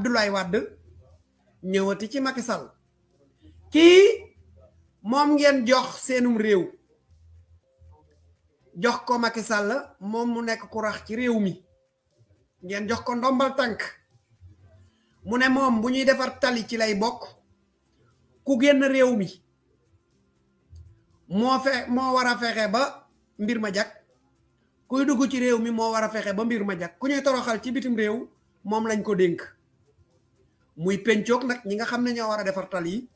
abdoulay Wade ñewati ci Macky Sall mom moom ngeen jox senum rew jox ko Macky Sall moom mu nek ku rax ci rew mi ngeen jox ko ndombal tank mu ne mom bu ñuy defar tali ci lay bok ku genn rew mi mo fe mo wara fexé ba mbir ma jak kuy duggu ci rew mi mo wara fexé ba mbir ma jak ku ñuy toroxal ci bitim rew mom lañ ko denk muy pencok nak ñi nga xam ne ñoo war a defar tali yi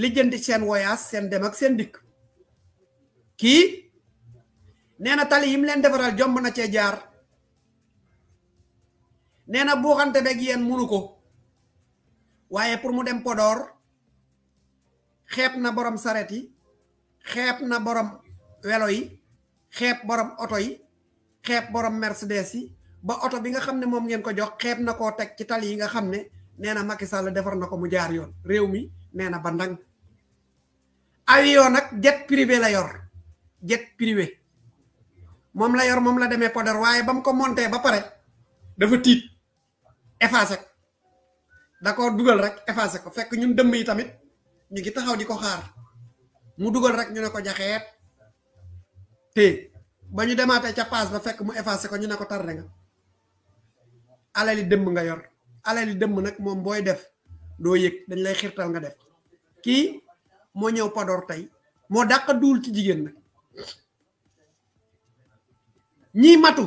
lijjanti seen voyage seen dem ak seen dikk kii nee na tali yim leen defaral jomb na cee jaar nee na buuxante beeg yéen munu ko waaye pour mu dem Podor xeeb na borom saret yi xeeb na borom welo yi xeeb borom oto yi xeeb borom Mercedes yi ba auto bi nga xam ne moom ngeen ko jox xeeb na koo teg ci tali yi nga xam ne nee na Macky Sall defar na ko mu jaar yoon réew mi nee na ba ndang avion nag jet privé la yor jet privé moom la yor moom la demee poder waaye ba mu ko monté ba pare dafa tiit effacé ko da dugal rek effacé ko fekk ñun yi tamit ñu ngi taxaw di ko xaar mu dugal rek ñu ne ko jaxeet te ba ñu demaatee ca paas ba fekk mu effacé ko ñu ne ko nga alali demb nga yor alali demb nak mom boy def do yek dañ lay xirtal nga def ki mo ñew Podor tay mo dàq dul ci jigen nak ñi matu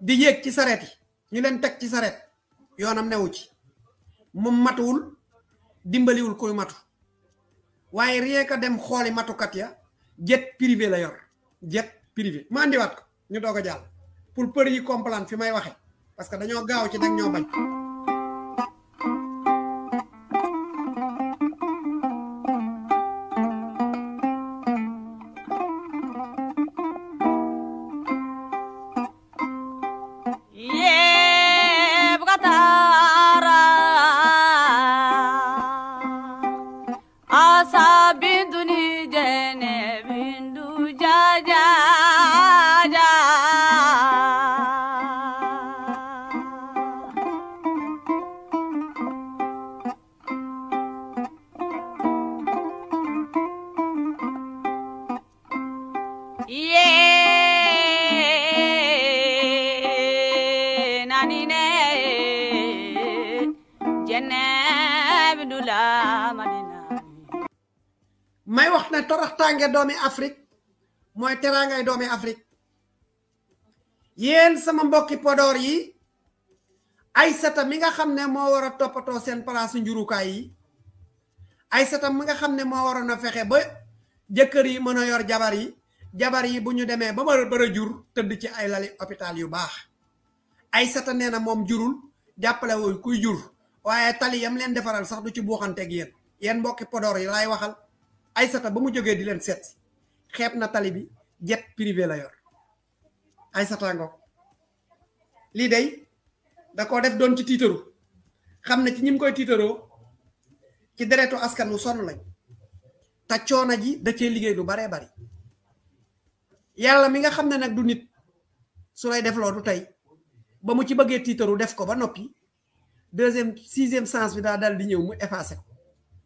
di yek ci sareti ñu len tek ci saret yonam newu ci matul dimbali wul koy matu waye rien ka dem matu matukat ya jet privé la yor jet privé ma andi wat ñu Pulperi jall pour peur yi comprendre fi may waxe parce que dañoo gaaw ci ñoo bañ doomi Afrique terangai teraangay doomi Afrique yéen sama mbokki Podor yi Aysata mi nga xamne mo wara topato sen place seen palaasu yi Aysata mi nga xamne mo wara na fexé ba jëkkër yi mën yor jabar yi jabar yi buñu démé ba ma jur teud ci ay lali hôpital yu bax Aysata néna mom jurul jappalé woy kuy jur waye tali yam len defaral sax du ci ak yeen yeen mbokki Podor yi lay waxal ba mu joggé di len xeeb na tali bi jet privé la yor ay satangook lii day da koo def doon ci tiitaru xam ne ci ñi koy tiitaroo ci deretu askan wu sonn lañ te coono ji da cee liggéey lu baree bari yàlla mi nga xam ne nag du nit su lay def loolu tey ba mu ci bëggee tiitaru def ko ba noppi deuxième sixième sens bi daa dal di ñëw mu effacé ko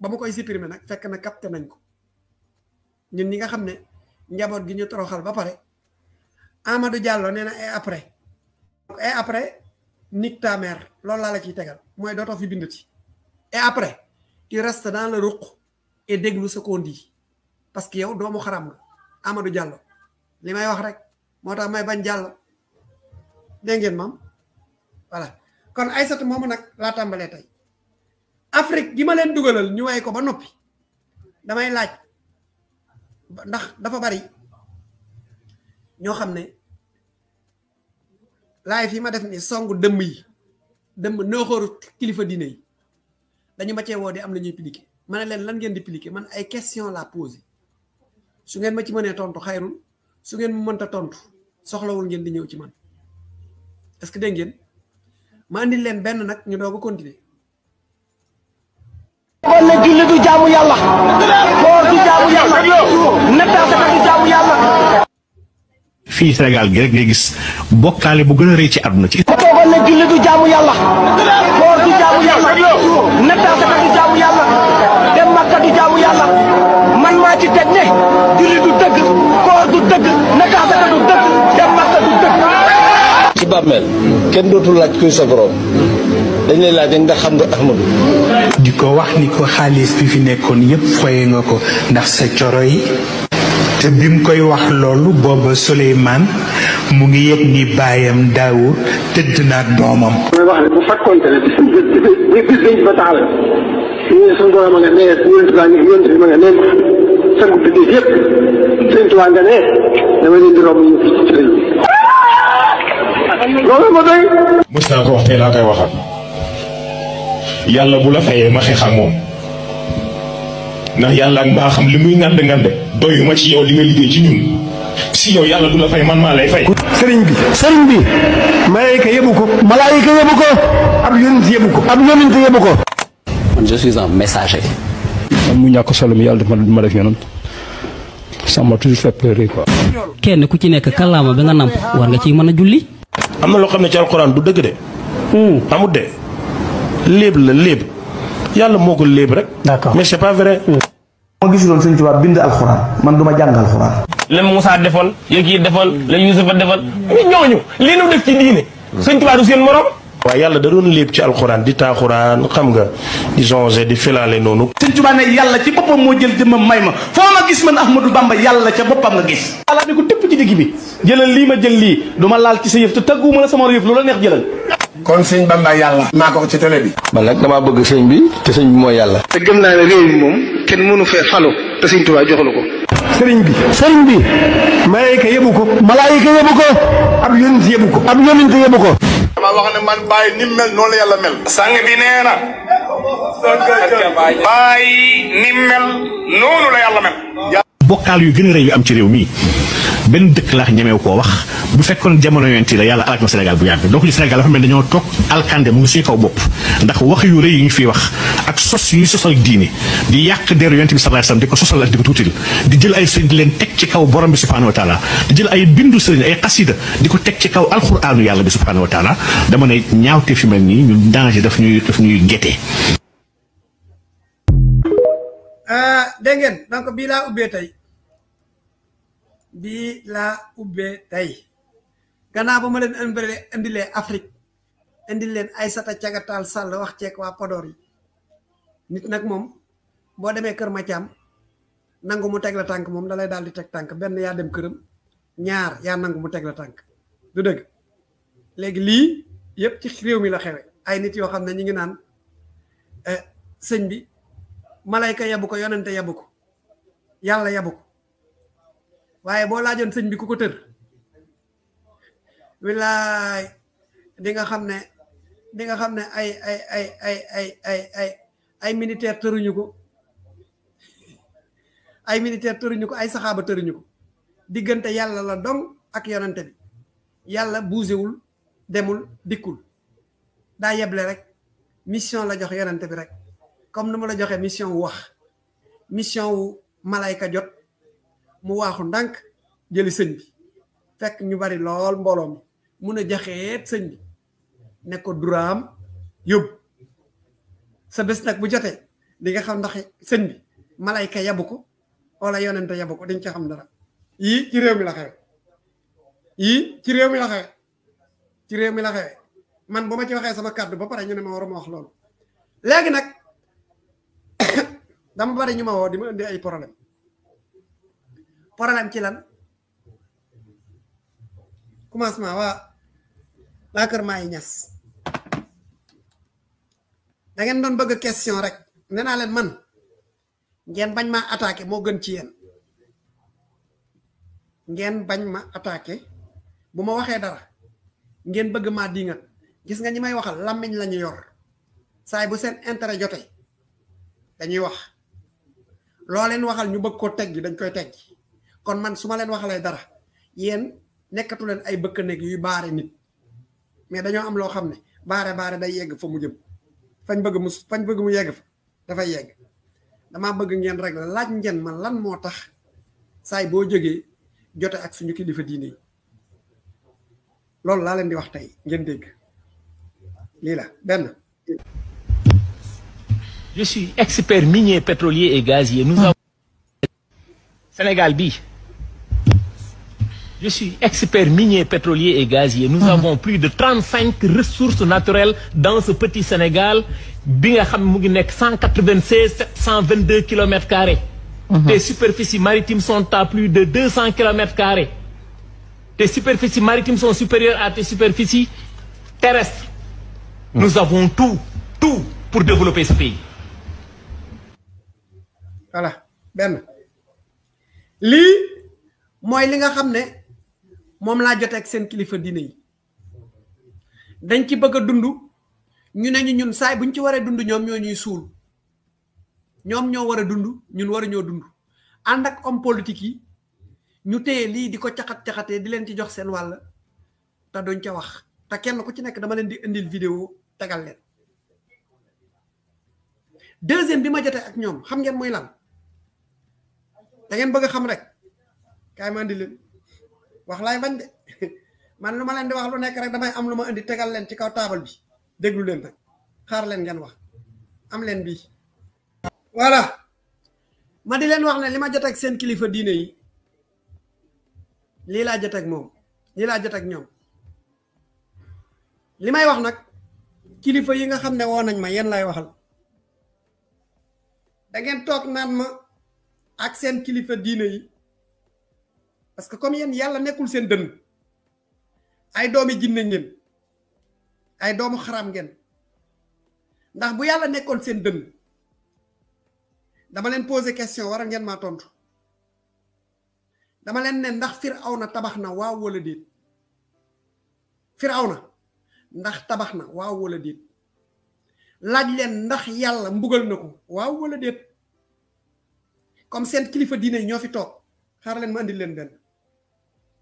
ba mu koy supprimer nag fekk na capté nañ ko ñun ñi nga xam ne njabot gi ñu toroxal ba pare Amadou Diallo nee na eh, après e après nik ta mère lool la la ci tégal moy doto fi bindati et après tu restes dans le ruq et déglu ce qu'on dit parce que yow doomu xaram nga Amadou Diallo limay wax rek motax may bañ Diallo dengen mam voilà kon Aysatu moomu nak la tambalé tay Afrique gi ma leen dugalal ñu way ko ba nopi damay laaj ndax dafa bari ñoo xam ne laay fii ma def nii songu dëmm yi dëmm nooxóoru kilifa diine yi dañu ma woo di am la ñuy pliqué ma ne leen lan ngeen di pliqué man ay question la posé su ngeen ma ci mënee tontu xayrul su ngeen mu mënta tontu soxlawul ngeen di ñëw ci man est-ce que dégg ngeen ma andil leen benn nag ñu doog a jamu yàlla ya koor du jaamu yàlla ya nattaase ka du jaamu yàlla ya fii Sénégal gi rek ngay gis bokale bu gëna a ci aduna ci togal na ne julli du jaamu yalla koor du jaamu yàlla nattaase ka du jaamu yalla dem Makka du jaamu yalla man ma ci teg ne julli du deug koor du dëgg nattaase ka du deug dem Makka du deug ci bammel ken dootul laaj ko sa borom dañ lay laaj ndax xam nga Ahmadou. di ko wax ni ko xaalis bi fi nekkoon yépp foye nga ko ndax sa coro yi. te bi mu koy wax loolu booba Souleymane mu ngi yëg ni baayam daawu tëdd na ak doomam. mooy wax ne bu nga ne yonent bi ma di romb ñu ci loolu ko wax tey laa koy waxaat. yàlla bu la fayee ma xeex ak moom ndax yàlla ak mbaa xam li muy ngand ngand doyuma ci yow li nga liggéey ci ñun si yow yàlla du la fay man maa lay fay. sëriñ bi sëriñ bi malaayika yëbu ko malaayika yëbu ko ab yonent yëbu ko ab yonent yëbu ko mu ñàkk solo mi yàlla def ma def yonent ça kenn ku ci nekk kàllaama bi nga namp war nga ciy mën a julli am na loo xam ne ci alxuraan du dëgg de hmm. amut de léeb la léeb yàlla moo ko léeb rek. d'accord mais c'est pas vrai. gis gisuloon Sëñ Tuubaa bind alxuraan man du ma jàng alxuraan. la Moussa defoon la kii defoon la Yuusufa defoon ñun ñooñu li nu def ci diine. Sëñ Tuubaa du seen morom. waa yàlla da doon léeb ci alxuraan di taaxuraan xam nga di songé di filaale noonu. Sëñ Tuubaa ne yàlla ci boppam moo jël jëmmam may ma foo ma gis man Ahmadou Bamba yàlla ca boppam nga gis. yàlla ne ko tëpp ci digg bi jëlal lii ma jël li du ma laal ci sa yëf te tagguwuma la sama yëf loola neex jëlal. kon sëñ Bamba yàlla. maa ko ci télé bi. man damaa bëgg sëñ bi te sëñ bi moo yàlla. te gëm naa ne réew mi moom kenn mënu fee falu te sëñ Tuubaa joxalu ko. sëriñ bi. sëriñ bi. malaayika yëbu ko. malaayika yëbu ko. ab yonent yëbu ko. ab yonent yëbu ko. dama wax ne ni mu mel noonu yàlla mel. sang bi nee ni mel noonu la yàlla mel. bokkaal yu gën a rëy yu am ci réew mi benn dëkk laax ñemeew koo wax bu fekkoon jamono yonti la yàlla alak na Sénégal bu yàgg donc li Sénégal dafa mel dañoo toog alkande mu ngi suñu kaw bopp ndax wax yu rëy yu ñu fiy wax ak sos yu ñu sosal diine di yàq deru yonte bi sallallahu alayhi wasallam di ko sosal ak di ko tuutil di jël ay sëriñ di leen teg ci kaw borom bi subhanahu wa di jël ay bindu sëriñ ay xasida di ko teg ci kaw alquraanu yàlla bi subhanahu wa taala dama ne ñaawte fi mel nii ñun danger daf daf ñuy gétee ah, dégg ngeen bi la ubbe tay gannaaw ba ma len andile andile Afrique indi leen Aïssata tiagatal Sall wax ceeg waa Podor yi nit nag moom boo demee kër Mathiam nangu mu tek la tank mom dalay dal di tek tank ben ya dem këram ñaar ya nangu mu la tank du deug legui li yep ci réew mi la xewé ay nit yo xamna ñi ngi naan eh, señ bi malayka yabuko yonente yalla ko waaye boo laajoon sëñ bi ko ko tër wilaay di nga xam ne di nga xam ne ay ay ay ay ay ay ay ay militaire tëruñu ko ay militaire tëruñu ko ay saxaaba tëruñu ko diggante yàlla la dong ak yonante bi yàlla buusewul demul dikkul daa yeble rek mission la jox yonante bi rek comme nu ma la joxe mission wu wax mission wu malayka jot mu waaxu ndànk jëli sëñ bi fekk ñu bari lool mbooloom mun a jaxeet sëñ bi ne duraam yóbbu sa bés nag bu jotee di nga xam ndax sëñ bi malayka yabu ko wala yonente yabu ko dañ ca xam dara yii ci réew mi la yii ci réew mi la xewe ci réew mi la xewe man bu ma ci waxee sama kàddu ba pare ñu ne ma waruma wax loolu léegi nag dama bari ñu ma woo di ma indi ay problème problème ci lan commencement laker mainyas dengan maa baga da ngeen bëgg question rek nee len man ngeen bañ ma attaquer mo gën ci yeen ngeen bañ ma attaquer buma waxé dara ngeen bëgg di dingat gis nga ñi may waxal lamiñ lañu yor say bu seen intérêt jotee dañuy wax lo leen waxal ñu bëgg ko dañ koy kon man suma len leen waxalee dara yen nekatu len ay bëkk nek yu bare nit mais dañoo am lo xamne bare bare day yegg fa mu jëm fañ bëgg mu fañ bëgg mu yegg fa fay yegg dama bëgg ngeen rek laaj ngeen man lan mo tax say bo joggé jotté ak suñu kilifa diiné lool la len di wax tay ngeen dégg lii la ben. Je suis expert minier pétrolier et gazier. Nous avons hmm. Sénégal bi Je suis expert minier, pétrolier et gazier. Nous hum. avons plus de 35 ressources naturelles dans ce petit Sénégal. bien nga 196 122 km2. superficies maritimes sont à plus de 200 km2. tes superficies maritimes sont supérieures à tes superficies terrestres. Hum. Nous avons tout, tout pour développer ce pays. Voilà, ben. Li, moi, li mom la jotee ak seen kilifa diine yi dañ ci bëgg dundu ñu ne ñun say buñ ci waree dundu ñom ñoy ñuy suul ñom ñoo wara dundu ñun wara ñoo dundu and ak homme politique yi ñu li di ko taxaté di leen ci jox seen wàll ta duñ ci wax ta kenn ku ci nekk dama leen di andil vidéo tagal leen deuxième bima jotté ak ñom xam ngeen moy lan da ngeen bëgg xam rek kay ma andil leen wax laay bañ de man lu ma leen di wax lu nekk rek damay am lu ma indi tegal leen ci kaw taabal bi déglu leen rek xaar leen ngeen wax am leen bi voilà ma di leen wax ne li ma jot seen kilifa diine yi lii laa jot ak moom lii laa jot ak ñoom li may wax nag kilifa yi nga xam ne woo nañ ma yéen laay waxal dangeen toog naan ma ak seen kilifa diine yi parce que comme yéen yalla nekul sen deun ay doomi jinn ngeen ay doomu kharam ngeen ndax bu yalla nekkon sen deun dama len poser question waral ngeen ma tontu dama len ne ndax fir'auna tabakhna na wala dit fir'auna ndax tabakhna na wala dit laaj len ndax yalla mbugal nako wa wala dit comme sen kilifa dine ñofi tok xar len ma andil len ben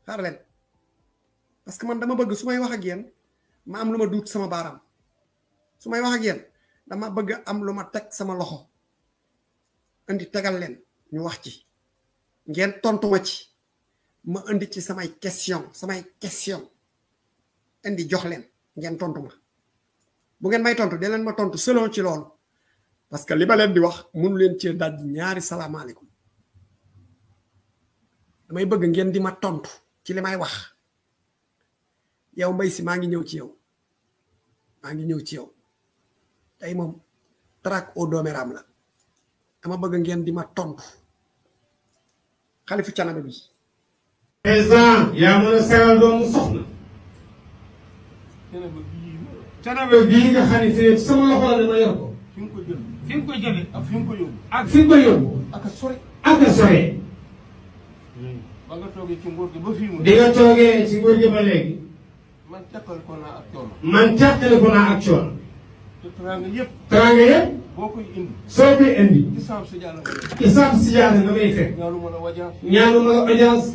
xaar pas parce que man dama bëgg su may wax ak yeen ma am luma ma sama baram su may wax ak yeen dama bëgg am luma tek sama loxo andi tegal len ñu wax ci ngeen tontu ma ci ma andi ci samay question samay question andi jox len ngeen tontu ma bu ngeen may tontu de len ma tontu selon ci lool parce que li ma len di wax mënu len ci daj ñaari alaykum damay bëgg ngeen di ma tontu. ci limay wax yow mbay si maa ngi ñëw ci yow maa ngi ñëw ci yow tey moom traque au doomeraam la dama bëgg ngeen di ma tontu xalifu canaba bi président yaa mën a doomu soxna canaba bii nga xam ne sama loxo la dama yor ko fi nga ko jël fi ko jële ak fi ko yóbbu ak sore ak sore hmm. ba nga toogee ci nguur gi ba di nga toogee ci nguur ba léegi. man teqal ko naa ak coono. man teqal ko naa ak te teraanga yëpp. teraanga yëpp. boo koy indi. soo koy indi. isaab si jaana. isaab si jaana nga may fekk. ñaanu ma la audience. ñaanu ma la audience.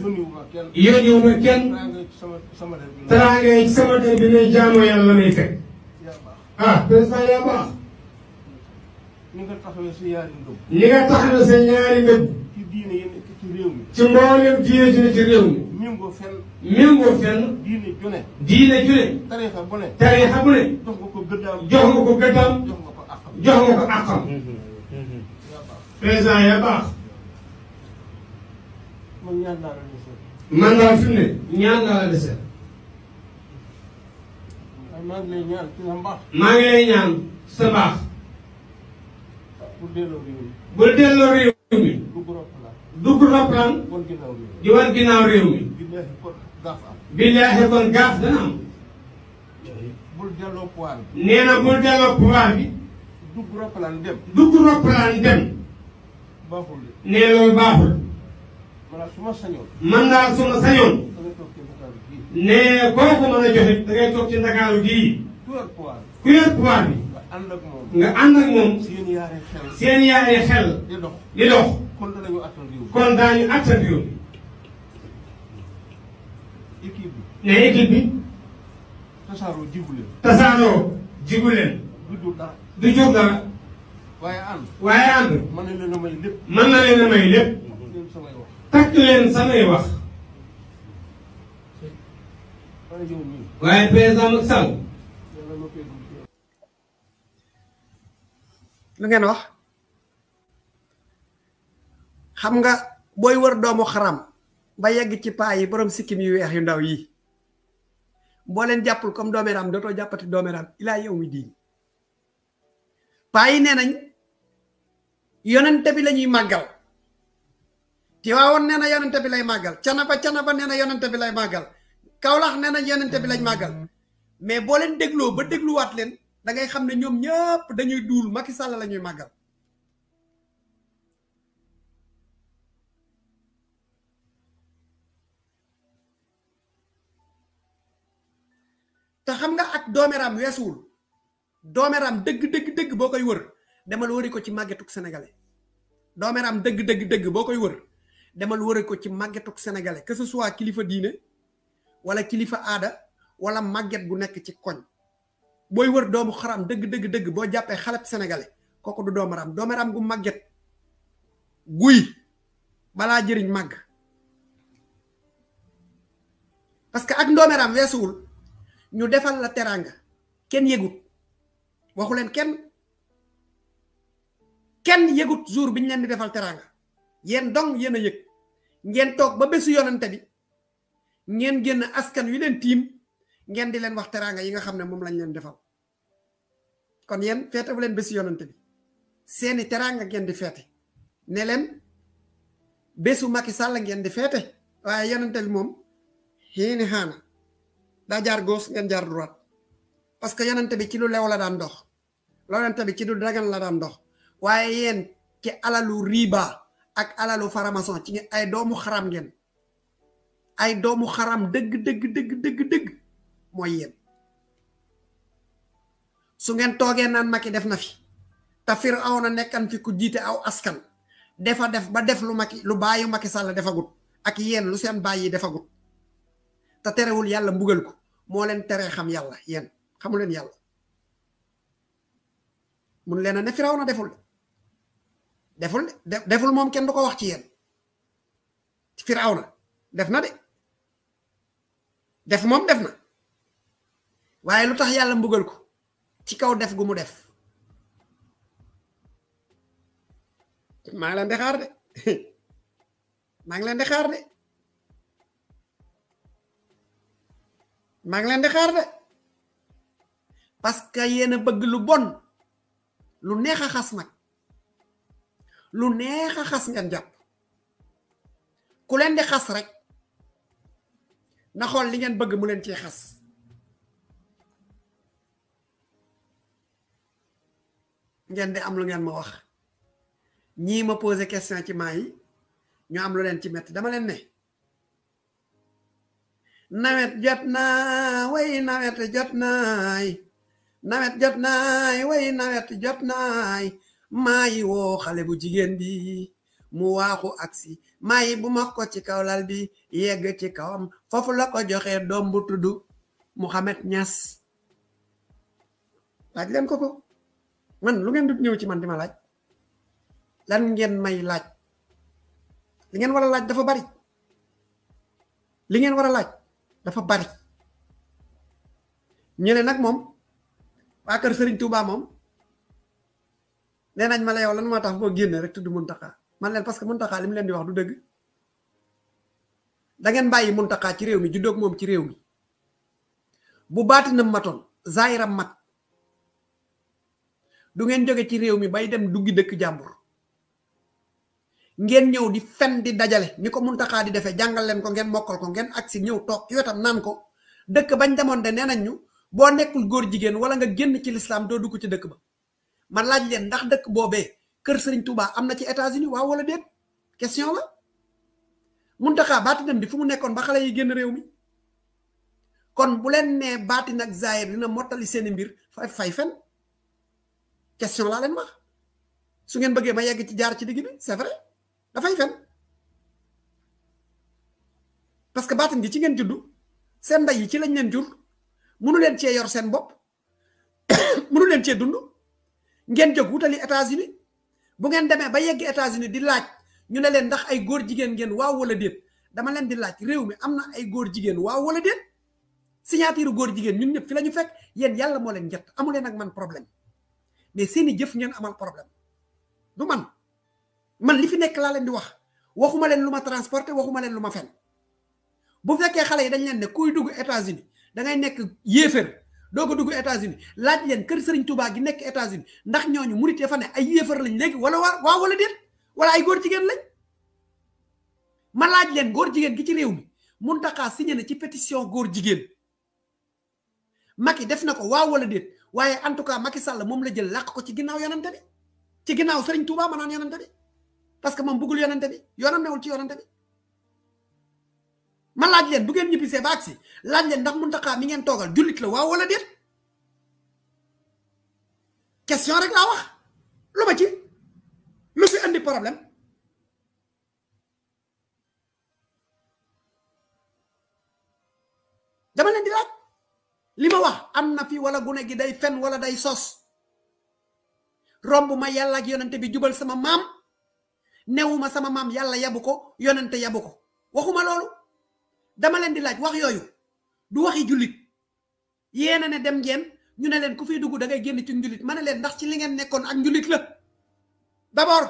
ci réew diine ju ne ci réew mi. diine ju ne. diine jox nga ko gëddaam. jox nga ko gëddaam. jox nga ko àqam. jox nga ko mm-hmm. ñaan naa la dese. man daal fi ñaan naa la dese. maa mi dugg di wan ginnaaw réew mi billaahi kon gaaf dana na bul delloo pouvoir bi dugg dem dugg roplaan dem baaxul nee loolu baaxul man daal su ma sañoon nee kooku mën a joxe da ngay nga ànd ak moom seen yaare xel di dox kon daañu attan réew mi ne équipe bi tasaaroo jigu leen tasaaroo jigu du jur dara du jur dara waaye ànd waaye ànd mën na leen a may lépp mën na leen a may lépp takk leen samay lu ngeen wax xam nga booy wër doomu xaram ba yegg ci paa yi borom sikkim yu weex yu ndaw yi boo leen jàppul comme dooméram dootoo jàppati dooméram ilaa yow mi diin paa yi nee nañ yonente bi la ñuy màggal tiwaawoon nee na yonente bi lay màggal canaba canaba nee na yonente bi lay màggal kawlax nee na yonente bi lañ màggal mais boo leen dégloo ba dégluwaat leen da ngay xamne ñom ñepp dañuy dul Macky Sall lañuy magal ta xam nga ak domeram wessul domeram deug deug deug bokay wër demal wëri ko ci magetuk sénégalais domeram deug deug deug bokay wër demal wëri ko ci magetuk sénégalais que ce soit kilifa diiné wala kilifa ada wala maget gu nek ci koñ boy wër doomu xaram dëgg dëgg dëgg boo jàppee xalab sénégalais kooku du doomu ram doomu ram gu màgget guy balaa jëriñ màgg parce que ak doomu ram weesuwul ñu defal la teranga kenn yëgut waxu leen kenn kenn yëgut jour biñ ñu leen di defal teranga yéen dong yéen a yëg ngeen toog ba bésu yonante bi ngeen génn askan wi leen tiim ngeen di leen wax teranga yi nga xamne mom lañ leen defal kon fete feetewu leen bes yonante bi seeni teranga ngeen di fete ne leen besu Macky Sall ngeen di fete waye yonante bi mom hin hana da jaar gos ngeen jaar droit parce que yonante bi ci lu lew la daan dox bi ci du dagan la daan dox waye yeen ci alalu riba ak alalu faramason ci ay doomu kharam ngeen ay doomu kharam deug deug deug deug deug mooy yéen su ngeen toogee naan Macky def na fi te Firawna nekkan fi ku jiite aw askan defa def ba def lu Macky lu bàyyi Macky Sall defagut ak yéen lu seen bàyyi defagut te terewul yàlla mbugal ko moo leen teree xam yàlla yéen xamu leen yàlla mun leen a ne Firawna deful deful deful moom kenn du ko wax ci yenn yéen Firawna def na de def moom def na waaye lu tax yàlla mbugal ko ci kaw def gu mu def maa leen di xaar de maa ngi leen di xaar de maa ngi leen di xaar de parce que yéen a bëgg lu bon lu neex a xas nag lu neex xas ngeen jàpp ku leen di xas rek na xool li ngeen bëgg mu leen ciy xas ngeen di am lu ngeen ma wax ñii ma pose question ci maa yi ñu am lu leen ci metti dama leen ne nawet jot naay way nawet jot naay nawet jot naay way nawet jot naay maa yi woo bu jigéen bi mu waaxu aksi maa bu ma ci kaw lal bi yegg ci kawam foofu la ko joxe doom bu tudd Mouhamed Niass laaj leen ko ko man lu ngeen du ñëw ci man di ma laaj lan ngeen may laaj li ngeen war a laaj dafa bari li ngeen war a laaj dafa bari ñu ne nag moom waa kër Serigne Touba moom nee nañ ma la yow lan moo tax boo génne rek tudd taqaa man leen parce que Mountakha li mu leen di wax du dëgg dangeen bàyyi mun Mountakha ci réew mi juddoog moom ci réew mi bu baatinam matoon zaayiram mat du ngeen joge ci réew mi bay dem duggi dëkk jàmbur ngeen ñëw di fen di dajale ni ko muntaka di defee jàngal leen ko ngeen mokkal ko ngeen agsi ñëw toog ci wetam naan ko dëkk bañ demoon de nee ñu boo nekkul góor jigéen wala nga génn ci lislaam doo dugg ci dëkk ba man laaj leen ndax dëkk boobee kër sëriñ Touba am ci États-Unis waaw wala déet question la muntaka baati dem di fu mu nekkoon ba xale yi génn réew mi kon bu leen nee baati nag zaayir dina mottali seeni mbir fay fay fen question laa leen ma su ngeen bëggee ma yegg ci jaar ci digg bi c'est vrai dafay fen parce que baatin gi ci ngeen juddu seen ndey yi ci lañ leen jur mënu leen cee yor seen bopp mënu leen cee dund ngeen jóg wutali États-Unis bu ngeen demee ba yegg États-Unis di laaj ñu ne leen ndax ay góor jigéen ngeen waaw wala déet dama leen di laaj réew mi am na ay góor jigéen waaw wala déet signature góor jigéen ñun ñëpp fi la ñu fekk yéen yàlla moo leen njëtt amu leen ak man problème. mais seeni jëf ngeen amal problème du man man li fi nekk laa leen di wax waxuma leen lu ma transporté waxuma leen lu ma fen bu fekkee xale yi dañ leen ne kuy dugg États-Unis da nekk yéefér doo ko dugg États-Unis laaj leen kër sëriñ Touba gi nekk États-Unis ndax ñooñu murit ya fa ne ay yéefar lañ léegi wala waa waaw wala déet wala ay góor jigéen lañ ma laaj leen góor jigéen gi ci réew mi mun Mountakha signé na ci pétition góor jigéen mag Macky def na ko waaw wala déet waye en tout cas Macky Sall mom la jël lak ko ci ginnaw yonante bi ci ginnaw Serigne Touba ma nan yonante bi parce que mom bëggul yonante bi yoonam newul ci yonante bi ma laaj leen bu ngeen ñibisé ba agsi laaj leen ndax Mountakha mi ngeen togal julit la waaw wala dit question rek la wax lu ma ci lu fi andi problème dama len di laaj lima wah wax am fi wala gune gi day fen wala day sos rombu ma yalla ak yonente bi jubal sama mam newuma sama mam yalla yabuko ko yonente yabu waxuma lolou dama len di laaj wax yoyu du waxi julit yena ne dem ngeen ñu ne len ku fi duggu da ngay genn ci julit ma len ndax ci li ngeen nekkon ak julit la d'abord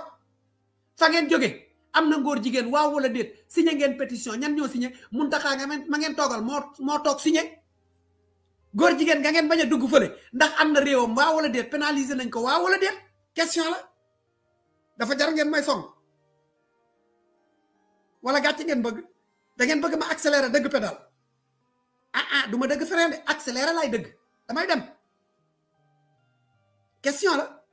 fa ngeen joge am ngor jigen waaw wala deet signé ngeen pétition ñan ñoo signé mun nga ma ngeen togal mo mo tok signé gor jigen nga ngeen baña dugg fele ndax am na réewam waa wala déet pénaliser nañ ko waa wala déet question la dafa jar ngeen may song wala gàcce ngeen bëgg da ngeen bëgg ma accélérer dëgg pédal ah ah duma ma dëgg frein de accélérer lay dëgg damay dem question la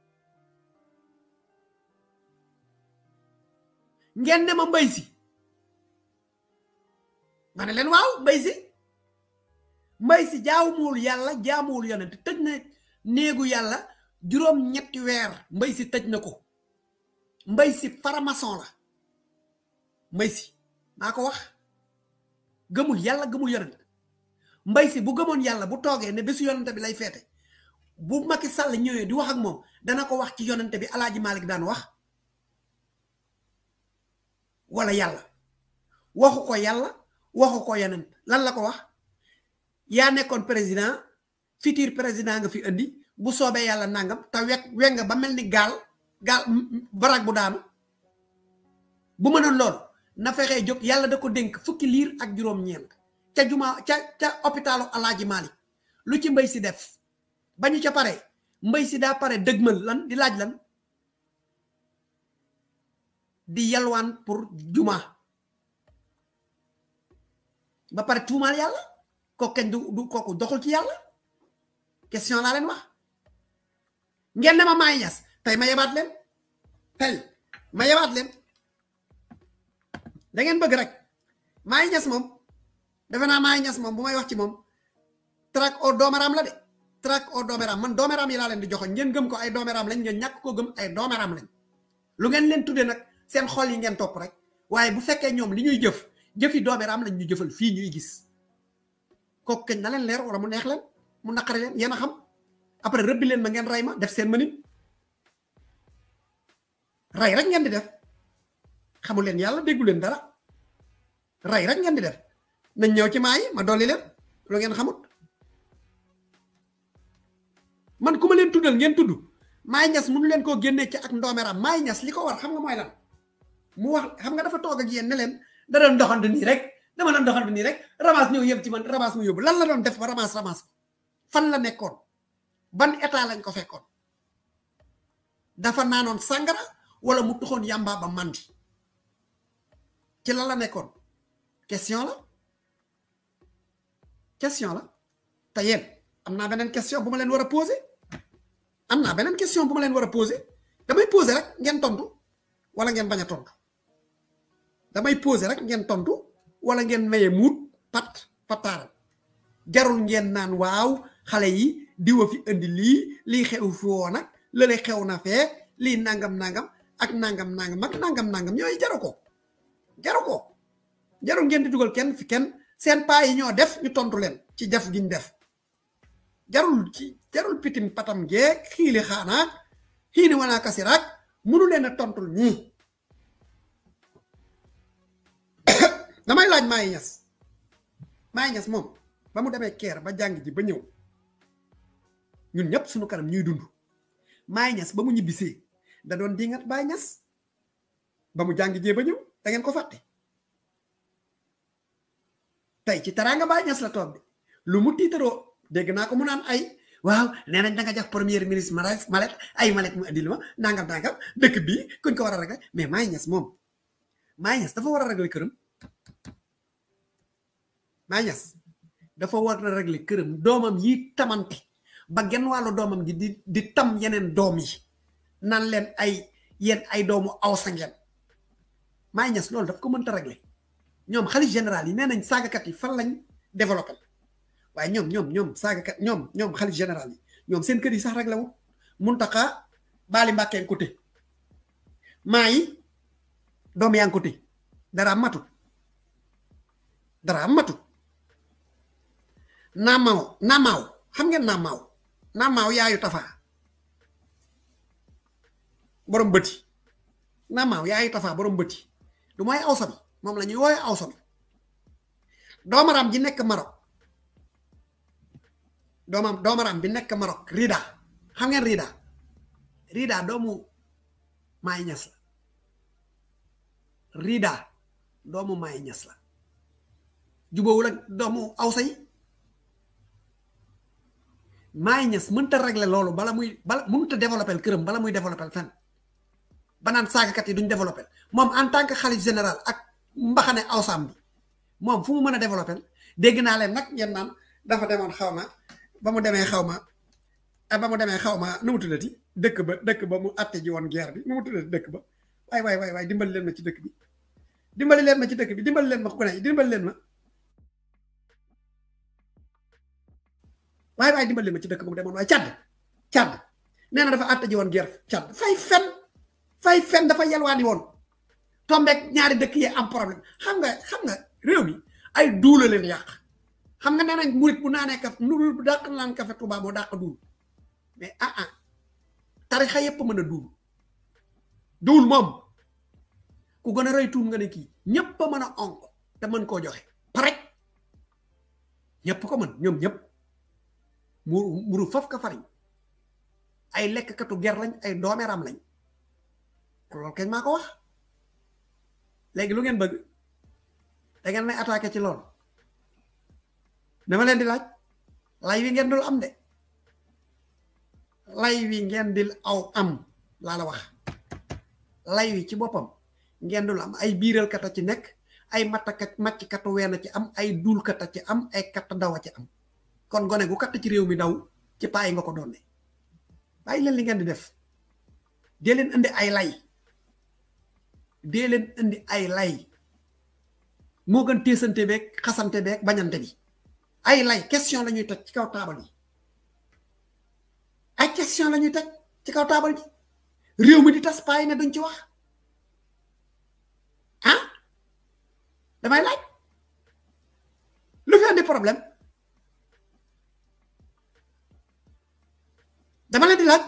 ngeen ne ma mbay si ma ne leen waaw mbay si mbay si jaawumuwul yàlla jaamuwul yonent tëj na néegu yàlla juróom ñetti weer mbay si tëj na ko mbay si faramason la mbay si maa ko wax gëmul yàlla gëmul yonent mbay si bu gëmoon yàlla bu toogee ne bésu yonent bi lay feete bu Macky Sall ñëwee di wax ak moom dana ko wax ci yonent bi alaaji Malick daan wax wala yàlla waxu ko yàlla waxu ko yonent lan la ko wax ya nekkoon président futur président nga fi indi bu soobee yàlla nangam te wek wenga ba mel ni gaal gaal bu daanu bu mënoon lool na fexee jóg yàlla da ko dénk fukki liir ak juróom-ñeent ca juma ca ca hôpitalu alaaji malik lu ci mbay si def ba ñu ca pare mbay si daa pare dëgmal lan di laaj lan di yalwaan pour juma ba pare tuumaal yàlla kooku kenn du doxul ci yàlla question laa leen wax ngeen ne ma maay ñas tey ma yebaat leen tey ma yebaat leen dangeen bëgg rek maay ñas moom defe naa maay ñas moom bu may wax ci moom track au doomeraam la de track au doomeraam man doomeraam yi laa leen di joxoon ngeen gëm ko ay doomeraam lañ ngeen ñàkk ko gëm ay doomeraam lañ lu ngeen leen tuddee nag seen xool yi ngeen topp rek waaye bu fekkee ñoom li ñuy jëf jëfi doomeraam lañ ñu jëfal fii ñuy gis Kok kañ na orang leer wala mu neex len mu nakare len iya, yena xam après rëbbi len ma ngeen ray ma def seen mënin ray rek ngeen di def xamul len yalla déggu len dara ray rek ngeen di def nañ ñew ci maa ma doli len lo ngeen xamut man kuma len tuddal ngeen tuddu maay ñas len ko genné ci ak ndomera maay ñas liko war xam nga moy lan mu wax xam nga dafa toog ak yeen ne len da doon rek dama doon doxal bi nii rek ramas ñëw yem ci man ramas mu yóbbu lan la doon def ba ramas ramas fan la nekkoon ban état lañ ko fekkoon dafa naanoon sàngara wala mu tuxoon yàmbaa ba màndi ci lan la nekkoon question la question la te yéen am naa beneen question bu leen war a poser am naa beneen question bu leen war a poser damay poser rek ngeen tontu wala ngeen bañ a tontu damay poser rek ngeen tontu. wala ngeen maye mut pat pataaral jarul ngeen naan waaw xale yi a fi indi lii lii xew fi woo nag lële xew na fee lii nangam nangam ak nangam nangam ak nangam nangam yooyu ko jaru ko jarul ngeen di dugal kenn fi kenn seen paa yi ñoo def ñu tontu leen ci def giñ def jarul ci jarul pitim patam geeg xiili xaanaak xiini wanaa kasiraak mënu leen a tontul ñii damay laaj Maye Niass Maye Niass moom ba mu demee keer ba jàng ji ba ñëw ñun ñëpp suñu kanam ñuy dund Maye Niass ba mu ñibbisee da doon dingat Baye Niass ba mu jàng jee ba ñëw da ngeen ko fàtte tey ci taranga Baye Niass la toog de lu mu tiitaroo dégg naa ko mu naan ay waaw nee nañ da nga jox premier ministre malet malet ay malet mu andil ma nangam nangam dëkk bii kuñ ko war a régler mais Maye Niass moom Maye Niass dafa war a régler këram bàññas dafa war na régler këram doomam yi tamante ba genn wàllu doomam gi di di tam yeneen doom yi nan leen ay yéen ay doomu awsa ngeen maa ñas loolu daf ko mënta régler ñoom xalif général yi nee nañ saagakat yi fan lañ développé waaye ñoom ñoom ñoom ñoom ñoom général yi ñoom seen kër yi sax réglé wu Muntaxa Baali Mbàkkeen ko té maa yi doom yaa ngi dara matut dramatu namaw namaw xam ngeen namaw namaw yaayu tafa borom beuti namaw yaayu tafa borom beuti du mooy awsa bi moom la ñuy ji nekk Maroc doomam doomaram bi nek Maroc Rida xam ngeen Rida Rida domu Maay Ñas Rida domu Maay Ñas jubóowul ak doomu awsa yi maay ñas mënta régler loolu bala muy bala mënta développer këram bala muy développer ba naan saagakat yi duñ développer moom en tant que xalif général ak mbaxane awsaam bi moom fu mu mën a développer dégg naa leen nag ngeen naan dafa demoon xaw ma ba mu demee xaw ma eh, ba mu demee xaw ma nu mu tuddati dëkk ba dëkk ba mu atte woon guerre bi nu mu tuddati dëkk ba waay waay waay waay dimbali leen ma ci dëkk bi dimbali leen ma ci dëkk bi dimbali leen ma ku ne dimbali leen ma waaye waaye dimbali ma ci dëkk bu demoon waaye Tchad Tchad nee na dafa àtte ji won guerre Tchad fay fen fay fen dafa won woon ak ñaari dëkk yi am problème xam nga xam nga réew mi ay doula leen yàq xam nga nee nañ murit bu naanee kaf nu lan ka fa Tuubaa moo dàq dul mais a ah, a ah, tarixa yépp mën dul dul mom ku gëna a rëy tuum nga ne ki ñëpp a onko onk te mën koo joxe pare ñëpp ko mën ñom ñëpp muru faf ka fariñ ay lekkatu ger lañ ay ram lañ lool kañ mako wax léegi lu ngeen bëgg da ngeen may attaquer ci lool dama leen di laaj lay wi ngeen dul am de lay wi ngeen dil aw am la la wax lay wi ci bopam ngeen dul am ay biiral kata ci nek ay mattakat màcc katu weena ci am ay dul kata ci am ay kata dawa ci am kon gone gu katt ci réew mi daw ci paay nga ko doonne bàyyi leen li ngeen di def dee leen indi ay lay dee indi ay lay moo gën teesante beeg xasante beeg bañante bi ay lay question lañuy ñuy ci kaw taabal yi ay question lañuy ñuy ci kaw taabal ji réew mi di tas paay ne duñ ci wax ah damay laaj lu fi andi problème dama len di laaj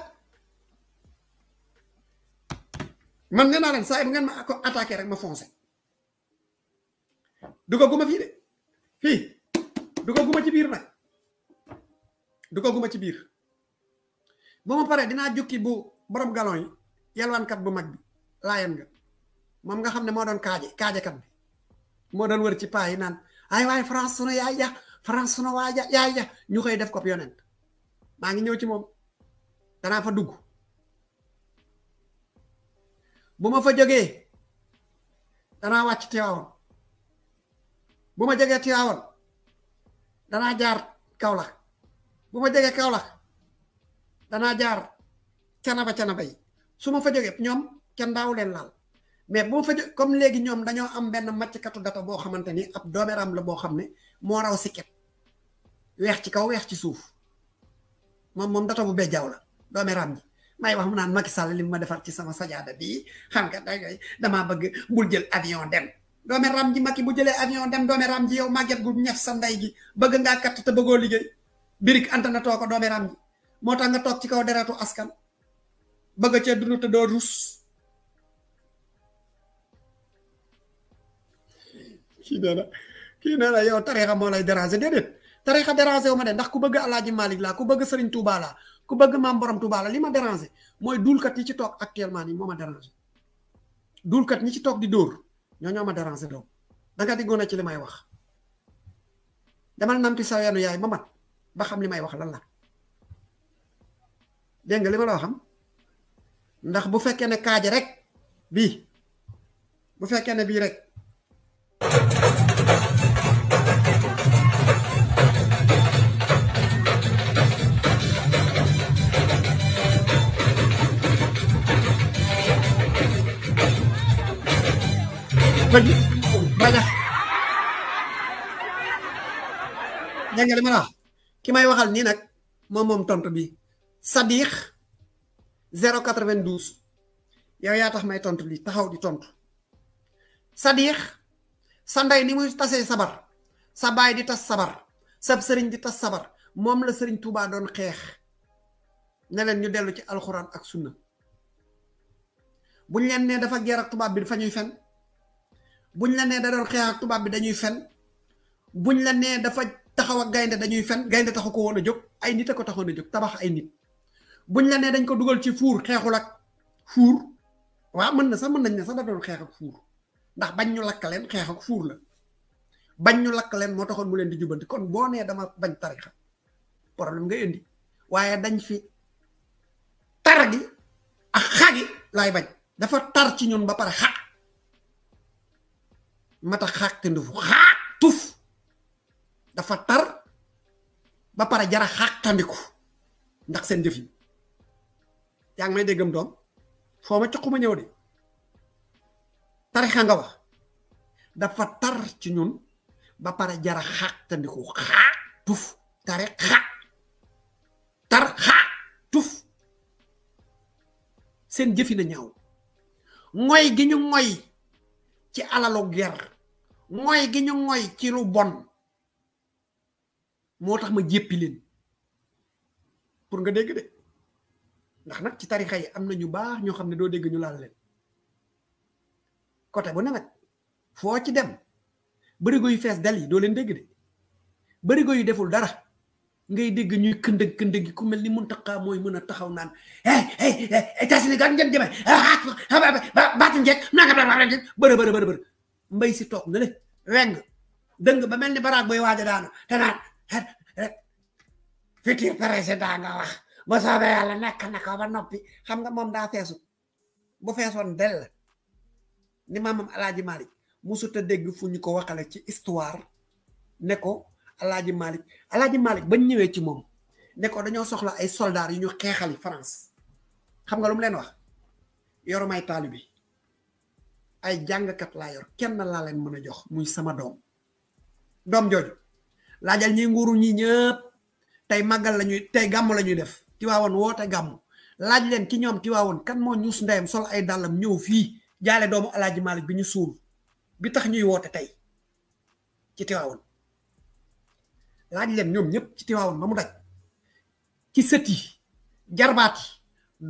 man nga naa leen saa ngeen ma ko attaquer rek ma foncé guma fi de fii guma ci biir nag guma ci biir bu ma paree dinaa jukki bu borom galon yi kat bu mag bi layen nga mom nga xamne mo don kaaje kaaje kat bi mo don wër ci yi ay way France sunu yaay France sunu waaja yaay def ko yonent ma ngi ñew ci mom dara fa dugg Buma fa joge dara wacc tiawon buma joge tiawon dara jaar kaolak buma joge kaolak dara jaar canaba canaba yi su ma fa joge ñom lal. daawu len laal mais bu fa jógee comme legi ñom dañoo am match katu data bo xamanteni ni ab doomeram la bo xamne mo raw sikket wex ci kaw wex ci suuf mom mom data bu bejaw la doome ram ji may wax mu naan Macky Sall li mu ma defar ci sama sajaada bi xam nga da damaa bëgg bul jël avion dem doome ram ji Macky bu jëlee avion dem doome ram ji yow màgget gu ñef sa bëgg ngaa bëggoo liggéey birik anta na too ko moo tax nga toog ci kaw deretu askan te doo rus kii nee na kii nee na yow tarixa lay déranger déedéet tarixa déranger wu ma de ndax ku bëgg Alaaji Malik laa ku bëgg Sëriñ Tuubaa ku bëgg maam borom tuba la li ma déranger mooy duulkat ñi ci toog actuellement ni moo ma déranger duulkat ñi ci toog di dóor ñoo ñoo ma déranger loolu da nga diggoon ci li may wax demal ci sa yenu yaay ma mat ba xam li may wax lan la dégg nga li ma la ndax bu fekkee ne rek bii bu fekkee ne bii rek pergi banyak Yang nga li ki may waxal nii nag moom moom tontu bi sadiq 092 yow ya, ya tax may tontu li taxaw di tontu sadiq sa ni muy sabar sa baay di tas sabar sab sëriñ di tas sabar momlesering la sëriñ Touba doon xeex ne leen ñu dellu ci alxuraan ak sunna buñ leen ne dafa geer ak bi buñ la nee da xeex tubaab bi dañuy fen buñ la nee dafa taxaw ak gaynde dañuy fen gaynde taxu ko woon a jóg ay nit a ko taxoon a jóg tabax ay nit buñ la nee dañ ko dugal ci fuur xeexul ak fuur waaw mën na sax mën nañ ne xeex ak fuur ndax bañ ñu lakk leen xeex ak fuur la bañ ñu lakk leen moo taxoon mu leen di jubanti kon boo nee dama bañ tarixa problème nga indi waaye dañ fi tar gi ak xagi laay bañ dafa tar ci ñun ba pare xaq mata xaak te ndufu xaak tuf dafa tar ba pare jara xaak tandiku ndax seen jëf yaa ngi may déggam doom foo ma ma ñëw de tarixa nga wax dafa tar ci ñun ba pare jara xaak tandiku xaak tuf tari xaak tar xaak tuf seen jëfi na ñaw ngoy gi ñu ngoy ci alalu ger mooy gi ñu mooy ci lu bon moo tax ma jéppi leen pour nga dégg de ndax nag ci tarixa yi am na ñu baax ñoo xam ne doo dégg ñu laal leen côté bu ne foo ci dem bërigo yu fees dal yi doo leen dégg de bërigo yu deful dara ngay dégg ñuy këndëg këndëg ku mel ni Mountakha mooy mën a taxaw naan hey eh, eh, hey eh, état Sénégal ngeen demee baati njeeg nanga bërë bërë bërë bërë mbay si toog na le weng dëng ba mel ni baraag booy waaj a daanu te naan futur président nga wax ba soobee yàlla nekk na ko ba noppi xam nga moom daa feesu bu feesoon dell ni maamam Alaaji Malick musuta dégg fu ñu ko waxale ci histoire ne ko alaaji malik alaaji malik bañ ñëwé ci mom ne ko dañoo soxla ay soldats yu ñu xéxali france xam nga lu mu leen wax yorumay taalibi ay kat la yor kenn la leen mëna jox muy sama dom, dom jooju laajal ñi nguru ñi ñëpp tay magal la ñuy tay gàmm la ñuy def tiwaawoon woote laaj leen ci ñoom waawon kan mo ñuus ndayam sol ay dalam ñew fi jaale doomu alaaji malik bi ñu suul bi tax ñuy woote tay ci laaj leen ñoom ñëpp ci Tiwaawan ba mu daj ci sët yi jarbaat yi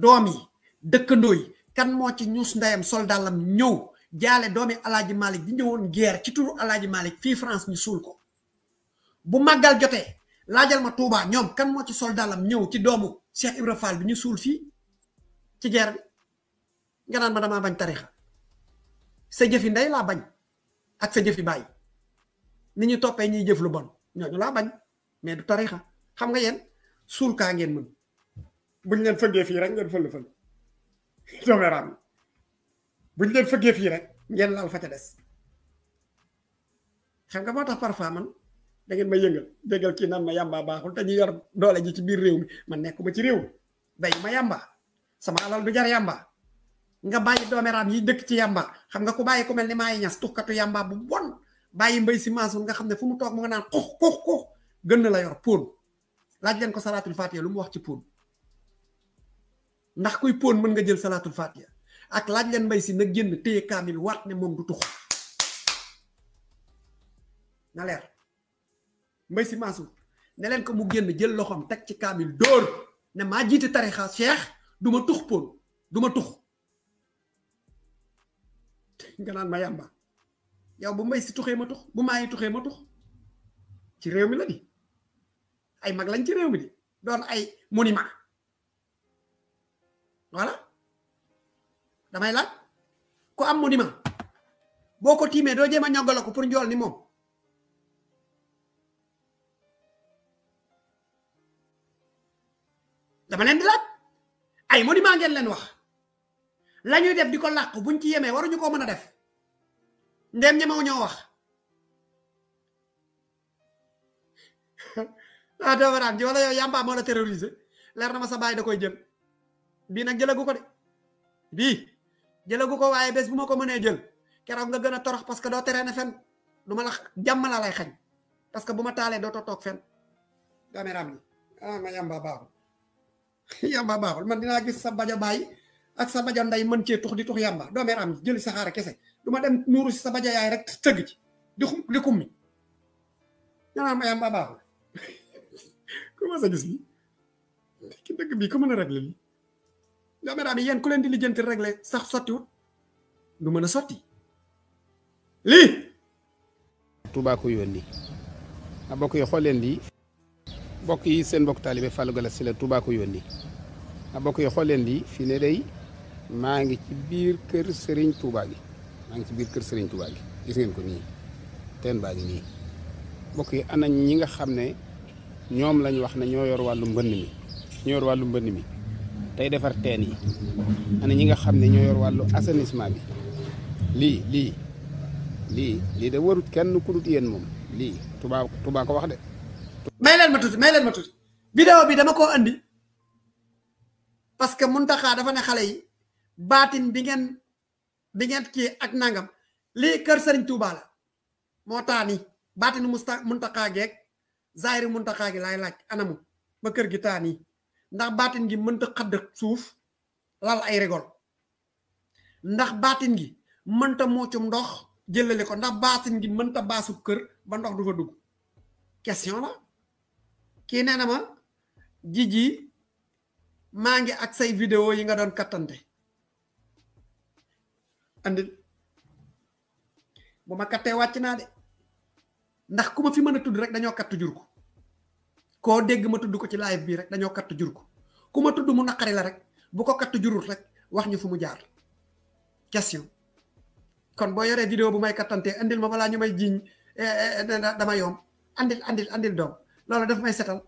doom yi kan moo ci ñuus ndeyam sol dàllam ñëw jaale doomi alaaji malik di ñëwoon geer ci turu alaaji Malick fii France ñu suul ko bu màggal jotee laajal ma Touba ñoom kan moo ci sol dàllam ñëw ci doomu Cheikh Ibra Fall bi ñu suul fii ci guerre bi nga naan ma damaa bañ tarixa sa jëfi ndey laa bañ ak sa jëfi bàyyi ni ñu toppee ñuy jëf lu bon ñooñu la bañ mais du tarixa xam nga yeen sul ka ngeen mën buñ leen fëggee fii rek ngeen fëll fëll doomeraam buñ leen fëggee fii rek ngeen laal fa ca des xam nga motax parfois man da ngeen ma yëngal déggal ki nan ma yamba baaxul te ñu yor doole ji ci biir réew mi man nekkuma ci réew bay ma yamba sama alal du jar yamba nga bayyi doomeraam yi dëkk ci yamba xam nga ku bayyi ku melni may ñass tukatu yamba bu bon bayi mbay si mason nga xamne fu mu tok mo nga nan xux xux xux gën na la yor pon laj len ko salatul fatiha lu mu wax ci pon ndax kuy pon mën nga jël salatul fatiha ak laj len mbay si na genn tey kamil wat ne mom du tux na leer mbay si mason ne len ko mu genn jël loxom tek ci kamil dor ne ma jiti tarikha cheikh duma pon duma nga nan ma yow bu may si tuxee ma tux bu may tuxee ma tux ci réew mi la di ay mag lañ ci réew mi di doon ay monument voilà damay laaj ku am monument boo ko tiimee doo jëm a ñoggala ko pour njool ni moom dama leen di laaj ay monument ngeen leen wax la ñuy def di ko làq buñ ci yemee waruñu koo mën a def ndem ñemewu ñoo wax do doobaraan di wala yow yamba mo la terroriser lér na ma sa bay da koy jël bi nak jëlagu ko de bi jëlagu ko waaye bés bu ma ko mënee jël keroog nga gëna torox parce que do téré na fen duma la jàmm la lay xagn parce que buma talé do to tok fen caméram yi ah ma yamba ba yamba baaxul man dina gis sa baja bay ak sa baja nday mën ci tukh di tukh yamba am sahara du dem nuuru ci sa baja yaay rek tëgg ci di xum di xummi ñanaam ayam ba baaxul comment ça gis ni ki dëgg bii ko mën a régler li caméra bi yéen ku leen di lijjanti régler sax sottiwut du mën a sotti lii Touba ko yónni a ah, bokk yi xool leen lii bokk yi seen bokk taalibe Fallou Galass Sylla Touba ko a ah, bokk yi di leen lii ne day maa ngi ci biir kër sëriñ Touba gi maa ci biir kër Serigne Touba gi gis ngeen ko ni ten baa ni nii mbokk yi ana ñi nga xamne ñom lañ wax ne ñoo yor walu mbënn mi ñoo yor walu Li, mi tay defar ten yi ana ñi nga xamne yor walu assainissement bi li li li li de warut kenn ku dut yeen mom li Touba Touba ko wax de. may leen ma tuuti may leen ma tuuti vidéo bi dama ko andi parce que Mountakha dafa ne xalé yi batin bi ngeen. di ngeen kii ak nangam lii kër Serigne Touba moo tax ni baatinu musta muntaxaa geeg zaahiri muntaxaa gi lay laaj anamu ba kër gi taani ndax baatin gi mënta xadd suuf lal ay rigol ndax baatin gi mënta moccum ndox jëlale ko ndax baatin gi mënta baasu kër ba ndox du fa dugg question la kii nee na ma jiji maa ngi ak say video yi nga doon kattante andil buma katé kattee wàcc de ndax kuma fi mëna tudd rek dañoo katt jur ko ko dégg ma tudd ko ci live bi rek dañoo katt jur ko ku tudd mu nakari la rek bu ko katt jurul rek wax ñu fu mu jaar question kon bo yoré vidéo bu may katanté andil ma bala ñu may eh, eh dama yom andil andil andil doom lolu daf may sétal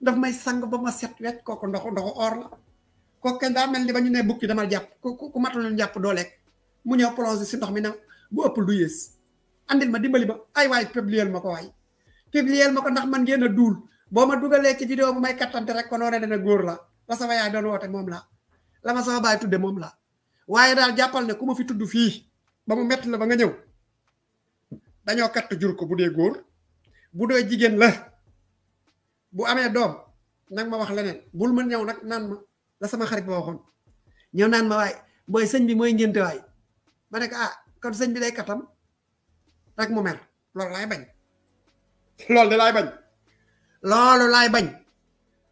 daf may sang ba ma set wecc koko ndoxu ndoxu or la ko kenn daa mel ni ba bukki dama japp ku matul ñu japp do lek mu ñëw plongé si ndox mi na bu ëpp du yées andil ma dimbali ba ay waay publier ma ko waay publier ma ko ndax man ngeen a duul boo ma dugga dugalee ci vidéo bu may kattante rek ko noonee dana góor la la sama yaay doon woote moom la la ma sama baay tudde moom la waaye daal jàppal ne ku ma fi tudd fii ba metti la ba nga ñëw dañoo katt jur ko bu dee góor bu dee jigéen la bu amee doom nag ma wax leneen bul ma ñëw nag naan ma la sama xarit ba waxoon ñëw naan ma waay booy sëñ bi mooy ngénte waay ba ka ah kon señ bi day katam rek mu mer lol lay bañ lol de laay bañ lol lay bañ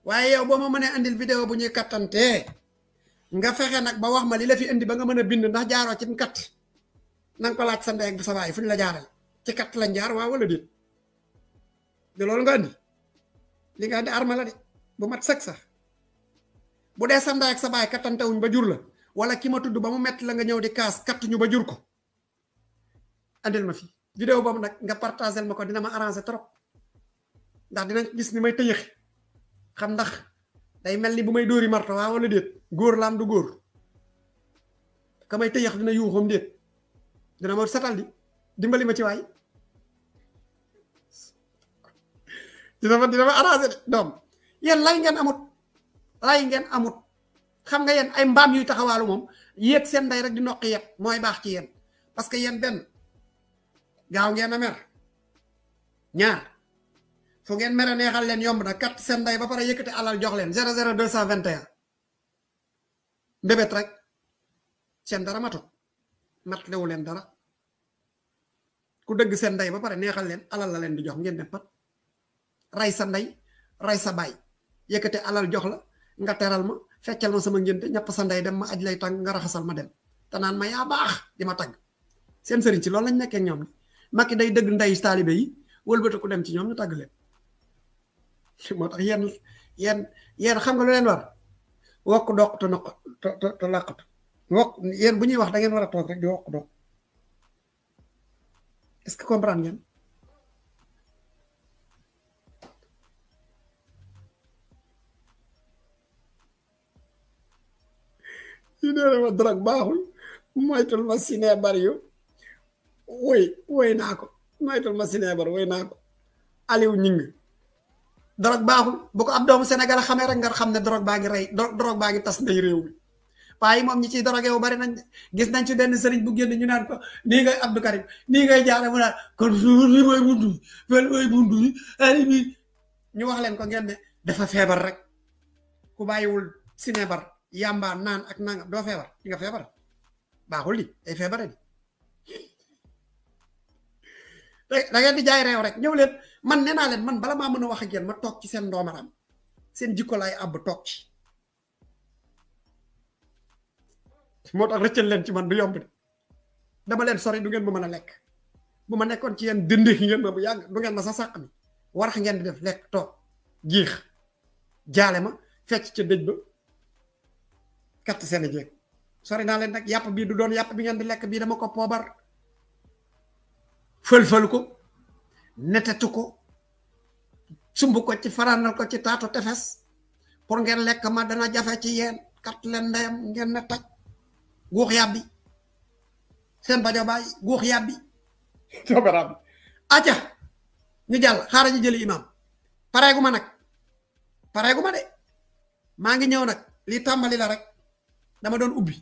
waye yow boma ma andil vidéo bu ñuy kattantee nga fexé nak ba wax ma li la fi indi ba nga mën bind ndax jaaro ci kat nang ko laaj sa ndey ak sa baay fu la jaaral ci kat la jaar wa wala dit de lol nga andi li nga andi arma la de bu mat sax sax bu dé sa ndey ak sa baay wuñ ba jur la wala ki ma tuddu ba mu metti la nga ñew di kaas ñu ba jur ko andil ma fi vidéo boobu nak nga partager ma ko dina ma arranger trop ndax dina gis ni may teyex xam ndax day melni bu may dóori marto waa wala deet góor laam du góor ka may dina deet dina ma satal di dimbali ma ci way dina ma dina ma arranger dom yeen lay ngeen amut lay ngeen amut xam nga yéen ay mbaam yuy taxawaalu moom yéeg seen ndey rek di noqi yet mooy baax ci yenn parce que yéen benn gaaw ngeen a mer ñaar fu ngeen mer a neexal leen yomb na kat seen ndey ba pare yëkkati alal jox leen zéro zéro deux cent vingt rek seen dara matut mat lewu leen dara ku dëgg seen ndey ba pare neexal leen alal la leen di jox ngeen dem pat rey sa ndey rey sa baay yëkkati alal jox la nga teral ma feccal ma sama ngénte ñap sa dem ma aj lay tang nga raxasal ma dem ta naan ma ya bax di ma tàgg seen sëriñ ci loolu lañ nekké ñom makki day deug nday talibé yi wëlbeutu ku dem ci ñom ñu tag leen ci motax yeen yeen yeen xam nga lu leen war wok dok to nok to to laqatu wok yeen bu ñuy wax da ngeen wara tok rek di wok dok est ce que comprendre ngeen inenema drag baaxul Michael ma sinebar yu woy woy naa ko moytul ma sinebar woy naa ko aliw ñing drog baaxul bu ko ab doomu sénégal ne drag bagi ray, drag drag bagi tas ndey réew mi waaye moom ñi ciy drogué nanti bari nañ gis nañ ci benn sëriñ bu génn ñu naan ko nii ngay abdou karim nii ngay jaare mu naan kon li mooy buntu yi fel mooy buntu yi ali bi ñu wax leen rek ku bàyyiwul sinebar yàmbaa naan ak nangam doo feebar di nga feebar baaxul di ay feebare di da di jaay réew rek ñëw leen man nee naa leen man bala maa mën a wax ak yéen ma toog ci seen ndoomaram seen jikko laay àbb toog ci moo tax rëccal leen ci man du yomb de dama leen sori du ngeen ma mën a lekk bu ma nekkoon ci yéen dindi ngeen ma bu yàgg du ngeen ma sa sàq mi warax ngeen di def lekk toog jiix jaale ma fecc ca dëj ba Kata seen jeeg sori na len nak yap bi du don yap bi ya ngeen di lekk bii dama ko pobar fël-fël ko netatu ko sumbu ko ci faranal ko ci tatu tefes pour ngeen lek ma dana jafé ci yeen kat leen ndeyam ngeen ne taj guux yàbbi seen bajo baay guux bi coobaraam aja ñu jall xara ñu jël imam paré guma nak paré guma de ma ngi ñëw nak li tambali la rek dama doon ubbi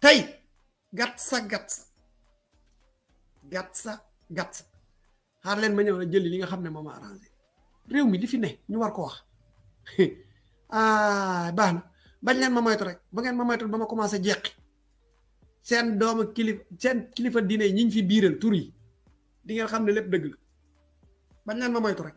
tey gàtt sa gàtt sa gàtt gàtt sa leen ma ñëw na jëli li nga xam ne moom a réew mi li fi ne ñu war koo wax ah baax na bañ leen ma moytu rek ba ngeen ma moytu ba ma commencé jeqi seen doomu kilifa seen kilifa diine ñi ñu fi biiral tur yi di ngeen xam ne lépp dëgg la bañ leen ma moytu rek.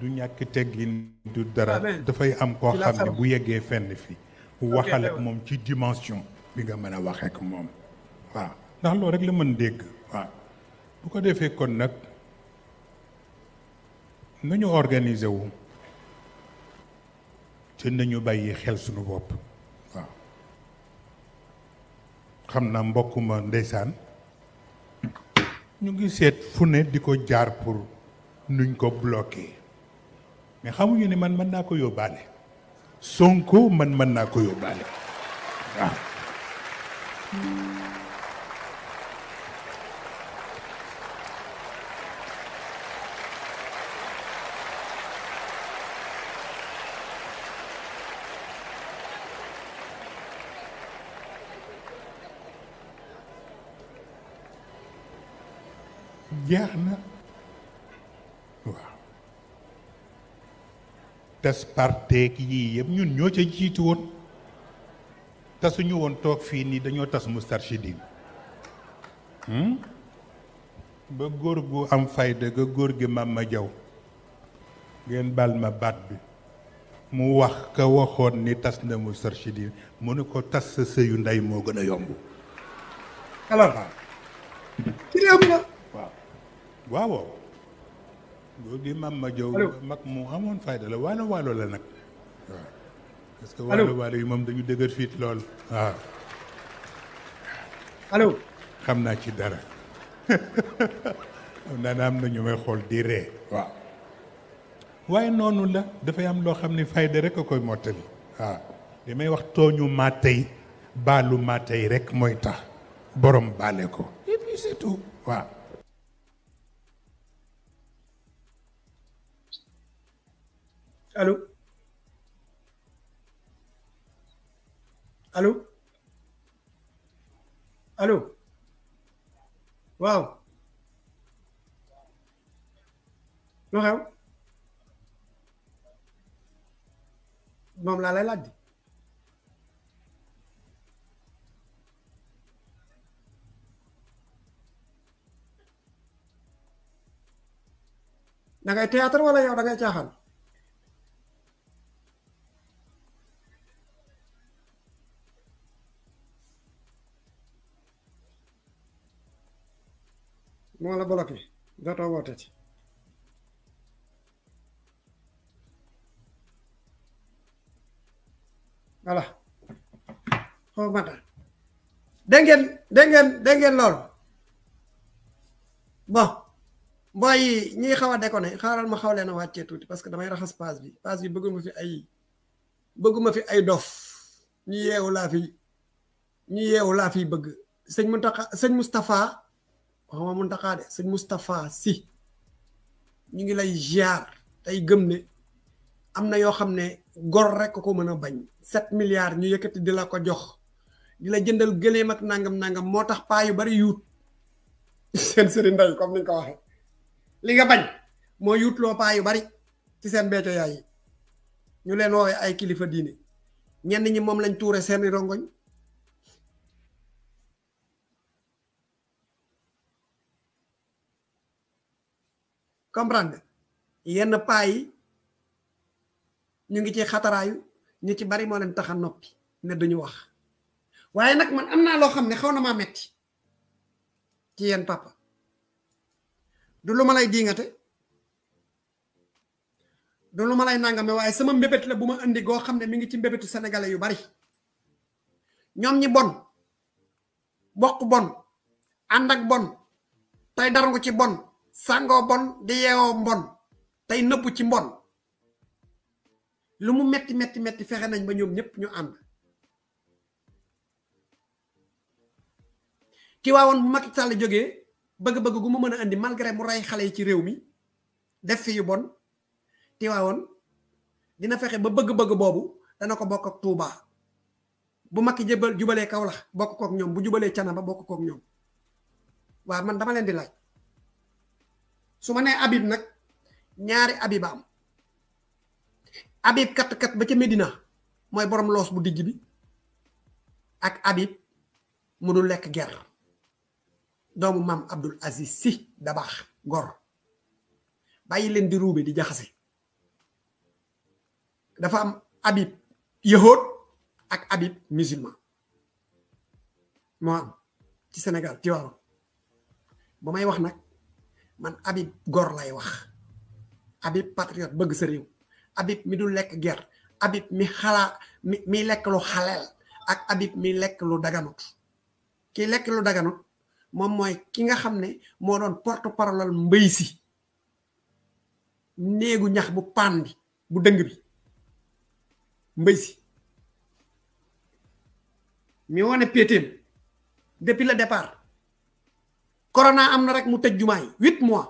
du ñàkk teggin du dara dafay am koo xam ne bu yeggee fenn fi waxal ak moom ci dimension bi nga mën a wax ak moom waaw ndax loolu rekk la mën dégg waaw bu ko defee kon nag nañu organiser wu te nañu bàyyi xel suñu bopp waaw xam na naa mbokkuma ndeysaan ñu ngi seet fu ne di ko jaar pour nuñ ko bloqué mais xamuñu ne man mën naa ko yóbbaale Sonko man mën naa ko yóbbaale waaw jeex na tas parteek yii yëpp ñun ñoo ca jiitu woon tasuñu woon toog fii nii dañoo tas Moustarchidine hmm? ba góor gu am fayda ga góor gi Mama Jaw ngeen bal ma baat bi mu wax ka waxoon ni tas na Moustarchidine mu ne ko tas sa sëyu ndey moo gën a yomb alors di maam ma jow mag mu amoon fayda la waalo waalo la nag waaw parce que waalo waalo yi moom dañu dëgër fiit lool waaw xam naa ci dara xam naa am na ñu may xool di ree waaw waaye noonu la dafay am loo xam ne fayda rek a koy mottali waaw li may wax tooñu maa tey baalu maa rek mooy tax borom baale ko et Allô alo Allô waaw lu xew moom laa lay laaj di da ngay théâtre wala yow da ngay caaxaan moo la bloqué dootoo woote ci voilà xaw ma daal dégg ngeen dégg ngeen dégg ngeen loolu bon booy ñi xaw a déconné xaaral ma xaw leen a wàccee tuuti parce que damay raxas paas bi paas bi bëgguma fi ay bëgguma fi ay dof ñu yeewu laa fi ñu yeewu laa fi bëgg sëñ Mountakha sëñ Moustapha Mouhamadou Mountakha de sëñ Moustapha Sy ñu ngi lay ziar tey gëm ne am na yoo xam ne gor rek ko mën a bañ. sept milliards ñu yëkkati di la ko jox di la jëndal gëleem ak nangam nangam moo tax paa yu bari yuut seen sëriñ nday comme ni nga waxee li nga bañ moo yuutloo paa yu bari ci seen bécco yaay yi ñu leen woowee ay kilifa diine ñenn ñi moom lañ tuure seeni rongoñ. comprendre yenn paa yi ñu ngi ci xataraayu ñu ci bari moo leen tax a noppi ne duñu wax waaye nag man am naa loo xam ne xaw na maa metti ci yenn papa du lu ma lay diingate du lu ma lay nangame waaye sama mbébét la bu ma indi goo xam ne mi ngi ci mbébétu sénégalais yu bari ñoom ñi bon bokk bon ànd ak bon tey darngu ci bon sàngoo bon di yeewoo mbon tey nëbbu ci mbon lu mu metti metti metti fexe nañ ba ñoom ñëpp ñu ànd ki waawoon bu Macky Sall jógee bëgg-bëgg gu mu mën a andi malgré mu rey xale yi ci réew mi def fi yu bon tiwaawoon dina fexe ba bëgg-bëgg boobu dana ko bokk ak Touba bu Macky jëbal jubalee Kaolack bokk kook ñoom bu jubalee Canaba bokk kook ñoom waaw man dama leen di laaj su ma nee Habib nag ñaari Habib am Habib kat kat ba ca Medina mooy borom loos bu dijj bi ak Habib mënul lekk ger doomu maam Abdul Aziz si da baax gor bàyyi leen di ruube di jaxase dafa am Habib yahóot ak Habib musulman moo am ci Sénégal ci waaw ba may wax nag. man Habib gor lay wax Habib patriote bëgg sa réew Habib mi du lekk ger Habib mi xalaa mi mi lekk lu xaleel ak Habib mi lekk lu daganut ki lekk lu daganut moom mooy ki nga xam ne moo doon porte parole mbëy si néegu ñax bu paan bi bu dëng bi mbëy si mi wane péetéem depuis la départ corona am na rek mu tëj jumaa yi huit mois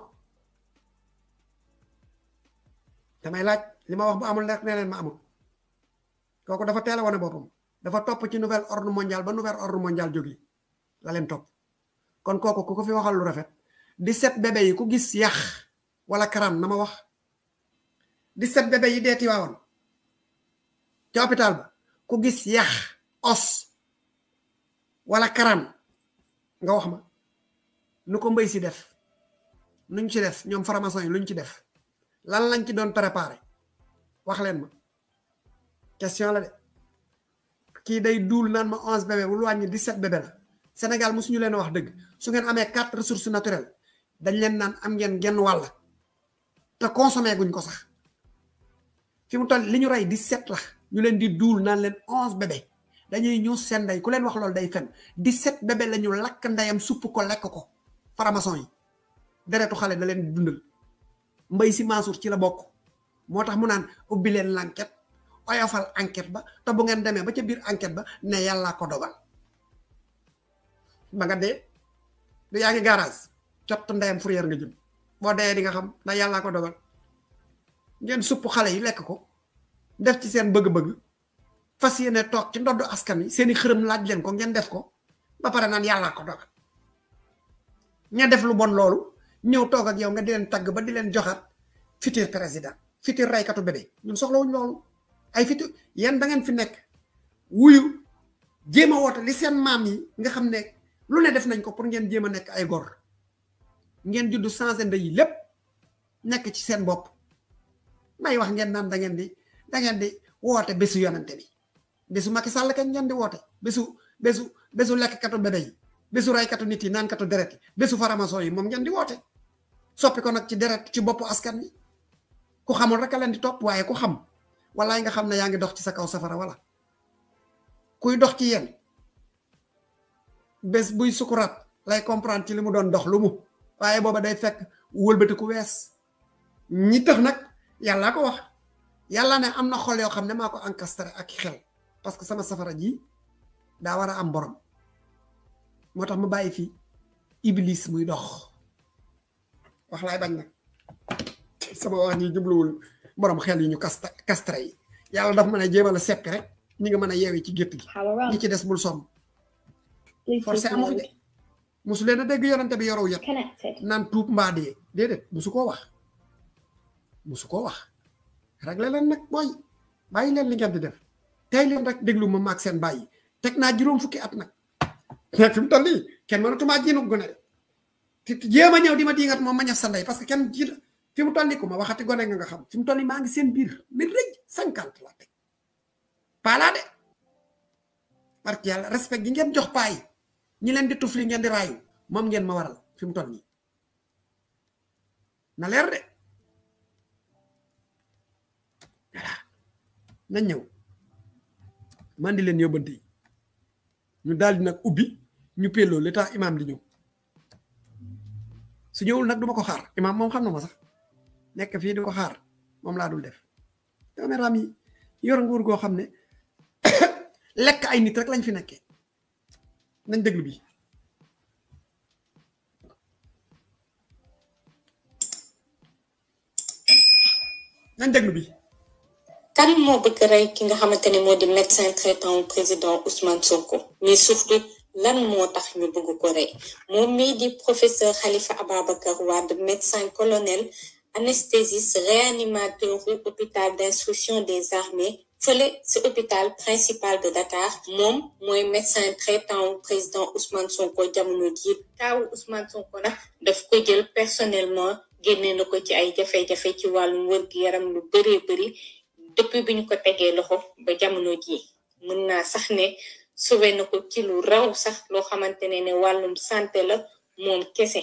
damay laaj li ma wax bu amul rek nee leen ma amul kooku dafa teel a wane boppam dafa topp ci nouvel ordre mondial ba nouvel ordre mondial jógee la leen topp kon kooku ku ko fi waxal lu rafet 17 bébé yi ku gis yax wala karam na ma wax 17 bébé yi dee Tiwaawan ca hôpital ba ku gis yax os walla karam nga wax ma nu ko mbey si def nuñ ci def ñom formation yi luñ ci def lan lañ ci doon préparer wax len ma question la de ki day dul nan ma 11 bébé bu wàññi 17 bébé la Sénégal musuñu leen wax deug su ngeen amé 4 ressources naturelles dañ leen nan am ngeen genn wàll te consommer guñ ko sax fi mu toll liñu ray 17 la ñu leen di dul nan leen 11 bébé dañuy ñu sen day ku leen wax loolu day fen 17 bébé lañu lak ndayam ndeyam supp ko lek ko faramason yi deretu xale da leen dundal mbay si Mansour ci la bokk moo tax mu naan ubbi leen oyofal enquête ba te bu ngeen demee ba ca biir enquête ba ne yàllaa ko dogal ba nga dee du yaa ngi garage cott ndeyam fourrière nga boo dee di nga xam ndax yàllaa ko dogal ngeen supp xale yi lekk ko def ci seen bëgg-bëgg fas yéene toog ci ndoddu askan wi seeni xërëm laaj leen ko ngeen def ko ba pare naan yàllaa ko dogal ña def lu bon loolu ñëw toog ak yow nga di leen tagg ba di leen joxaat futur président futur raykatu bébé ñun soxlawuñ loolu ay futur yéen da ngeen fi nekk wuyu jéem a woote li seen maam yi nga xam ne lu ne def nañ ko pour ngeen jéem a nekk ay gor ngeen juddu changé ndey lépp nekk ci seen bopp may wax ngeen naan da ngeen di da ngeen di woote bésu yonante bi bésu Macky Sall kañ ngeen di woote bésu bésu bésu lekkkatu bébé yi ray raykatu nit yi naankatu deret besu fara faramason yi mom ñan di wote soppi ko nak ci deret ci bop askan ni ku xamul rek di top waye ku xam walaay nga xam ne yaa dox ci sa kaw safara wala kuy dox ci yeen bes buy sukurat lay comprendre ci limu mu doon dox lumu waye boba day fekk wëlbati ku wess ñi tax nak yalla ko wax yalla ne amna xol yo xamne mako encastrer ak xel parce que sama safara ji da wara am borom motax tax ma bàyyi fi iblis muy dox wax lay bañ na sama wax ni ji wul borom xel yi ñu kasta kastre yi yàlla daf mën a jéemal a rek ñi nga mëna a ci gétt gi ñi ci dess bul som forcé amu fi musu leen dégg yonante bi yoro yépp nan tuub mbaa dee déedéet musu ko wax musu ko wax réglé leen nak boy bayi leen li ngeen di def tay leen rek déglu ma mak sen bàyyi tek na juroom fukki at nak fi mu tali, nii kenn mënatuma jiinu gone de ti jéem a di ma diingat moom ma ñaf sa ndey parce que kenn jiit fi mu toll nii ku ma waxati gone nga bir, xam fi mu toll nii maa ngi seen mi la de parce respect gi ngeen jox paa ñi leen di tufli ngeen di rayu, moom ngeen ma waral fi mu toll na leer de voilà na ñëw man di leen ñu daal di nag ubbi ñu pelloo le temps imaam di ñëw su ñëwul nag du ma ko xaar imaam moom xam na ma sax nekk fii di ko xaar moom laa dul def caméraam yi yor nguur goo xam ne lekk ay nit rek lañ fi nekkee nañ déglu bi nañ déglu bi kan moo bëgg rey ki nga xamante ne médecin traitant wu président Ousmane Sonko mais surtout lan moo tax ñu bëgg ko rey moom mii di professeur Khalifa Ababacar Wade médecin colonel anesthésiste réanimateur u hôpital d'instruction des armées fële si hôpital principal de Dakar moom mooy médecin traitant wu président Ousmane Sonko jamono jii kaawu Ousmane Sonko nag daf ko jël personnellement génne na ko ci ay jafe-jafe ci wàllum wër-gu-yaram lu bëree bëri depuis bi ñu ko tegee loxo ba jamono ji mën naa sax ne sauvé na ko ci lu raw sax loo xamante ne ne wàllum santé la moom kese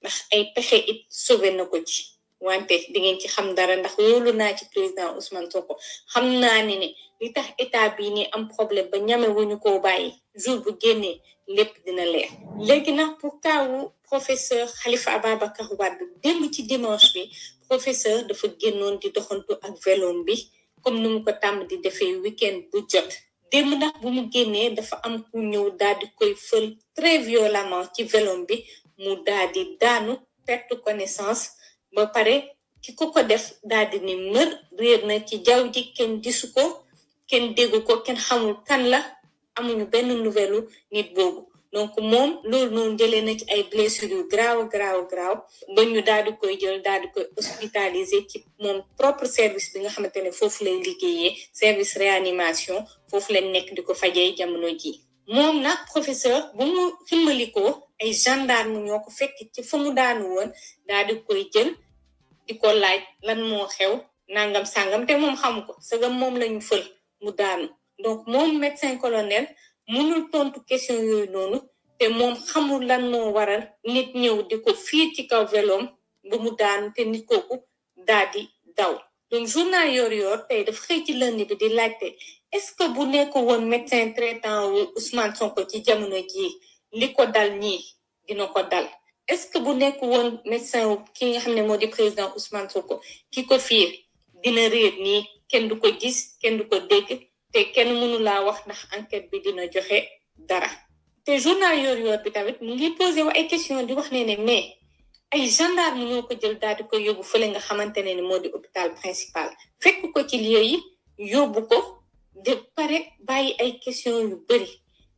ndax ay pexe it sauvé na ko ci wante di ngeen ci xam dara ndax wóolu naa ci président soo ko xam naa ne ne li tax état bii nii am problème ba ñame wuñu koo bàyyi jour bu génnee lépp dina leer léegi nag pour kaawu professeur Khalifa Ababacar Wade démb ci dimanche bi professeur dafa génnoon di doxantu ak velom bi comme nu mu ko tàmm di defee weekend bu jot démb ndax bu mu génnee dafa am ku ñëw daal di koy fël très violemment ci velom bi mu daal di daanu perte connaissance ba pare ki ku ko def daal di ni mër réer na ci jaww ji kenn gisu ko kenn déggu ko kenn xamul kan la amuñu benn nouvelle nit boobu donc moom loolu noonu jëlee na ci ay blessures yu graaw graw graaw ba ñu daal di koy jël daal di koy hospitaliser ci moom propre service bi nga xamante ne foofu lay liggéeyee service réanimation foofu lañ nekk di ko fajee jamono ji moom nag professeur bu mu ximmalikoo ay gendarme ñoo ko fekk ci fa mu daanu woon daal di koy jël di ko laaj lan moo xew nangam sàngam te moom xamu ko sëgam moom lañu fël mu daanu donc moom médecin colonel mënul tontu question yooyu noonu te moom xamul lan moo waral nit ñëw di ko fii ci kaw veloom ba mu daan te nit kooku daa di daw donc journal yor yoor tey dafa xëy ci lënd bi di laajte est-ce que bu nekk woon médecin traitant wu Ousmane Sonko ci jamono jii ni ko dal ñii dina ko dal est-ce que bu nekk woon médecin wu ki nga xam ne moo di président Ousmane Sonko ki ko fiir dina réer nii kenn du ko gis kenn du ko dégg te kenn mënu laa wax ndax enquête bi dina joxe dara te journal yoor yoor bi tamit mu ngi posé wa ay question di wax ne ne mais ay gendarme ñoo ko jël daal di ko yóbbu fële nga xamantene ni moo di hôpital principal fekk ko ci lieu yi yóbbu ko de pare bàyyi ay question yu bëri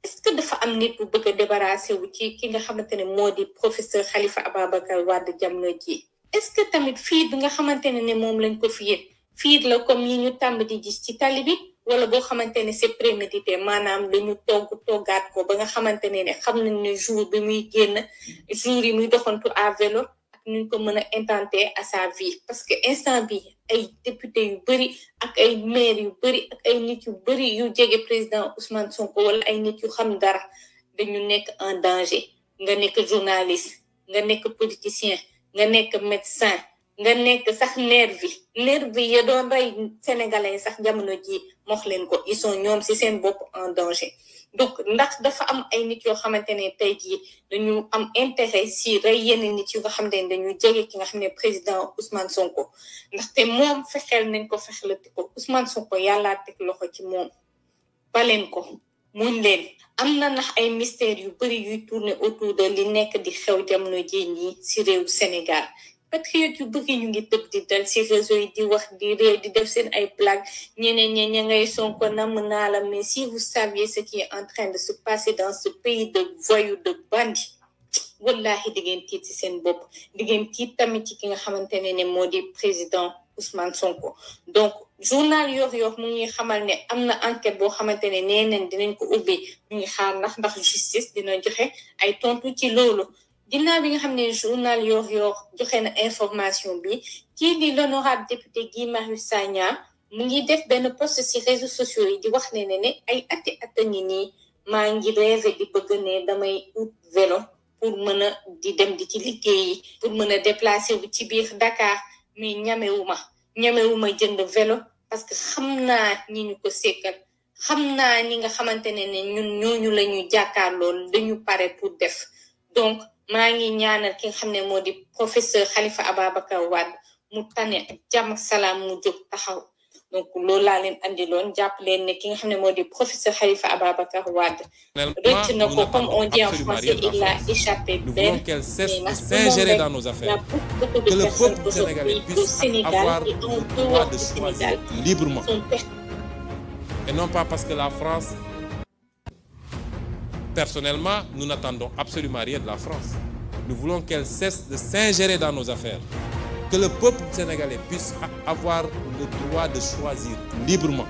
est ce que dafa am nit bu bëgg a débarrassé wu ci ki nga xamante ne moo di professeur xalifa Ababacar wadd jamno ji est ce que tamit fii bi nga xamante ne ne moom lañ ko fi yëg fii la comme yi ñu tàmb di gis ci tali bi wala boo xamante ne c'est prémédité maanaam dañu togg toggaat ko ba nga ne ne ne jour muy à vélo ak nuñ ko mën a à sa vie parce que instant bi député yu bëri ak ay président Ousmane Sonko wala ay yu xam en danger nga nekk journaliste nga nekk politicien nga nekk médecin nga nekk sax nerf bi nerf bi ya doon rey sénégalais sax jamono ji moox leen ko ils sont ñoom si seen bopp en danger donc ndax dafa am ay nit yoo xamante ne tey jii dañu am intérêt si rey yenn nit yu nga xam ne dañu jege ki nga xam ne président Ousmane Sonko ndaxte moom fexeel nañ ko fexelati ko Ousmane Sonko yàllaa teg loxo ci moom baleen ko muñ leen am na ndax ay mystère yu bëri yuy tourner autour de li nekk di xew jamono ji ñi si réew Sénégal patriote yu ñu ngi tëb di dal si réseau yi di wax di di def ay ñe mais si vous saviez ce qui est en train de se passer dans ce pays de voyous de bandits wallahi tamit ci ki président Ousmane Sonko donc journal Yoor mu ngi xamal ne am enquête boo ne dinañ ko mu ngi ndax ginnaaw bi nga xam ne journal Yoor Yoor joxe na information bi kii di l'honorable député Guy Marius Sagna mu ngi def benn post ci réseaux sociaux yi di wax ne ne ne ay ati at ngi nii maa ngi rêvé di bëgg ne damay ut vélo pour mën a di dem di ci liggéey yi pour mën a déplacer wu ci biir Dakar mais ñamewuma ñamewuma jënd vélo parce que xam naa ñi ñu ko sekkal xam naa ñi nga xamante ne ne ñun ñooñu la ñuy jàkkaarlool dañu pare pour def donc maa ngi ñaanal ki nga xam ne moo di professeur Khalifa Ababacar Wade mu tane ak jàmm ak salaam mu jóg taxaw donc loolu laa leen andiloon jàpp leen ne ki nga xam ne moo di professeur Khalifa Ababacar Wade rëcc na ko comme on dit en français il a échappé belle mais nag s'ingérer dans nos affaires beaucoup de personnes aujourd'hui au Sénégal et en dehors du Sénégal librement et non pas parce que la France Personnellement, nous n'attendons absolument rien de la France. Nous voulons qu'elle cesse de s'ingérer dans nos affaires. Que le peuple sénégalais puisse avoir le droit de choisir librement.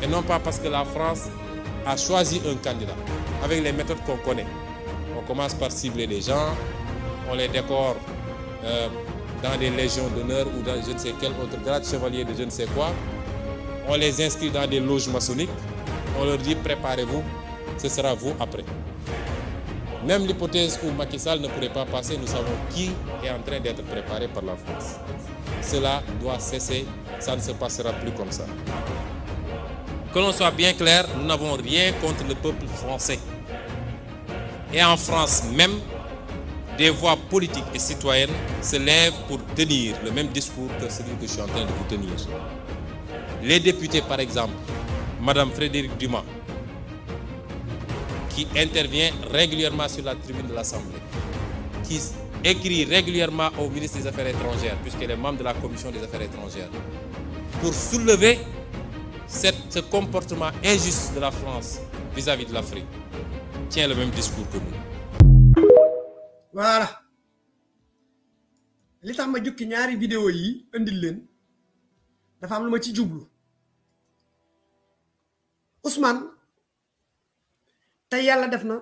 Et non pas parce que la France a choisi un candidat avec les méthodes qu'on connaît. On commence par cibler les gens, on les décore euh, dans des légions d'honneur ou dans je ne sais quel autre grade, chevalier de je ne sais quoi. On les inscrit dans des loges maçonniques. On leur dit préparez-vous ce sera vous après. Même l'hypothèse où Macky Sall ne pourrait pas passer, nous savons qui est en train d'être préparé par la France. Cela doit cesser, ça ne se passera plus comme ça. Que l'on soit bien clair, nous n'avons rien contre le peuple français. Et en France même, des voix politiques et citoyennes se lèvent pour tenir le même discours que celui que je suis en train de vous tenir. Les députés, par exemple, Madame Frédérique Dumas, qui intervient régulièrement sur la tribune de l'Assemblée, qui écrit régulièrement au ministre des Affaires étrangères, puisqu'elle est membre de la Commission des Affaires étrangères, pour soulever ce comportement injuste de la France vis-à-vis de l'Afrique, tient le même discours que nous. Voilà. L'état jukki vidéo Ousmane te yàlla def na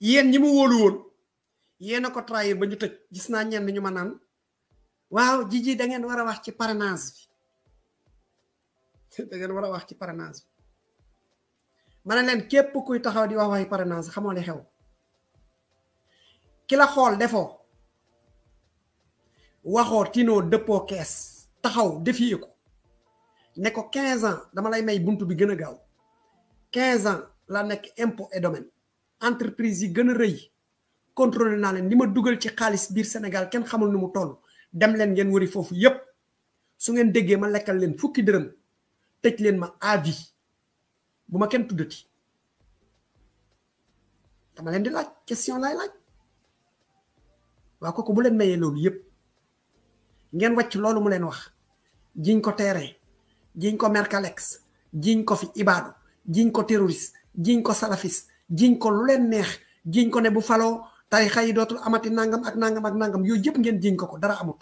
yéen ñi mu wóolu woon yéen a ko trahir ba ñu tëj gis naa ñenn ñu ma naan waaw Jiji da ngeen war a wax ci parrainage bi da war a wax ci parrainage ma ne leen képp kuy taxaw di wax waxi parrainage xamoo li xew ki la xool defoo waxoo tinoo dëppoo kees taxaw defiyee ko ne ko quinze ans dama lay may bunt bi gën a gaaw quinze ans laa nekk impôt et domaine entreprise yi gën a rëy contrôlé naa leen li ma dugal ci xaalis biir Sénégal kenn xamul nu mu toll dem leen ngeen wari foofu yëpp su ngeen déggee ma lekkal leen fukki dërëm tëj leen ma avis bu ma kenn tuddati dama leen di laaj question laay laaj waa kooku bu leen mayee loolu yëpp ngeen wàcc loolu mu leen wax jiñ ko terrain jiiñ ko mercalex jiñ ko fi ibaadu jiñ ko terroriste jiiñ ko salafis jiiñ ko lu leen neex jiñ ko ne bu faloo tarixa yi dootul amati nangam ak nangam ak nangam yooyu yëpp ngeen jiñ ko ko dara amut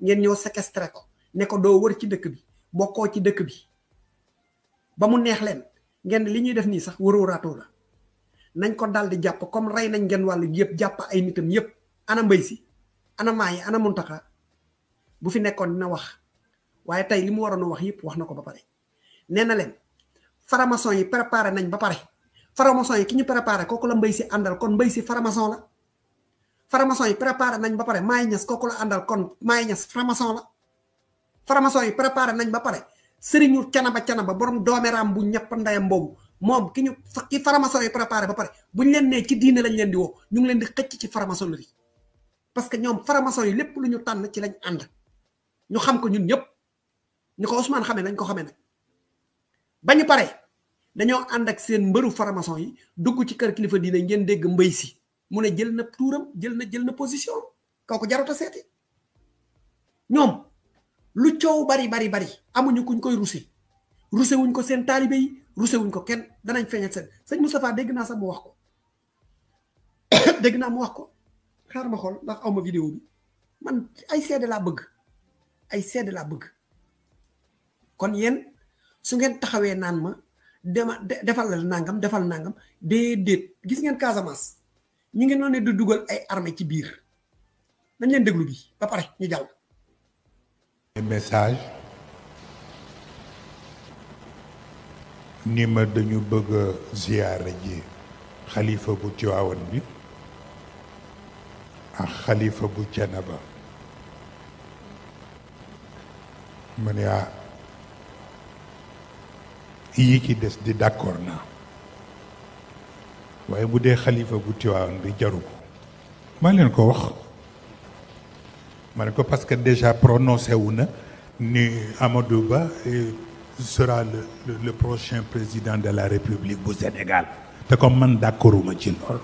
ngeen ñëw séquestré ko ne ko doo wër ci dëkk bi bokkoo ci dëkk bi ba mu neex leen ngeen li ñuy def nii sax wërëwraatoo la nañ ko daal di jàpp comme rey nañ ngeen wàllu yëpp jàpp ay nitam yëpp ana mbay si ana maayi ana muntaxa bu fi nekkoon dina wax waaye tey li mu waroon wax yëpp wax na ko ba pare nee na leen. faramason yi préparé nañ ba pare faramason yi ki ñu préparé koku la mbey ci andal kon mbey ci faramason la faramason yi préparé nañ ba pare may ñas koku la andal kon may ñas faramason la faramason yi préparé nañ ba pare sëriñu canaba canaba borom ram bu ñepp ndayam boobu mom ki ñu ci faramason yi préparé ba pare buñ leen né ci diiné lañ leen di wo ñu ngi leen di xëcc ci faramasonerie parce que ñom faramason yi lepp lu ñu tan ci lañ and ñu xam ko ñun ñëpp ñu Ousmane xamé nañ ko xamé nak bañu paré dañoo and ak seen mbeuru faramason yi dugg ci kër kilifa diine ngeen dégg mbey si mu ne jël na touram jël na jël na position kooku jarota seeti ñoom lu coow bari bari bari amuñu kuñ koy rusé rusé wuñ ko seen talibé yi rusé wuñ ko kenn danañ feeñal seen sëñ Moustapha dégg naa sa mu wax ko dégg naa mu wax ko xaar ma xol ndax awma vidéo bi man ay seede laa bëgg ay seede laa bëgg kon yéen su ngeen taxawee naan ma dema defal la nangam defal nangam déedéet gis ngeen Casamance ñu ngi noonu di dugal ay armée ci biir dañ leen déglu bi ba pare ñu jàll. ni ma dañu bëgg a ziyaara ji xalifa bu Tiwaawan bi ak xalifa bu Canaba ma ne ah, Il ci des di d'accord bu bi parce que déjà prononcé wu eh, sera le, prochain président de la République du Sénégal te comme man d'accorduma ci loolu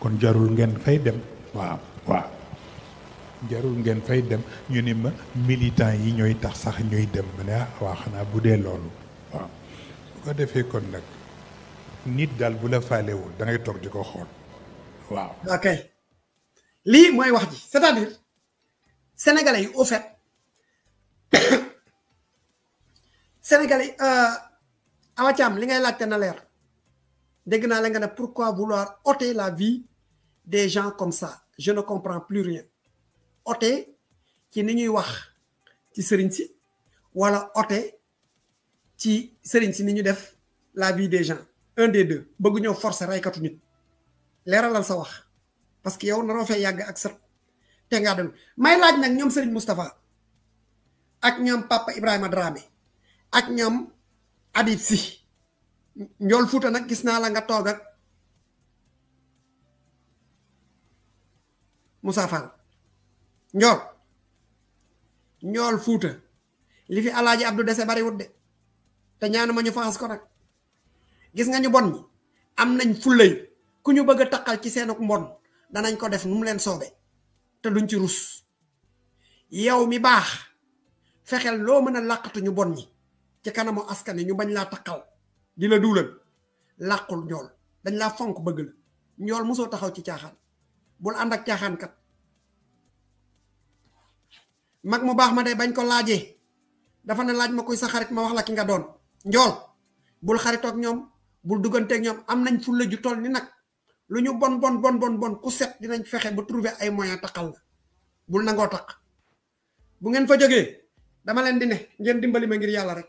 kon jarul ngeen fay dem waaw waaw fay dem ñu ni ma militant yi tax sax dem ah, ko defee kon nag nit daal bu la faalewul da ngay toog di ko xool waaw. ok lii mooy wax ji c'est-à-dire sénégalais yi au fait sénégalais euh, Thiam li ngay laajte na leer dégg naa la nga ne pourquoi vouloir ôter la vie des gens comme ça je ne comprends plus rien ôter ci ni ñuy wax ci sëriñ si wala ôter. ci serigne si niñu def la vie des gens un des deux bëgg ñoo forcer katu nit leeralal sa wax parce que yow na rofé yag ak sa té nga dem may laaj nak ñom serigne mustapha ak ñom papa Ibrahima Dramé ak ñom adib si ñol Fuuta nak gis na la nga tog ak Moussa Fall ñol njool Fuuta li fi alaaji Abdou bari wut de te ñaanuma ñu faas ko nak gis nga ñu bon ñi am nañ fulle ku ñu bëgg takal ci seen ak mbon danañ ko def num leen soobe te duñ ci rus yow mi baax fexel lo mën laqatu ñu bon ñi ci kanamu askan ñu bañ la takal di la duulal laqul ñol dañ la fonk bëgg la ñool mosoo taxaw ci caaxaan bul ànd ak caaxaan kat mag mu baax ma day bañ ko laaje dafa ne laaj ma koy saxarit ma wax la ki nga doon njool bul tok ñom bul ak ñom am nañ fulle ju toll ni nak luñu bon bon bon bon bon ku set dinañ fexé ba trouver ay moyen takal bul nango tak bu ngeen fa joggé dama len di ne ngeen dimbali ma ngir yalla rek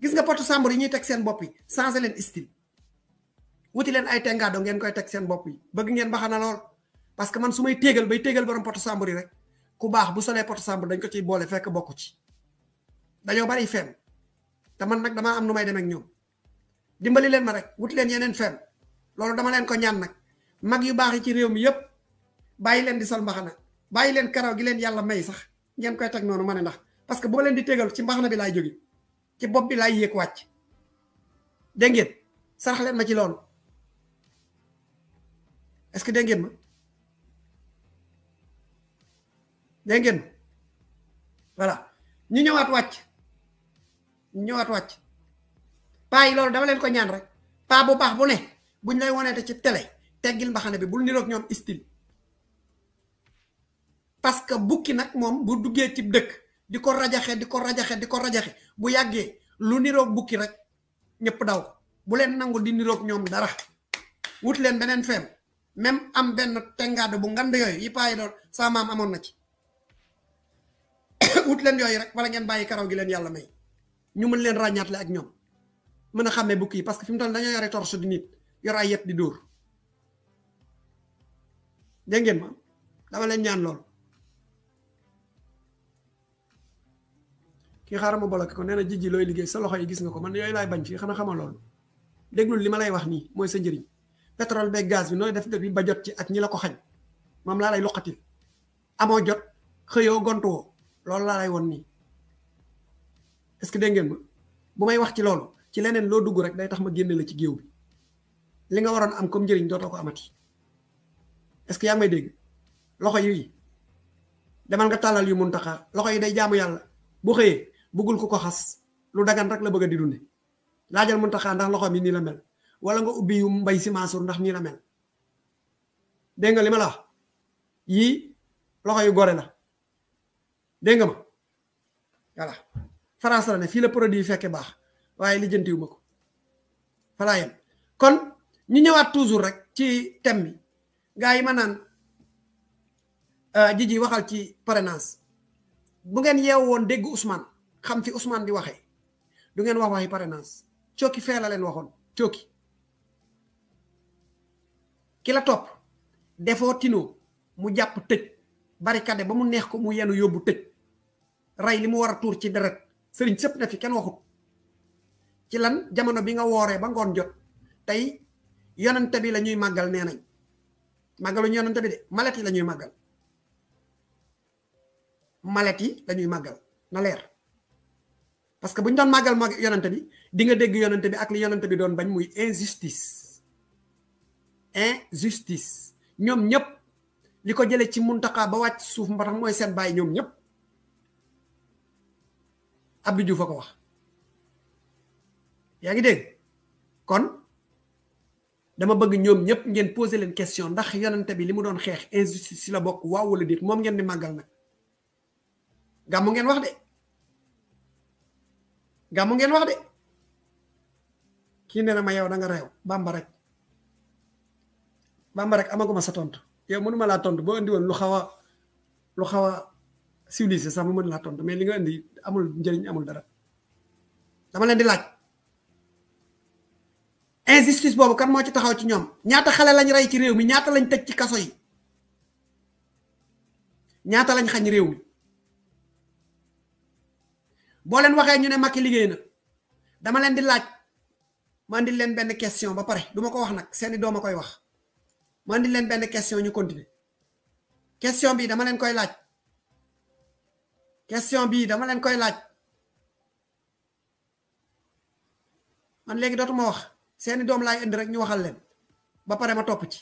gis nga porte sàmbur yi ñi tek seen bop yi sans len style wuti len ay tengaado ngeen koy tek seen bop yi bëgg ngeen baxana lool parce que man sumay tégal bay tégal borom porte sàmbur rek ku baax bu solé porte dañ ko ci bolé fekk bokku ci dañu bari femme té man nak dama am numay dem ak ñoom dimbali leen ma rek wut leen yenen fenn lolu dama leen ko ñaan nak mag yu baax ci réew mi yépp bayi leen di sol mbaxana bayi leen karaw gi leen yalla may sax ngeen koy teg nonu mané ne ndax parce que bo leen di tégal ci mbaxana bi lay joggi ci bop bi lay yéeg wacc sarax leen ma ci lolu est-ce que ma voilà ñu ñëwaat wacc ñëwaat wàcc bàyyi lolou dama len ko ñaan rek pa bu baax bu ne buñ lay woneete ci télé téggil mbaxana bi bul nirok ñom style parce que buki nak mom bu duggé ci dëkk di rajaxé diko di diko rajaxé di bu yaggé lu nirok buki rek ñepp daw bu len nangu di nirok ñom dara wut len benen fem même am ben tengade bu ngand yoy yi paa yi doon sa mam amon na ci wut len yoy rek wala ngeen bayyi karaw gi len yalla may ñu mën leen ràññaatle ak ñoom mën a xàmmee bu kii parce que fi mu toll dañoo yore torche di nit yor ay yet di dóor dégg ngeen ma dama leen ñaan lool kii xaaral ma bloqué ko nee na jijji looy liggéey sa loxo yi gis nga ko man yooyu laay bañ fii xanaa xama loolu déglul li ma lay wax nii mooy sa njëriñ pétrole beeg gaz bi nooy def def ba jot ci ak ñi la ko xañ moom laa lay loqatil amoo jot xëyoo gontuwoo loolu laa lay woon nii est ce que dengen ma bu may wax ci lolu ci leneen lo dugg rek day tax ma génn la ci bi li nga waron am comme jeriñ doto ko amati est ce que yaa may deg loxo yi demal nga talal yu mun loxo yi day jaamu yalla bu xeye bugul ko ko xas lu dagan rek la bëgg di dundé laajal mun taxa ndax loxo mi ni la mel wala nga ubbi yu mbay si masur ndax ni la mel dégg nga la yi loxo yu gore la dégg ma voilà France la ne fii la produit fekke baax waaye lijjantiwu ma ko falaa kon ñu ñëwaat toujours rek ci thème bi gars yi ma naan jiji euh, waxal ci parrainage bu ngeen yeew woon dégg Ousmane xam fi Ousmane di waxee du ngeen wax waxi parrainage cooki fee la leen waxoon cooki ki la topp defoo tinoo mu jàpp tëj barricade ba mu neex ko mu yenu yóbbu tëj rey li mu war a tuur ci deret Sering cep na fi ken waxut ci lan jamono bi nga woré ba ngon jot tay yonante bi la magal nenañ magalu nañ yonante bi de malati lañuy la malati lañuy magal na leer parce que buñ don magal mag yonante bi di nga dégg yonante bi ak li yonante bi don bañ muy injustice injustice ñom ñep liko ko ci muntaka ba wacc suuf moy seen Abdou Diouf ko wax ya ngi deg kon dama bëgg ñoom ñëpp ngeen poser leen question ndax yonente bi li mu doon xeex injustice si la bokk waaw wala déet moom ngeen di màggal nag gàmmu ngeen wax de gàmmu ngeen wax de kii nee ma yow da nga reew bàmba rek bàmba rek amaguma sa tontu yow mënuma laa tontu boo indi woon lu xaw a lu xaw a civilisé sax mu mën laa tontu mais li nga indi amul njëriñ amul dara dama leen di laaj injustice boobu kan moo ci taxaw ci ñoom ñaata xale lañ rey ci réew mi ñaata lañ tëj ci kaso yi ñaata lañ xañ réew mi boo leen waxee ñu ne makki liggéey na dama leen di laaj man andil leen benn question ba pare duma ko wax nag seeni doom a koy wax ma andil leen benn question ñu continuer question bi dama leen koy laaj question bii dama leen koy laaj man léegi dootuma wax seeni doom laay indi rek ñu waxal leen ba pare ma topp ci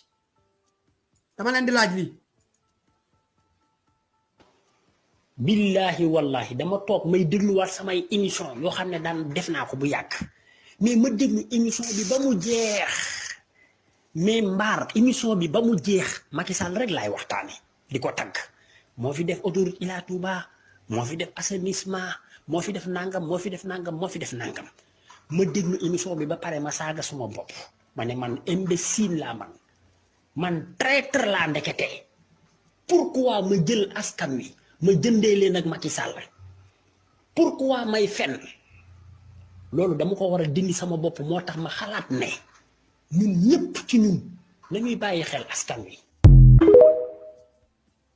dama leen di laaj lii billaahi wallahi dama toog may dégluwaat samay émission yoo xam ne daan def naa ko bu yàgg mais ma déglu émission bi ba mu jeex mais mbaar émission bi ba mu jeex Macky Sall rek laay waxtaane di ko tagg moo fi def autoroute Ila Touba mo fi def assainissement mo fi def nangam mo fi def nangam mo fi def nangam ma deglu émission bi ba pare ma saga suma bop mané man imbécile la man man traiteur la ndekété pourquoi ma jël askan wi ma jëndé leen ak Macky Sall pourquoi may fen loolu dama ko wara dindi sama bop motax mahalat ma xalat ne ñun ñëpp ci ñun lañuy bayyi xel askan wi.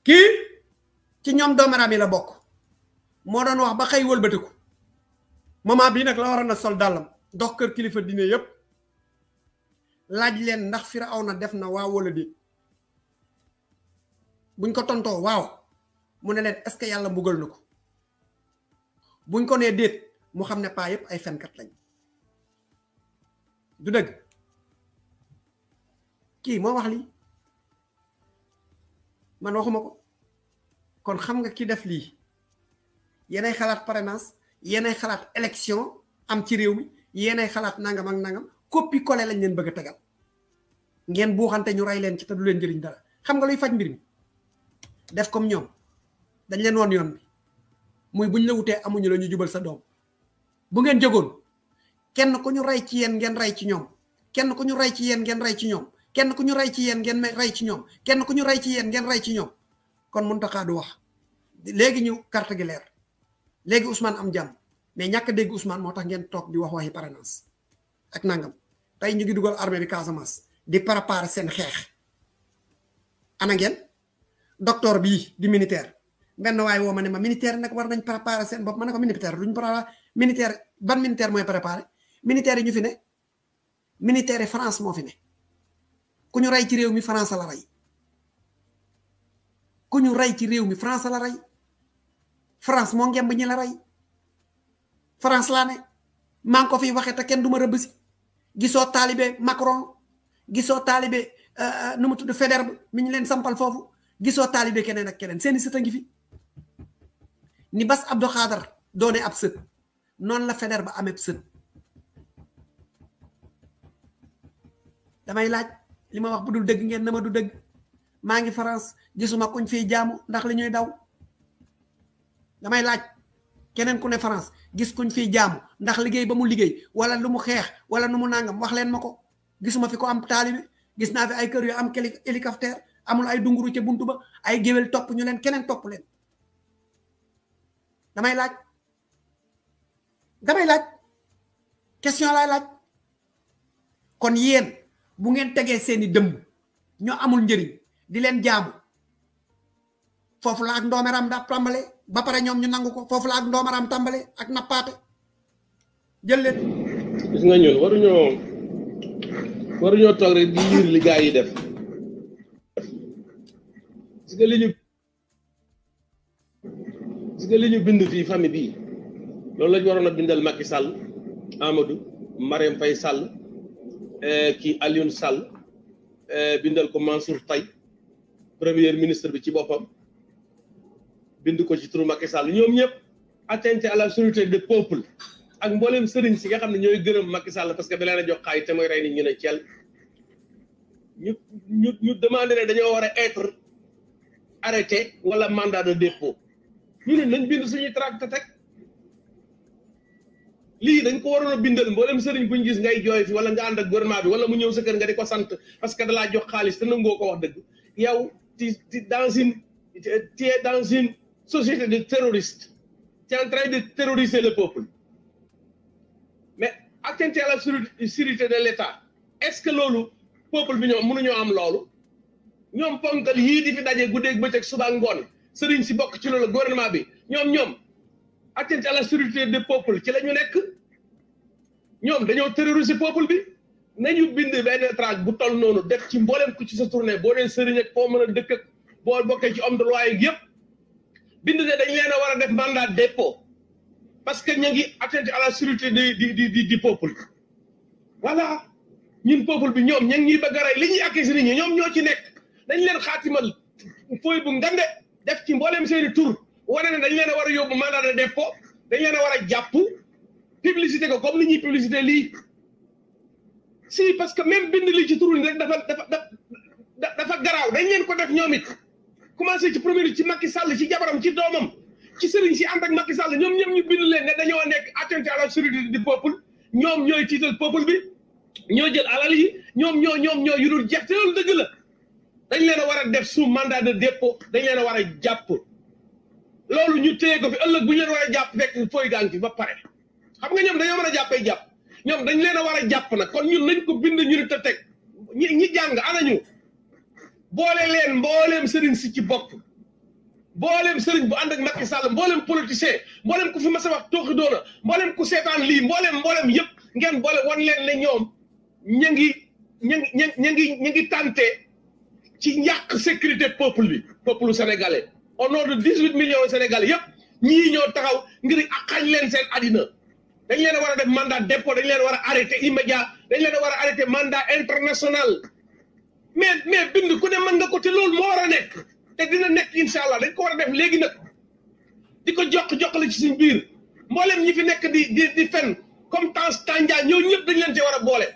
ki ci ñom yi la bokku moo daan wax ba xëy wëlbatiku moment bii nag la waroon na sol dàllam dox kër kilifa diine yépp laaj leen ndax na def na waaw walla déet buñ ko tontoo waaw mu ne leen est-ce que yàlla mbugal na ko buñ ko nee déet mu xam ne paa yépp ay fenkat lañ du dëgg kii moo wax lii man waxuma ko kon xam nga ki def lii yenay xalaat parrainage yenay xalaat élection am ci réew mi yenay xalaat nangam ak nangam copie collé lañ leen bëgg a tegal ngeen buuxante ñu ray leen ci te du leen jëriñ dara xam nga luy faj mbir mi def comme ñoom dañ leen woon yoon bi muy buñ la wutee amuñu la ñu jubal sa doom bu ngeen jëgoon kenn ku ñu ray ci yeen ngeen ray ci ñoom kenn ku ñu ray ci yeen ngeen ray ci ñoom kenn ku ñu ray ci yeen ngeen ray ci ñoom kenn ku ñu ray ci yeen ngeen ray ci ñoom kon mën taxaa du wax léegi ñu carte gi leer Lego Ousmane am jam mais ñak deg Ousmane motax ngeen tok di wax waxi paranas ak nangam tay ñu ngi dugal armée bi Casamance di préparer sen xex ana ngeen docteur bi di militaire ben way wo mané ma militaire nak war nañ préparer sen bop ma ko militaire duñ préparer militaire ban militaire moy préparer militaire ñu fi né militaire France mo fi né ku ñu ray ci réew mi France la ray ku ñu ray ci réew mi France la ray France mo ngemb bañu la ray France la ne maa ko fi waxee ta kenn duma ma rëbb si gisoo taalibe Macron gisoo taalibe euh, euh numu tuddu Faidherbe mi ñu leen sampal fofu giso talibé kenen ak kenen seen sët fi ni bas Abdou khader doone ab seut non la Faidherbe ba ameb seut damay laaj lima wax budul deug ngeen na ma du deug France gisuma kuñ fi jaamu ndax li daw damay laaj keneen ku ne France gis kuñ fi jaamu ndax liggéey ba mu liggéey wala lu mu xeex wala nu mu nangam wax leen ma ko gisuma fi ko am talibi gis naa fi ay kër yu am hélicoptère amul ay dunguru ca buntu ba ay géwél topp ñu leen keneen topp leen damay laaj damay laaj question lay laaj kon yeen bu ngeen tegee seeni dëmb ñu amul njëriñ di leen jaamu foofu la ak ndoomeram daa ba pare ñoom ñu nangu ko foofu la ak ndoomaram tàmbale ak nappaate jël leen. gis nga ñun waruñoo waruñoo toog rek di yiir li yi def gis nga li ñu bind fii famille bi loolu la ñu waroon a bindal Macky sàll Amadou Marème Faye Sall eh, kii Alioune Sall eh, bindal ko Mansour Faye premier ministre bi ci boppam. bindu ko ci turu Macky Sall ñom ñep atteinte à la sécurité de peuple ak mboolem sëriñ ci nga xam ne gëreum Macky Sall parce que da leen jox xay te moy ray ni ñu ne ciel ñu ñu ñu demander né dañoo wara être arrêté wala mandat de dépôt ñu ne nañ bindu suñu tracte tek li dañ ko warono bindal mboolem sëriñ buñu gis ngay joy fi wala nga and ak gouvernement bi wala mu ñew sa kër nga diko ko sant parce que da la jox xaliss te nangoo ko wax dëgg yow ti dans une ti dans une société de terroristes qui est de terroriser le peuple mais atteinte à la sécurité de l'État est-ce que loolu peuple bi ñoom ñoo am loolu ñoom ponkal yii di fi daje guddeeg bëccëg suba ngoon sëriñ si bokk ci loolu gouvernement bi ñoom ñoom atteinte à la sécurité de peuple ci la ñu nekk ñoom dañoo terroriser peuple bi nañu bind benn traque bu toll noonu def ci mboolem ku ci sa tournée boo dee sëriñ ak foo mën a dëkk boo bokkee ci homme de loi bindu ne dañ leena a a def mandat dépôt parce que ñu ngi atteinte à la sécurité du du du du peuple voilà ñun peuple bi ñom ña ngi bëgg a rey li ñuy accusé nit ñi ñom ñoo ci nekk dañ leen xatimal foy bu ngande def ci mbolem seen tour wone ne dañ leena a yobbu a mandat de dépôt dañ leena a japp a publicité ko comme li ñi publicité li si parce que même bind li ci turu rek dafa dafa dafa garaaw dañ leen ko def ñomit commencé ci premier ci Macky Sall ci jabaram ci doomam ci sëriñ si ànd ak Macky Sall ñoom ñoom ñu bind leen ne dañoo nekk atteinte à la sécurité du peuple ñoom ñooy tiital peuple bi ñoo jël alal yi ñoom ñoo ñoom ñoo yu dul jeex te loolu dëgg la dañ leen a war a def sous mandat de dépôt dañ leen a war a jàpp loolu ñu téye ko fi ëllëg bu ñu war jàpp fekk fooy gaa ngi ba pare xam nga ñoom dañoo mën a jàppee jàpp ñoom dañ leen a war a jàpp nag kon ñun nañ ko bind ñu te teg ñi ñi jàng anañu boole leen mbooleem sëriñ si ci bopp mboolem sëriñ bu ànd ak Macky Sall mboolem politicien mboolem ku fi mas a wax tooxi doona mboolem ku seetaan lii mboolem mboolem yëpp ngeen boole wan leen ne ñoom ña ngi ña ngi ña ngi tànte ci ñàkk sécurité peuple bi peuple sénégalais au nom de dix huit millions sénégalais yëpp ñii ñoo taxaw ngir xañ leen seen adina dañ leen a war a def mandat dépôt dañ leen war a arrêté immédiat dañ leen a war a arrêté mandat international mais mais bind ku ne mën nga ko te loolu moo war nekk te dina nekk incha allah dañ ko war a léegi nag di ko jokk le ci suñ biir mboolem ñi fi nekk di di di fen comme Tange Tandian ñoo ñëpp dañ leen cee war a boole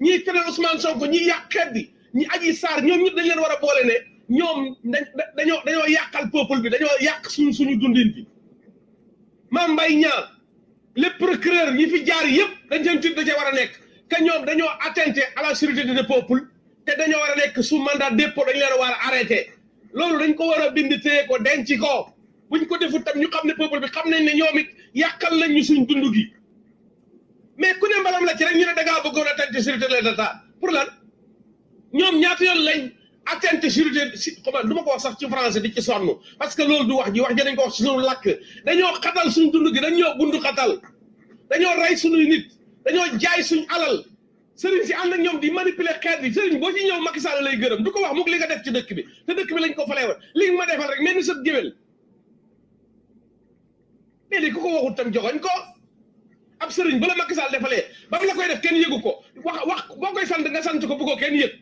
ñiy feneen Ousmane Sonko ñi yàq xeet bi ñi aji saar ñoo ñëpp dañ leen war a boole ne ñoom dañ dañoo dañoo yàqal peuple bi dañoo yàq suñu suñu dundin bi Mame Mbaye Niang les procureurs ñi fi jaar yëpp dañ seen tiit da cee war a nekk que ñoom dañoo atteinte à la sécurité du peuple té dañu wara nek su mandat dépôt dañ leen wara arrêté loolu dañ ko wara bind té ko denc ko buñ ko defut tam ñu xamné peuple bi xamnañ né ñoom it yakal lañ ñu suñ dundu gi mais ku ne mbalam la ci rek ñu ne da ngaa na atteinte sécurité de l'état pour lan ñoom ñaata yoon lañ atteinte sécurité comment duma ko wax sax ci français di ci sonn parce que loolu du wax ji wax ji dañ ko wax ci sunu làkk dañoo xatal suñ dundu gi dañoo bund xatal dañoo rey suñu nit dañoo jaay suñ alal sëriñ si ànd ak ñoom di manipuler xeet bi sëriñ boo ci ñëw Macky Sall lay gërëm du ko wax mukk li nga def ci dëkk bi te dëkk bi lañ ko falee woon li nga ma defal rek mel ni sët géwél mais li ku ko waxut tam joxoñ ko ab sëriñ bu la Macky Sall defalee ba mu la koy def kenn yëgu ko wax wax boo koy sant nga sant ko bu ko kenn yëg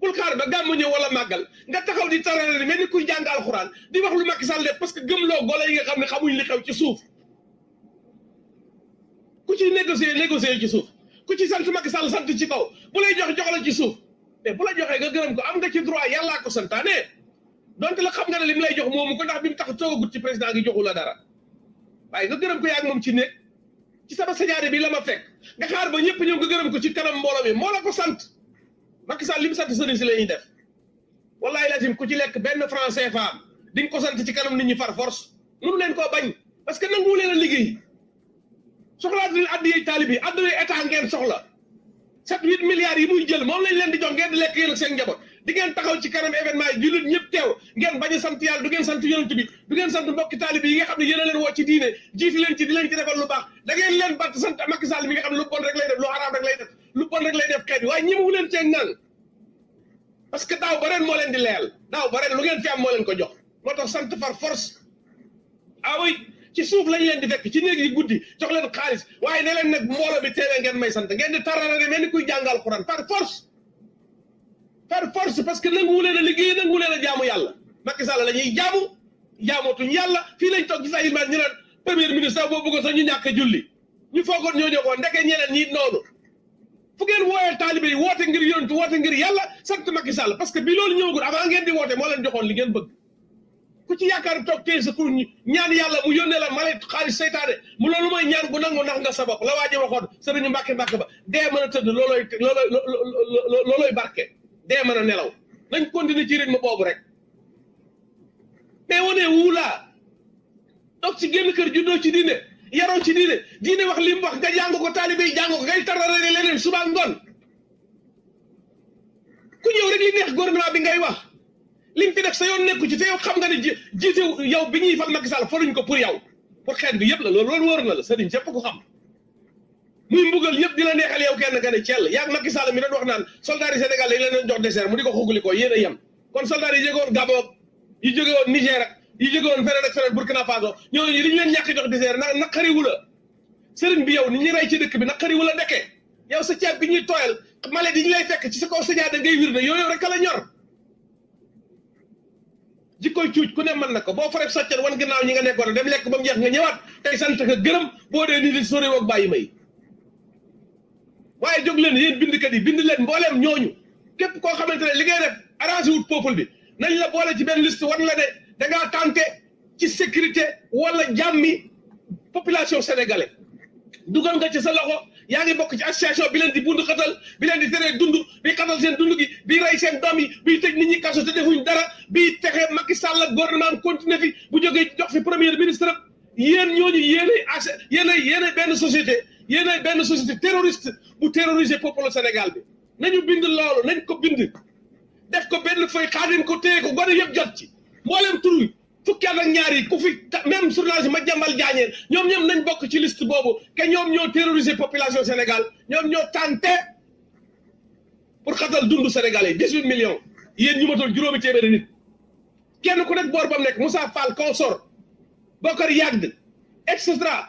bul xaar ba gàmmu ñëw wala màggal nga taxaw di tarale mel ni kuy jàng alxuraan di wax lu Macky def parce que gëmloo golo yi nga xam ne xamuñ li xew ci suuf ku ci négocier négocier ku ci sant Macky Sall sant ci faw bu lay jox jox la ci suuf mais bu la joxee nga gërëm ko am nga ci droit yàllaa ko santaane donte la xam nga ne li mu lay jox moomu ko ndax bi mu tax toogagut ci président gi joxu la dara waaye nga gërëm ko yaa moom ci nekk ci sama sañaare bi la ma fekk nga xaar ba ñëpp ñëw nga gërëm ko ci kanam mbooloo mi moo la ko sant Macky Sall li mu sant sëriñ si la ñuy def wallahi lazim ku ci lekk benn franc CFA di nga ko sant ci kanam nit ñi far force mënu leen koo bañ parce que nanguwu leen a liggéey soxlaat leen addiyee taalibe yi addiyee état ngeen soxla sept huit milliards yi muy jël moom lañ leen di jox ngeen di lekk yéen seen njaboot di ngeen taxaw ci kanam événement yi jullit ñëpp teew ngeen bañ a sant yàlla du ngeen sant yonent bi du ngeen sant mbokki taalibe yi nga xam ne yéen a leen woo ci diine jiitu leen ci di leen ci defal lu baax da leen bàtt sant Macky mi nga xam ne lu bon rek lay def lu araam rek lay def lu bon rek lay def ba ren moo leen di leyal daaw ba ren lu ngeen fi am moo leen moo tax sant par force ah oui ci suuf lañ leen di fekk ci néeg yi guddi jox leen xaalis waaye ne leen nag mbooloo ngeen may sant ngeen di tarara ne mel ni kuy jàngal Quran par force par force parce que nangu wu leen liggéey nangu wu leen a jaamu yàlla Macky Sall la ñuy jaamu jaamootuñ yàlla fii lañ toog gis ay imaam ñu naan premier ministre sax boo bëggoon sax ñu ñàkk a julli ñu foogoon ñoo ñoo ko ndeke ñeneen ñi noonu fu ngeen woowee taalibe yi woote ngir yonent woote ngir yàlla sant woote moo leen li ngeen bëgg ku ci yaakaar toog téye sa pour ñaan yàlla mu yónnee la mala xaalis seytaane mu loolu mooy ñaan bu nangu nax nga sa bopp la waaje waxoon sëriñu mbàkke mbàkke ba dee mën a tëdd looloy looloy looloy barke dee mën a nelaw nañ continuer ci rythme boobu rek mais wone wuulaa toog ci génn kër juddoo ci diine yaroo ci diine diine wax lim wax nga jàng ko taalibe yi jàng ko ngay tararale leneen suba ngoon ku ñëw rek li neex gouvernement bi ngay wax liñ fi def sa yoon nekku ci te yow xam bi ñuy fal Macky Sall faluñ ko pour yow pour xeet bi yëpp la lool loolu wóor na la sëriñ yëpp ko xam muy mbugal yëpp di la neexal yow kenn nga ne Thiel yaag Macky Sall mi doon wax naan soldats yi Sénégal dañ leen jox dessert mu di ko xugli ko yéen yem kon soldats yi jóge woon Gabon yi jóge woon Niger yi jóge woon feneen ak Burkina Faso ñooñu li ñu leen ñàkk jox dessert na naqariwu la sëriñ bi yow ni ñu rey ci la dekkee yow sa ceeb ci sa kaw sa ñaar da jikkoy cuuj ku ne mën na ko boo faree sàccan wan ginnaaw ñi nga nekkoon dem lekk ba mu jeex nga ñëwaat tey sant ka gërëm boo dee nii di sori woog bàyyi may waaye jóg leen yéen bindkat yi bind leen mbooleem ñooñu képp koo xamante ne li ngay def arrangé wut peuple bi nañ la boole ci benn liste war la ne dangaa tenté ci sécurité wala jàmmi population sénégalais dugal nga ci sa loxo yaa ngi bokk ci association bi leen di bund xatal bi leen di teree dund bi xatal seen dund gi bi rey seen doom yi bi tëj nit ñi kaso te defuñ dara bi texe Macky Sall ak gouvernement continuer fi bu jógee jox fi premier ministre yéen ñooñu yéen ay ass yéen ay yéen ay benn société yéen ay benn société terroriste bu terroriser peuple Sénégal bi nañu bind loolu nañ ko bind def ko benn feuille xaadim ko téye ko gone yëpp jot ci mboolem tur fukki at ak ñaar yi ku fi ma journaliste Madiambal Diagne ñoom ñoom nañ bokk ci liste boobu que ñoom ñoo terroriser population senegal ñoom ñoo tante pour xatal dundu Sénégalais dix huit millions yéen ñu matul juróomi téeméeri nit kenn ku nekk boor ba mu nekk Moussa Fall consort Bokar Yagd et cetera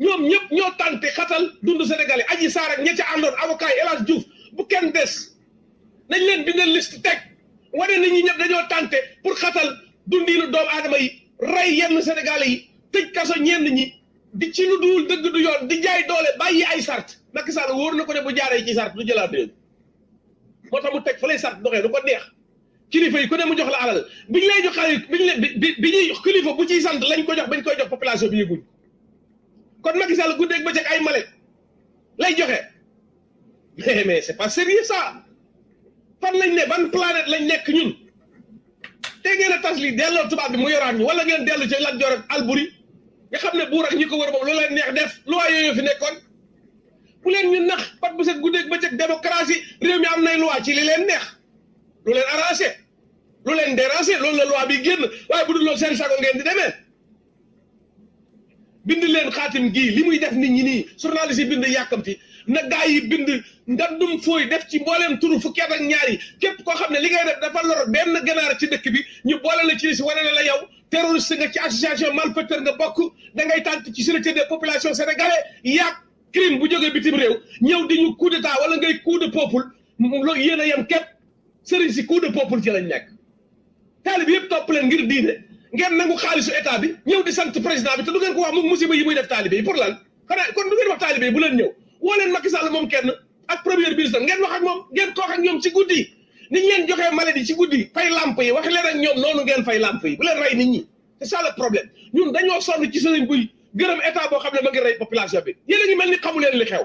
ñoom ñëpp ñoo tenté xatal dundu Sénégalais Adji Sarr ak ña ca àndoon avocat yi El Hadj Diouf bu kenn des nañ leen bindal liste teg wane nit ñi ñëpp dañoo tenté pour xatal. dundiinu doomu aadama yi rey yenn sénégalais yi tëj kaso na ñi di ci lu duul dëgg du yoon di jaay doole bàyyi ay sart Macky Sall wóor na ko ne bu jaaree ci sart du jëlaat réew moo tax mu teg fa lay sart doxee du ko neex kilifa yi ku ne mu jox la alal bi ñu lay jox xale biñ ñu la bi ñuy kilifa bu ciy sant lañ ko jox bañ koy jox population bi yëguñ kon Macky Sall guddeeg bëccëg ay malet lay joxe mais mais c'est pas sérieux ça fan lañ ne ban planète lañ nekk ñun te ngeen a tas lii delloo tubaab bi mu yoraat ñu wala ngeen dellu ci Lat Joor ak Alburi nga xam ne buur ak ñi ko war moom loolu leen neex def loi yooyu fi nekkoon bu leen ñu nax pat bu set guddeeg bëccëg démocratie réew mi am nay loi ci li leen neex lu leen arrangé lu leen dérangé loolu la loi bi génn waaye bu dul loolu seen sago ngeen di demee bind leen xaatim gii li muy def nit ñi nii journaliste yi bind yàkkamti na gaa yi bind ngaddum fooy def ci mbooleem turu fu at ak ñaar yi képp koo xam ne li ngay def dafa lor benn ganaar ci dëkk bi ñu boole la ci si wane ne la yow terroriste nga ci association malfaiteur nga bokk da ngay tànk ci sûreté des populations sénégalais yaag crime bu jógee bitim réew ñëw di ñu coup taa wala ngay coup de peuple loolu yéen a yem képp sëriñ si coup de peuple ci lañ nekk taalib yëpp topp leen ngir diine ngeen nangu xaalisu état bi ñëw di sant yi muy def taalibe pour lan xanaa kon du ngeen leen ñëw woo leen Macky moom kenn ak premier ministre ngeen wax moom ngeen koox ak ñoom ci guddi ni ñu leen joxee maladie ci guddi fay lamp yi wax leen ak ñoom noonu ngeen fay lamp yi bu leen rey nit ñi c'est ça problème ñun dañoo sonn ci sëriñ buy gërëm état boo xam ne ma ngi rey population bi yéen a ngi mel ni xamu leen li xew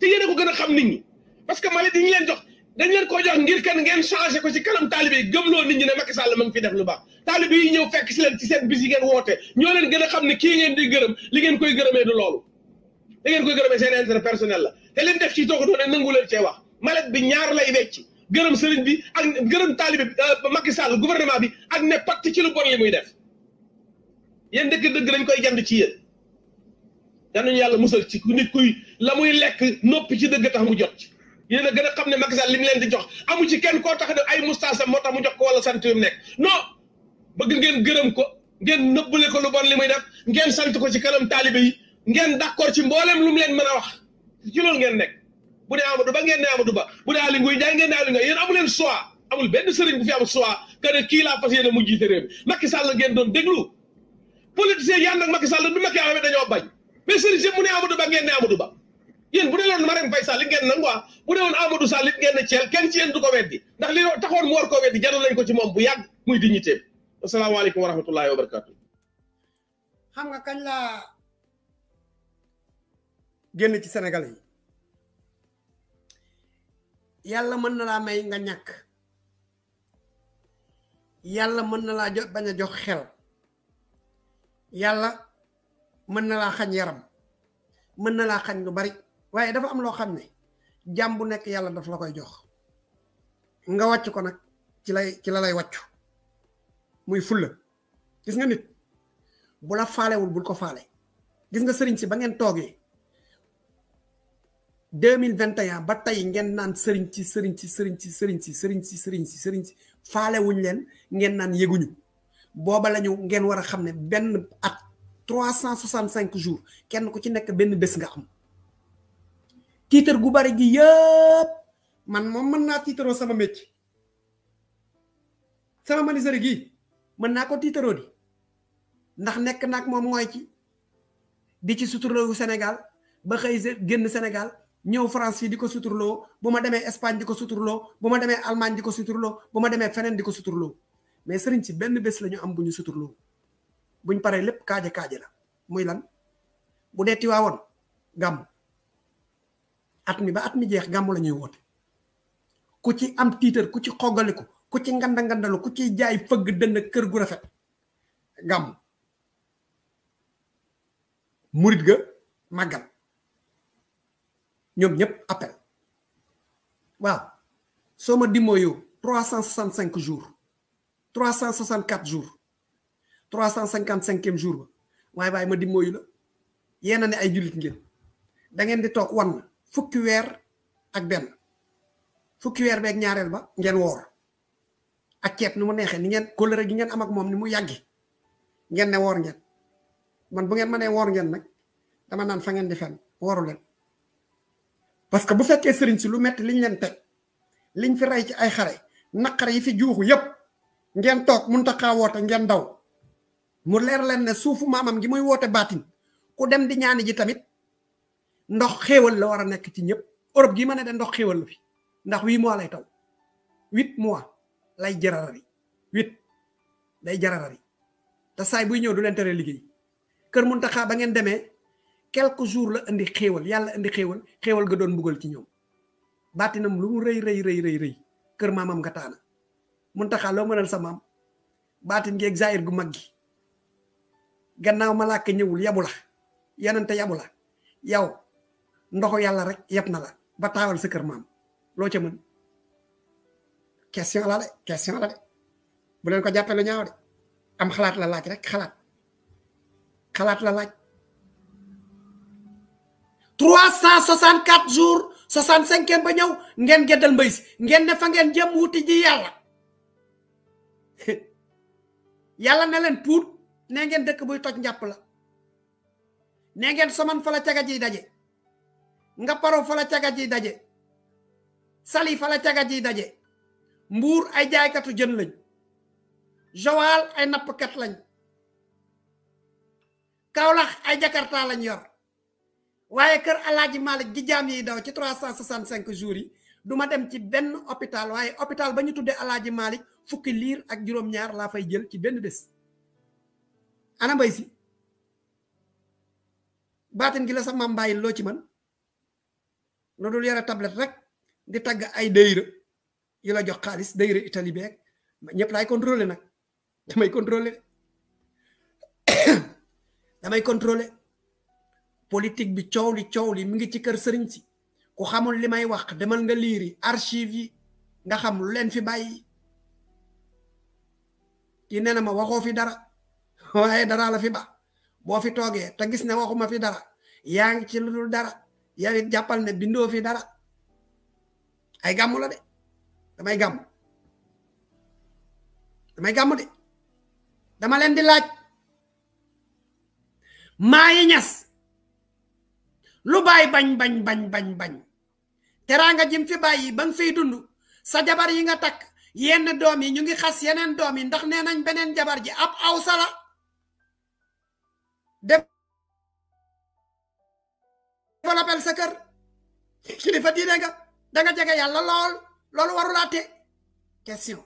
te yéen a ko gën a xam nit ñi parce que maladie ñu leen jox dañ leen ko jox ngir kan ngeen changé ko ci kanam taalibe yi gëmloo nit ñi ne ñëw fekk si leen ci seen bis kii ngeen di gërëm li ngeen koy gërëmee du loolu da ngeen koy gërëmee seen intérêt personnel la te leen def ci toog doone a leen cee wax malet bi ñaar lay wecci gërëm sëriñ bi ak gërëm taalibe bi euh, Macky Sall gouvernement bi ak ne patt ci lu bon li muy def yéen dëkk dëgg dañ koy jand ci yéen danañu yàlla musal ci nit kuy la muy lekk noppi ci dëgg tax mu jot yen a gën a xam ne Macky Sall li mu leen di jox amu ci kenn koo tax ne ay mustaasam moo tax mu jox ko wala sant yu mu nekk non bëgg ngeen gërëm ko ngeen nëbbale ko lu bon li muy ngeen sant ko ci kanam taalibe yi ngeen d'accord ci mboolem lu leen mën wax ci lool ngeen nek bu dé amadou ba ngeen né amadou ba bu dé ali nguy njaay ngeen ne ali nguy yéen amu choix amul benn sëriñ bu fi am choix que ne ki la passé né mu jité réew Macky Sall ngeen doon déglu politiciens yi ànd ak Macky Sall du Macky amee dañoo bañ mais sëriñ si mu né amadou ba ngeen né amadou ba yeen bu dé woon maram Faye Sall ngeen nangu waa ah. bu dé won amadou Sall ngeen né ciel kenn ci yeen du ko wéddi ndax li taxone mu war ko wéddi jaral lañ ko ci mom bu yag muy dignité assalamu alaykum wa rahmatullahi wa barakatuh xam nga kan la génn ci sénégal yi yàlla mën na laa may nga ñàkk yàlla mën na laa jot bañ a jox xel yàlla mën na laa xañ yaram mën na laa xañ lu bari waaye dafa am loo xam ne jàmm nekk la koy jox nga wàcc ko nag ci lay ci la lay muy fulla gis nga nit bu la faalewul bul ko faale gis nga sëriñ si ba ngeen toogee 2021 ba tay ngeen nan serigne ci serinci ci serinci ci serinci. ci serigne ci serigne ci serigne ci faale wuñ len ngeen nan yeguñu boba lañu ngeen wara xamne ben at 365 jours kenn ku ci nek ben bes nga am titre gu bari gi yeb man moom man na titre sama metti sama manisari gi man na ko titre di ndax nek nak mom moy ci di ci suturloo Senegal. ba xey gen Senegal ñew France di suturlo buma démé Espagne di suturlo buma démé Allemagne di suturlo buma démé fenen diko suturlo di mais serigne ci benn bes lañu am buñu suturlo suturloo buñ paree lépp kaaje kaaje la muy lan bu gam atmi ba atmi jeex gam lañuy woté ku ci am tiitar ku ci xogaliku ku ci nganda ngandalu ku ci jaay feug dënn keur gu rafet gam mouride ga magal ñom ñep appel waaw soo ma dimbooyu 365 jours 364 jours 355e jour ba waaye waaye ma dimbooyu la yena ne ay julit ngeen da ngeen di tok wan fukki wer ak ben fukki be ak ñaarel ba ngeen wor ak ceeb nu mu nexe ni ngeen kóllëre gi ngeen am ak mom ni mu yàggi ngeen ne wor ngeen man bu ngeen mané wor ngeen nak dama nan fa ngeen di fen parce que bu fekkee sëriñ si lu metti liñ leen teg liñ fi rey ci ay xare naqare yi fi juuxu yépp ngeen toog mun taxaa woote ngeen daw mu leer leen ne suufu maamam gi muy woote baatin ku dem di ñaani ji tamit ndox xéewal la war a nekk ci ñëpp Europe gi ma ne de ndox xéewal la fi ndax huit mois lay taw huit mois lay jararari huit day jararari te saay buy ñëw du leen tere liggéey kër mun taxaa ba ngeen demee quelques jours la indi xéewal yàlla indi xéewal xéewal ga doon mbugal ci ñoom baatinam lu mu rëy rëy rëy rëy rëy kër maamam nga taana mun taxaa loo mënal sa maam baatin gi exair gu mag gi gannaaw malaaka ñëwul yabu la yenante yabu la yow ndoxu yàlla rek yeb na la ba taawal sa kër maam loo ca mën question la de question la de bu leen ko jàppee lu ñaaw de am xalaat la laaj rek xalaat xalaat la laaj 364 jours 65e ba ñew ngeen geddal mbey ngeen ne fa ngeen jëm wuti ji yalla yalla ne len pour ne ngeen dekk buy toj ñap la ne ngeen soman fa la caga ji daje nga paro fa la caga ji daje sali fa la caga ji daje mbour ay katu jeun lañ jowal ay kat lañ kaolax ay jakarta lañ yor waye keur aladji malik gi jam yi daw ci 365 jours yi duma dem ci ben hôpital waye hôpital bañu tuddé aladji malik fukki lire ak juroom ñaar la fay jël ci ben bes ana mbay si batin gi la sax maam bàyyil ci man lu dul yara tablette rek di tag ay deyre yu la jox deyre itali bek ñëpp lay contrôler nak damay contrôler damay contrôler politique bi ciow li ciow li mi ngi ci kër serigne si ku xamul limay wax demal nga liiri archive yi nga xam lu len fi bàyyi ki neena ma waxo fi dara waye dara la fi ba bo fi toge ta gis ne waxuma fi dara yaangi ci lu dul dara yow ne bindo fi dara ay la de damay gam damay de dama len di laaj ñass lu bay bañ bañ bañ bañ bañ teranga jim fi bàyyi ba nga fiy dund sa jabar yi nga tak yenn dom yi ñu ngi xass yenen dom yi ndax nenañ benen jabar ji ab aw sala développel sa kër kilifa diine nga danga jege lol lol waru la té question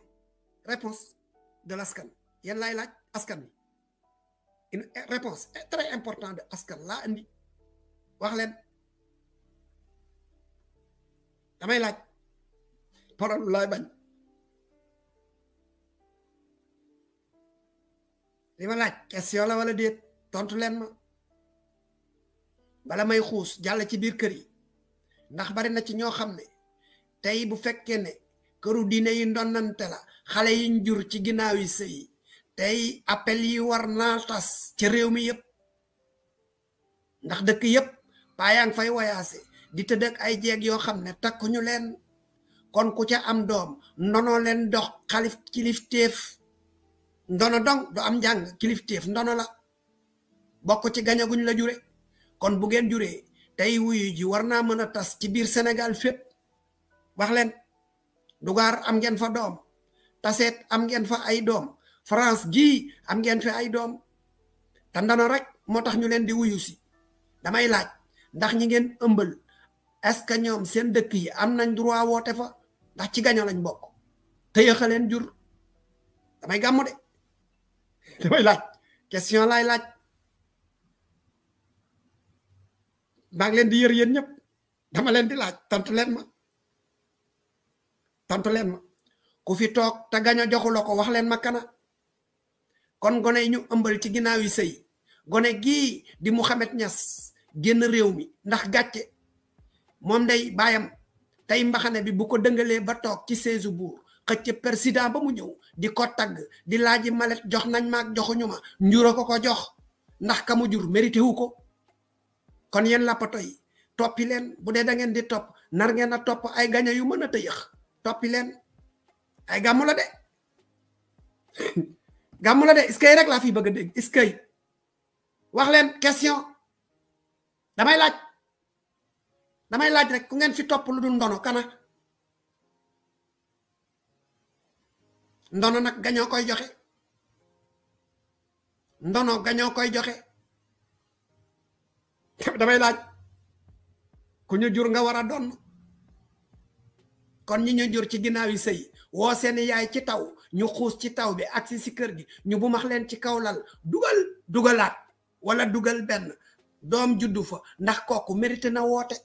réponse de l'askan yalla laay laaj askan une eh, réponse eh, très important de askan la andi wax len damay laaj problème lay bañ li ma laaj question la wala déet tontu len ma bala may jall ci bir keur yi ndax bari na ci ño xamne ne bu fekke ne keuru dine yi ndonante la xale yi jur ci ginaaw yi sey tay appel yi war na tas ci rew mi ndax dekk payang fay di tëdd ak ay jeeg yo xamne takku kon ku ca am dom nono len dox xalif kilifteef ndono dong do am njàng kilifteef ndono la bokku ci gañaguñ la jure kon bu jure juré tay wuyu ji warna mëna mën tas ci bir Sénégal fep wax leen dugaar am ngeen fa dom taset am ngeen fa ay dom France gi am ngeen fa ay dom tan dana rek motax ñu len di wuyu ci damay laaj ndax ñi ngeen ëmbal est ce que ñoom seen dëkk yi am nañ droit woote fa ndax ci gaño lañ bokk tëyëxa leen jur damay gàmmu de damay laaj question lay laaj maa ngi leen di yër yéen ñëpp dama leen di laaj tantu leen ma tantu leen ma ku fi toog te gaño joxula ko wax leen ma kana kon gone ñu ëmbal ci ginnaaw yi sëy gone gii di muhammed Niass génn réew mi ndax gàcce moom day baayam tey mbaxane bi bu ko dëngalee ba toog ci seesu buur xëcc président ba mu ñëw di ko tagg di laaji malet jox nañ maag ñu ma njura ko ko jox ndax kamu jur mérité wu ko kon yéen làppato yi toppi leen bu dee da ngeen di topp nar ngeen a topp ay gaño yu mën a tëyëx toppi leen ay gàmmu la de gàmmu la de iskay rek laa fi bëgg a dégg iskay wax leen question damay laaj damay laaj rek ku ngeen fi topp lu dul ndono kana ndono nak gañoo koy joxe ndono gañoo koy joxe damay laaj ku ñu jur nga wara don kon ñi ñu jur ci ginnaaw yi sëy seen yaay ci taw ñu xuus ci taw bi ci kër gi ñu bu max leen ci kawlal dugal dugalaat wala dugal benn doom juddu fa ndax kooku mérité na woote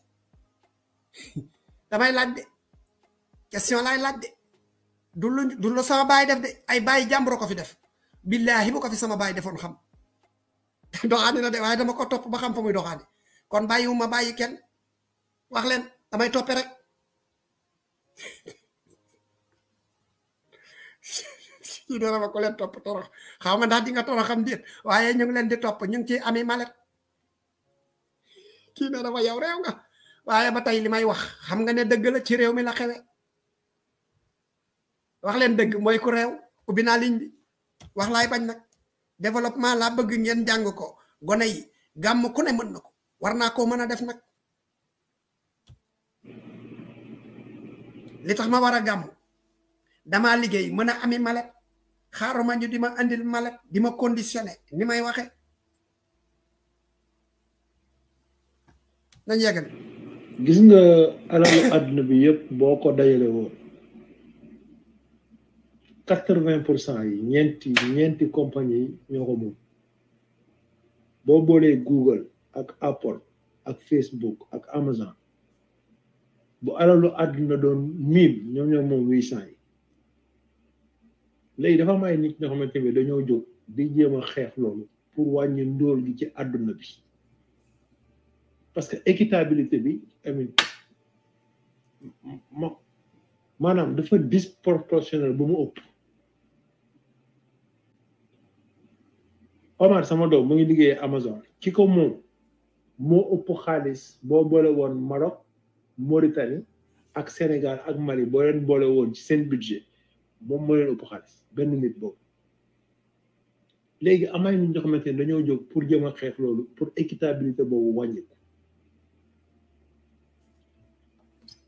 damay laaj de question laay laaj de du lu sama baay def de ay bàyyi jàmbur ko fi def billaahi bu ko fi sama baay defoon xam doxaani na de waaye dama ko topp ba xam fa muy doxaani kon bàyyiwuma bàyyi kenn wax leen damay topp rek si dara ma ko leen torox xaw ma ndax di nga toroxam déet waaye ñu ngi leen di topp ñu ngi ciy ami malet kina na ma yow nga waaye ba tay limay wax xam nga ne deug la ci rew mi la xewé wax len deug moy ku rew ubbi naa ligne bi wax lay bañ nak développement la bëgg ngeen jang ko gone yi gam ku ne mën ko war def nak li tax ma wara gam dama liggéey ami malet xaaruma ñu dima andil malet dima ma conditionné ni may nañ gis nga alalu àdduna bi yëpp boo ko dajalee woon quatre vingt pour cent yi ñeenti ñeenti compagnie yi ñoo ko moom boo boolee Google ak Apple ak Facebook ak Amazon bu alalu àdduna doon mille ñoom ñoo moom huit cent yi léegi dafa am nit ñoo xamante ne dañoo jóg di jéem a xeex loolu pour wàññi ndóol gi ci àdduna bi parce que équitabilité bi amit ma maanaam dafa disproportionnel ba mu ëpp Omar sama doom mu ngi liggéeyee Amazon ki ko moom moo ëpp xaalis boo boole woon Maroc Mauritanie ak Sénégal ak mari boo leen boole woon ci seen budget moom moo leen ëpp xaalis benn nit boobu léegi amay ñu ñoo xamante dañoo jog pour jëm a xeex loolu pour équitabilité boobu wàññiku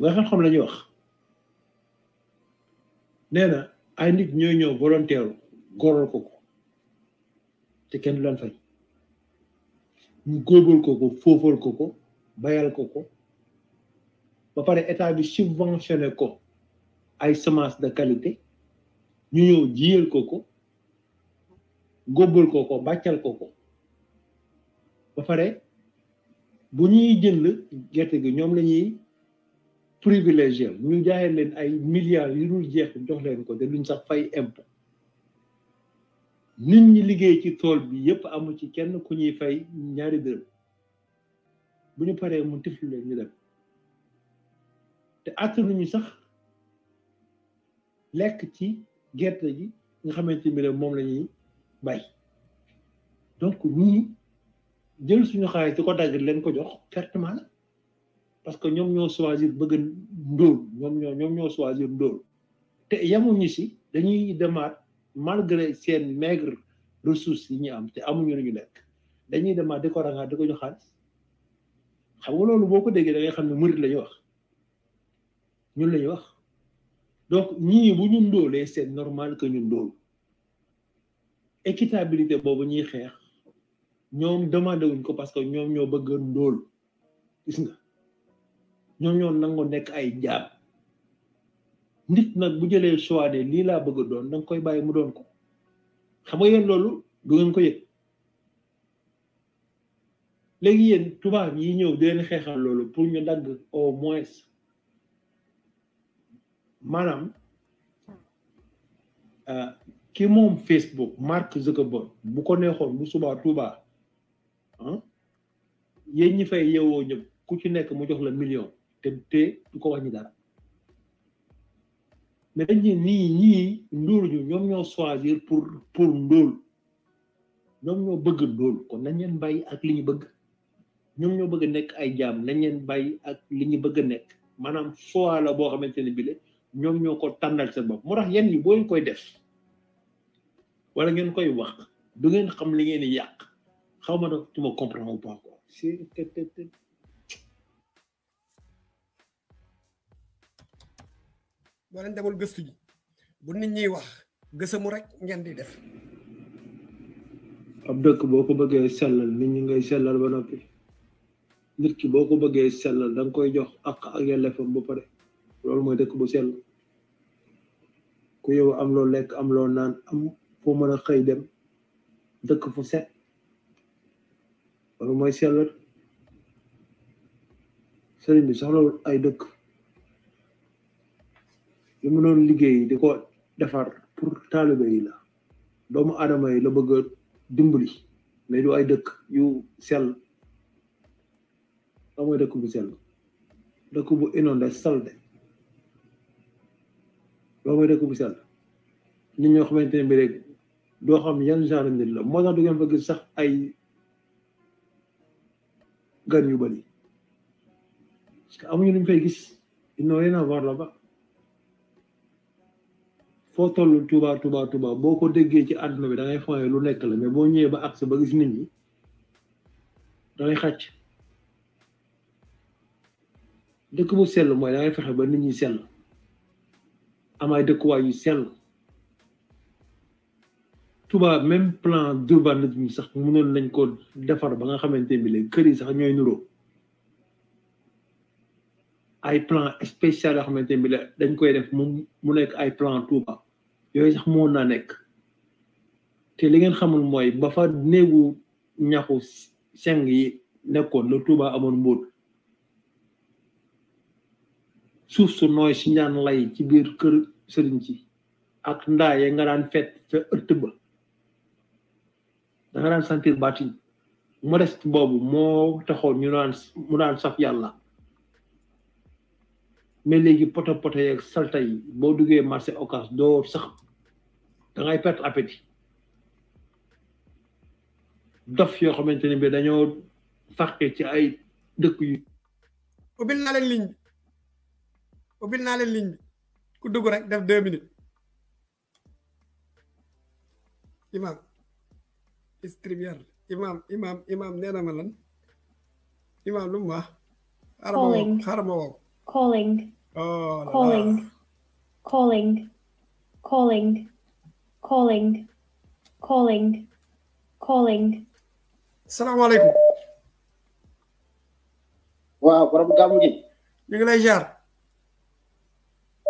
nga xam lañu wax nee na ay nit ñooy ñëw volontaire góoral ko ko te kenn du leen fay ñu góobal ko ko foofal ko ko bayal ko ko ba pare état bi subventionné ko ay semence de qualité ñu ñëw jiyal ko ko góobal ko ko bàccal ko ko ba pare bu ñuy jënd gerte gi ñoom lañuy privilégié ñu jaayee leen ay milliards yu dul jeex jox leen ko de lu ñu sax fay impôt nit ñi liggéey ci tool bi yépp amu ci kenn ku ñuy fay ñaari dërëm bu ñu paree mu tiflu leen ñu dem te attanuñu sax lekk ci gerte gi nga xamante ni moom lañuy bay donc ñii jël suñu xaalis di ko dagg leen ko jox pertement la parce que ñoom ñoo choisir bëgg ndóol ñoom ñoo ñoom ñoo choisir ndóol te yemuñu si dañuy demaat malgré seen maigre ressources yi ñu am te amuñu lu ñu lekk dañuy demaat di ko rangaat ko jox xaalis xam nga loolu boo ko déggee da xam ne murit la ñu wax ñun la ñu wax donc ñii bu ñu ndóolee seen normal que ñu ndóol équitabilité boobu ñuy xeex ñoom demandé wuñ ko parce que ñoom ñoo bëgg ndóol gis nga. ñoom ñoo nangoo nekk ay jaam nit nag bu jëlee choix ne lii laa bëgg a doon da nga koy bàyyi mu doon ko xam nga yéen loolu du ngeen ko yëg léegi yéen tubaab yi ñëw di leen xeexal loolu pour ñu dagg au moins maanaam ah, ki moom Facebook Mark Zuckerberg bu ko neexoon bu subaa Touba ah yéen ñi fay yeewoo ñëpp ku ci nekk mu jox la million. te du ko wàññi dara mais dañ ni nii ndol ñu ñom ñoo choisir pour pour ndol ñom ñoo bëgg ndol kon nañ leen bay ak li ñu bëgg ñom ñoo bëgg nek ay jaam nañ leen bay ak li ñu bëgg nek manam choix la bo xamanteni bi bile ñom ñoo ko tanal sa bop mu tax ñi bo ngi koy def wala ngeen koy wax du ngeen xam li ngeen di xawma xaw tu ma comprendre pas quoi c'est boo leen demul gëstu bu nit ñiy wax gësamu rek ngeen di def. ab dëkk boo ko bëggee sellal nit ñi ngay sellal ba noppi nit ki boo ko bëggee sellal da koy jox ak ak yelleefam ba pare loolu mooy dëkk bu sell ku yow am loo lekk am loo naan am foo mën a xëy dem dëkk fu set loolu mooy sellal sëriñ bi soxlawul ay dëkk. li mu doon liggéey di ko defar pour taalibe yi la doomu aadama yi la bëgg a dimbali mais du ay dëkk yu sell la mooy dëkk bu sell dëkk bu inondé salde loo dëkk bu sell nit ñoo xamante ne bi rek doo xam yan genre nit la moo tax du ngeen fa gis sax ay gan yu bari parce que amuñu luñ fay gis ils n'ont rien à voir foo toll Touba tubaa tubaa boo ko déggee ci àdduna bi da ngay foyee lu nekk la mais boo ñëwee ba agsi ba gis nit ñi da xàcc dëkk bu sell mooy da fexe ba nit ñi sell amaay dëkkuwaay yu sell Touba même plan d'urbanisme sax mënoon nañ ko defar ba nga xamante bi léegi kër yi sax ñooy nuroo ay plan spécial yoo xamante bi la dañ koy def mu mu nekk ay plan Touba yooyu sax moo naa nekk te li ngeen xamul mooy ba fa néegu ñaxu seng yi nekkoon la Tuuba amoon mbóot suuf su nooy si ñaan lay ci biir kër sëriñ ci ak ndaaye nga daan fet ca ëtt ba da nga daan sentir baat yi modeste boobu moo taxoon ñu daan mu daan saf yàlla mais léegi poto poto yeeg salta yi boo duggee marché occas doo sax da ngay appétit dof yoo xamante ne bi dañoo fàqe ci ay dëkk yu. ubbil naa leen ligne bi ubbil leen ligne ku dugg rek def deux minutes imam istribiar imam imam imam nee na ma lan imam lu mu wax. calling xarama woo oh calling. calling calling calling. calling calling calling salaam aleykum wa borom gàmmu gi ñu ngi lay jaar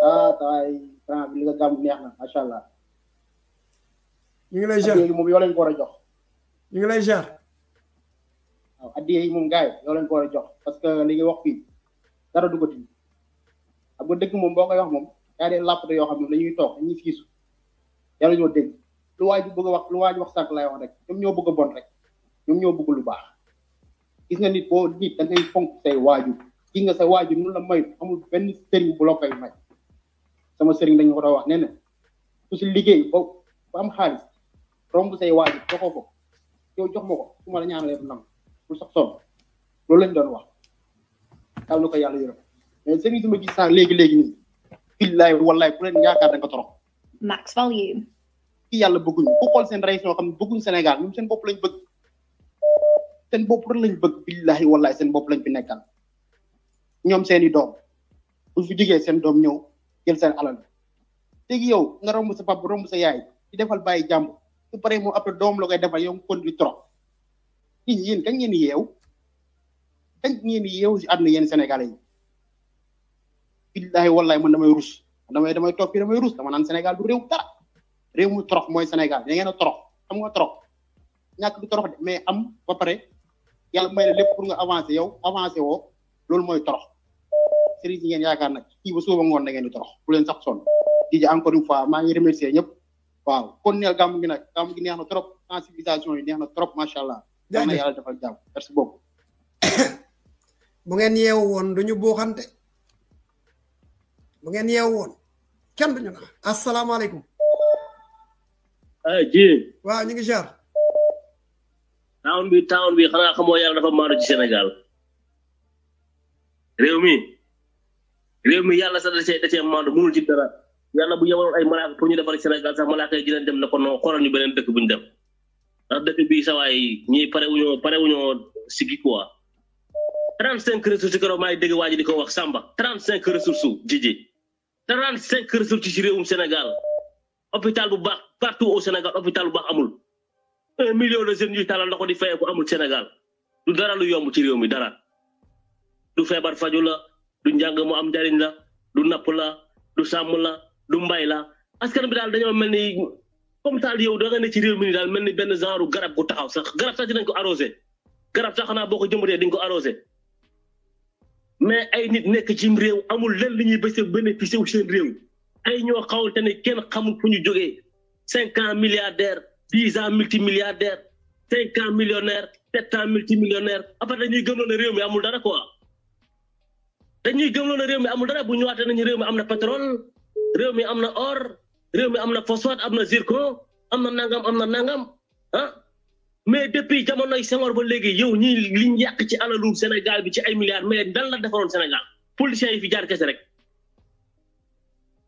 ah tay grand bi li nga gam neex na machallah allah ñu ngi lay jaar léegi moom yoo leen ko wara jox ñu ngi lay jaar waaw addiye yi moom gaay yo leen ko wara jox parce que li nga wax fi dara du ko tin am nga dekk moom bokay koy wax moom yaa lapp làppate yo xam ni dañuy tok dañuy fiisu yàlla ñoo dégg lu waay ji bëgg a wax lu waay wax sànq laay wax rek ñoom ñoo bëgg a bon rek ñoom ñoo bëgg lu baax gis nga nit boo nit da ngay fonk say waajur gis nga sa waajur mun la may amul benn sëriñ bu la koy may sama sëriñ dañu ko doon wax nee na ku si liggéey ba ba am xaalis romb say waajur joxoo ko yow jox ma ko su ma sax sonn loolu lañ doon wax daal na ko yàlla yërëm mais sëriñ su ma gis sax léegi-léegi nii billaay wallaay ku leen yaakaar da nga torop max volume ki yalla bëgguñu ku xool seen race ñoo xam bëgguñ Sénégal ñu sen bop lañ bëgg seen bopp lañ bëgg billahi wallahi sen bop lañ fi nekkal ñoom seeni doom bu fi diggé sen doom ñew jël sen alal léegi yow nga romb sa papa romb sa yaay di defal baye jamm su paré mo après doom la koy defal yow kon di trop nit yéen kañ ngeen yew kañ ngeen yew ci àdduna yeen sénégalais billahi wallahi man damay russe damay damay tok fi damay rus dama nan senegal du rew dara rew mu trox moy senegal da ngeen trox xam nga trox ñak du trox mais am ba paré yalla may lepp pour nga avancer yow avancer wo lool moy trox serigne ngeen yaakar nak ci bu suba ngon da ngeen trox bu len sax son di ji encore une fois ma ngi remercier ñep waaw kon nel gam gi nak gam gi neexna trop sensibilisation yi neexna trop ma allah dama yalla defal jamm merci beaucoup bu ngeen yew won duñu bo xante bu ngeen yeewoon kenn duñu na asalaamaaleykum. ah ji. waaw ñu ngi jaar. town bi town bi xanaa xamoo yàlla dafa maanu ci Sénégal. réew mi réew mi yàlla sax da cee da cee maanu mënul dara yàlla bu yebaloon ay malaaka pour ñu defar Sénégal sax malaaka yi dinañ dem ne ko non xoolal ñu beneen dëkk bu ñu dem ndax dëkk bii saa waay ñii pare wu ñoo pare wu ñoo sigi quoi. 35 ressources keroog maa ngi dégg waa ji di ko wax Samba 35 ressources jiji trente cinq ressources ci réewum Sénégal hôpital bu baax partout au Sénégal hôpital bu baax amul un million de jeunes yuy talal loxo di fayee ko amul Sénégal du dara lu yomb ci réew mi dara du feebar faju la du njàng mu am jariñ la du napp la du sàmm la du mbay la askan bi daal dañoo mel ni comme taal yow da nga ne ci réew mi ni daal mel ni benn genre garab gu taxaw sax garab sax dinañ ko arrosé garab sax xanaa boo ko jëmbatee di nga arrosé mais ay nit nekk ci réew amul lenn li ñuy bës bénéficié wu seen réew ay ñoo xawante ne kenn xamul fu ñu jógee cinq ans milliardaire dix ans multimilliardaire cinq ans millionnaire sept ans multimillionnaire après dañuy gëmloo ne réew mi amul dara ko dañuy gëmloo ne réew mi amul dara bu ñëwaatee nañu réew mi am na pétrole réew mi am na or réew mi am na phosphate am na zircon am na nangam am na nangam ah mais depuis jamonoy Senghor ba léegi yow ñi liñ yàq ci alalu Sénégal bi ci ay milliards mais dan la defaroon Sénégal politiciens yi fi jaar kese rek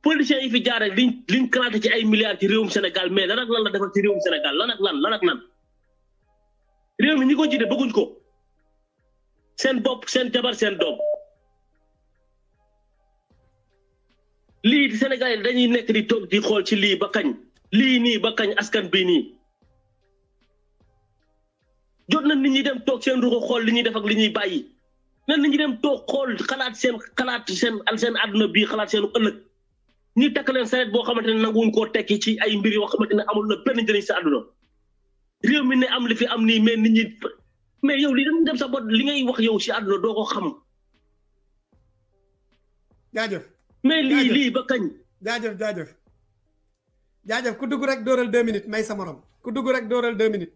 politiciens yi fi jaar rek liñ liñ ci ay milliards ci réewum Sénégal mais lan ak lan la defar ci réewum Sénégal lan lan lan ak lan réew mi ñi ko jiite bëgguñ ko seen bopp seen jabar seen doom lii Sénégal yi dañuy nekk di toog di xool ci lii ba kañ lii nii ba kañ askan bii nii jot na nit ñi dem toog seen ruuxu xool li ñuy def ak li ñuy bàyyi na nit ñi dem toog xool xalaat seen xalaat seen seen àdduna bii xalaat seen ëllëg ñu takk leen sareet boo xamante ne nanguwuñ koo tekki ci ay mbir yoo xamante ne amul na benn njëriñ sa àdduna réew mi ne am li fi am nii mais nit ñi mais yow li dem dem sa bot li ngay wax yow si àdduna doo ko xam. jaajëf mais lii lii ba kañ. jaajëf jaajëf jaajëf ku dugg rek dóoral deux minutes may sa moroom ku dugg rek dooral deux minutes.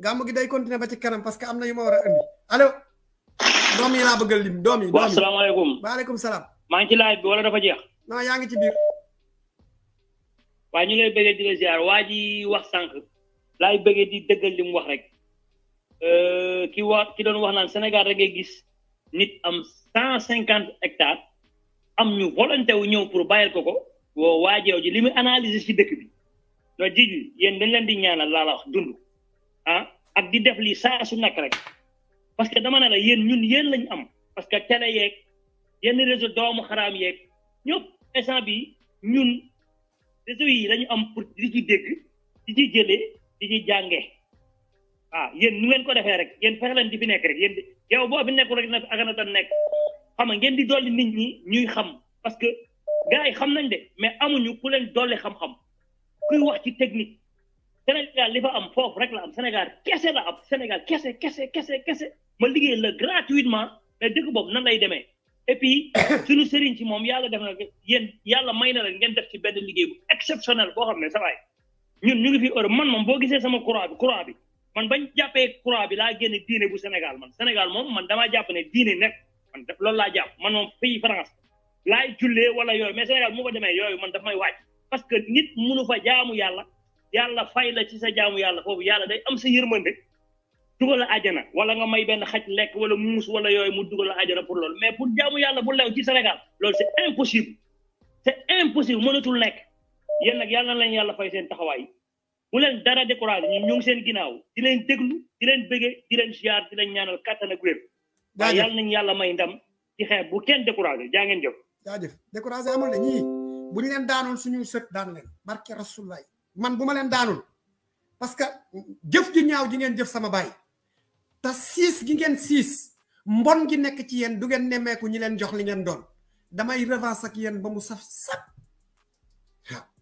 gamu gi day continuer ba ci kanam parce que amna yuma wara indi allo domi la laa lim domi wa doom alaykum wa alaykum salam ma ngi ci live bi wala dafa jeex. non yaa ngi ci bir wa ñu lay bëggee di la ziar waji wax sank lay bëggee di dëggal lim wax rek euh ki wa ki doon wax naan Sénégal rek ngay gis nit am 150 hectares am ñu volonté wu ñew pour bayal koko wo waji waajeew ji limi analyser ci dëkk bi do jiji yeen dañ leen di ñaanal la la wax dundu ah ak di def li saa su nekk rek parce que dama ne la yéen ñun yéen lañu am parce que télé yeeg yenn réseau doomu xaraam yeeg ñëpp instant bi ñun réseau yi lañu am pour di ci dégg di ci jëlee di ci jànge ah yéen nu ngeen ko defee rek yéen fexe leen di fi nekk rek yéen yow boo fi nekkul rek na ak na doon nekk xam nga ngeen di dolli nit ñi ñuy xam parce que gars yi xam nañ de mais amuñu ku leen dolli xam-xam kuy wax ci technique Sénégal li fa am foofu rek la am Sénégal kese la am Sénégal kese kese kese kese ma liggéey la gratuitement mais dëkk boobu nan lay demee et puis suñu ci moom yàlla def na yéen yàlla may na la ngeen def ci benn liggéey bu exceptionnel boo xam ne sa waay ñun ñu ngi fi heure man moom boo gisee sama croix bi croix bi man bañ jàppee croix bi laa génne diine bu Sénégal man Sénégal moom man damaa jàpp ne diine nekk man def laa jàpp man moom pays France laay jullee wala yooyu mais Sénégal mu ko demee man daf may wàcc que nit mënu fa jaamu yàlla yàlla fay la ci sa jaamu yàlla foofu yàlla day am sa yërmande dugal la àjjana wala nga may benn xaj lekk wala muus wala yooyu mu dugal a àjjana pour loolu mais pour jaamu yàlla bu lew ci Sénégal loolu c'est impossible c'est impossible mënatul nekk yéen nag yàlla na leen yàlla fay seen taxawaay bu leen dara découragé ñun ñu ngi seen ginnaaw di leen déglu di leen bëggee di leen ziar di leen ñaanal kattan ak wér. jaajëf yàlla nañu yàlla may ndam ci xeex bu kenn découragé jaa ngeen jëf. jaajëf découragé amul ne ñii bu ñu leen daanoon suñuy sët daan leen barke Rasulullah man buma len leen daanul parce que jëf ji ñaaw ji ngeen jëf sama bay ta siis gi ngeen siis mbon gi nek ci yeen du ngeen nemmeeku ñi len jox li ngeen doon damay revanche ak yeen ba mu saf sap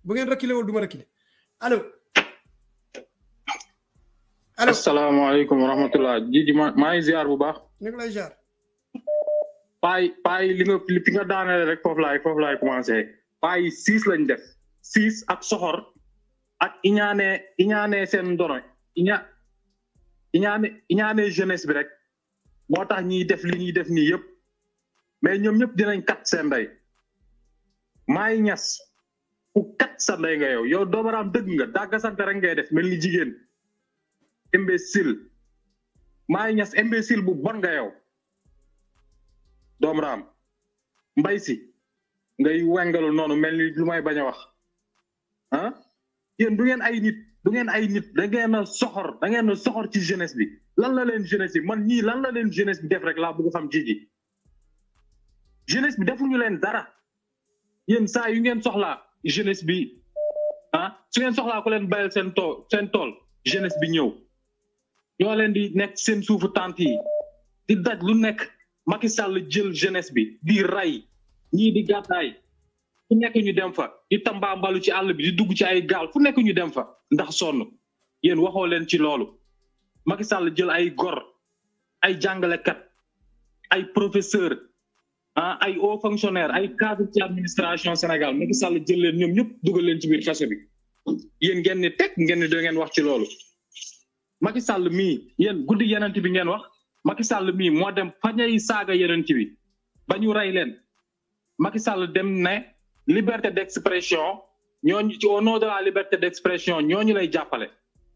bu ngeen reculer wol duma ma allo allo assalamu alaykum wa rahmatullah ji ji maa ziar bu baax ñu lay ziar pay pay li nga li nga daanale rek fof lay fof lay commencé pay siis lañ def siis ak soxor ak iñaanee iñaanee sen ndoro iña iñaane iñaanee jeunesse bi rek moo tax ñiy def li ñuy def nii yëpp mais ñoom ñëpp dinañ kat sen ndey maay ñas ku kat sa ndey nga yow yow doomaraam dëgg nga dàggasante rek ngay def mel ni jigéen imbécile maay ñas imbécile bu bon nga yow ram mbay si ngay wengalu noonu mel ni lu may bañ wax ah yéen du ngeen ay nit du ngeen ay nit da ngeen a soxor da ngeen a soxor ci jeunesse bi lan la leen jeunesse bi man ñii lan la leen jeunesse bi def rek laa bëgg xam jiji jeunesse bi defuñu leen dara yéen saa yu ngeen soxlaa jeunesse bi ah su ngeen soxlaa ko leen bayal seen tool seen tool jeunesse bi ñëw ñoo leen di nekk seen suufu tànt yi di daj lu nekk Macky Sall jël jeunesse bi di ray ñii di gàttaay fu nekk ñu dem fa di tambaambalu ci àll bi di dugg ci ay gaal fu nekk ñu dem fa ndax sonn yéen waxoo leen ci loolu Macky Sall jël ay gor ay jàngalekat ay professeur ah ay hauts fonctionnaires ay cadres ci administration Sénégal Macky Sall jël leen ñoom ñëpp dugal leen ci biir kaso bi yéen ngeen ni teg ngeen ni da ngeen wax ci loolu Macky Sall mii yéen guddi yenent bi ngeen wax Macky Sall mii moo dem fañay saaga yenent bi ba ñu rey leen Macky dem ne liberté d'expression ñoo ci au nom de la liberté d'expression ñu lay jappalé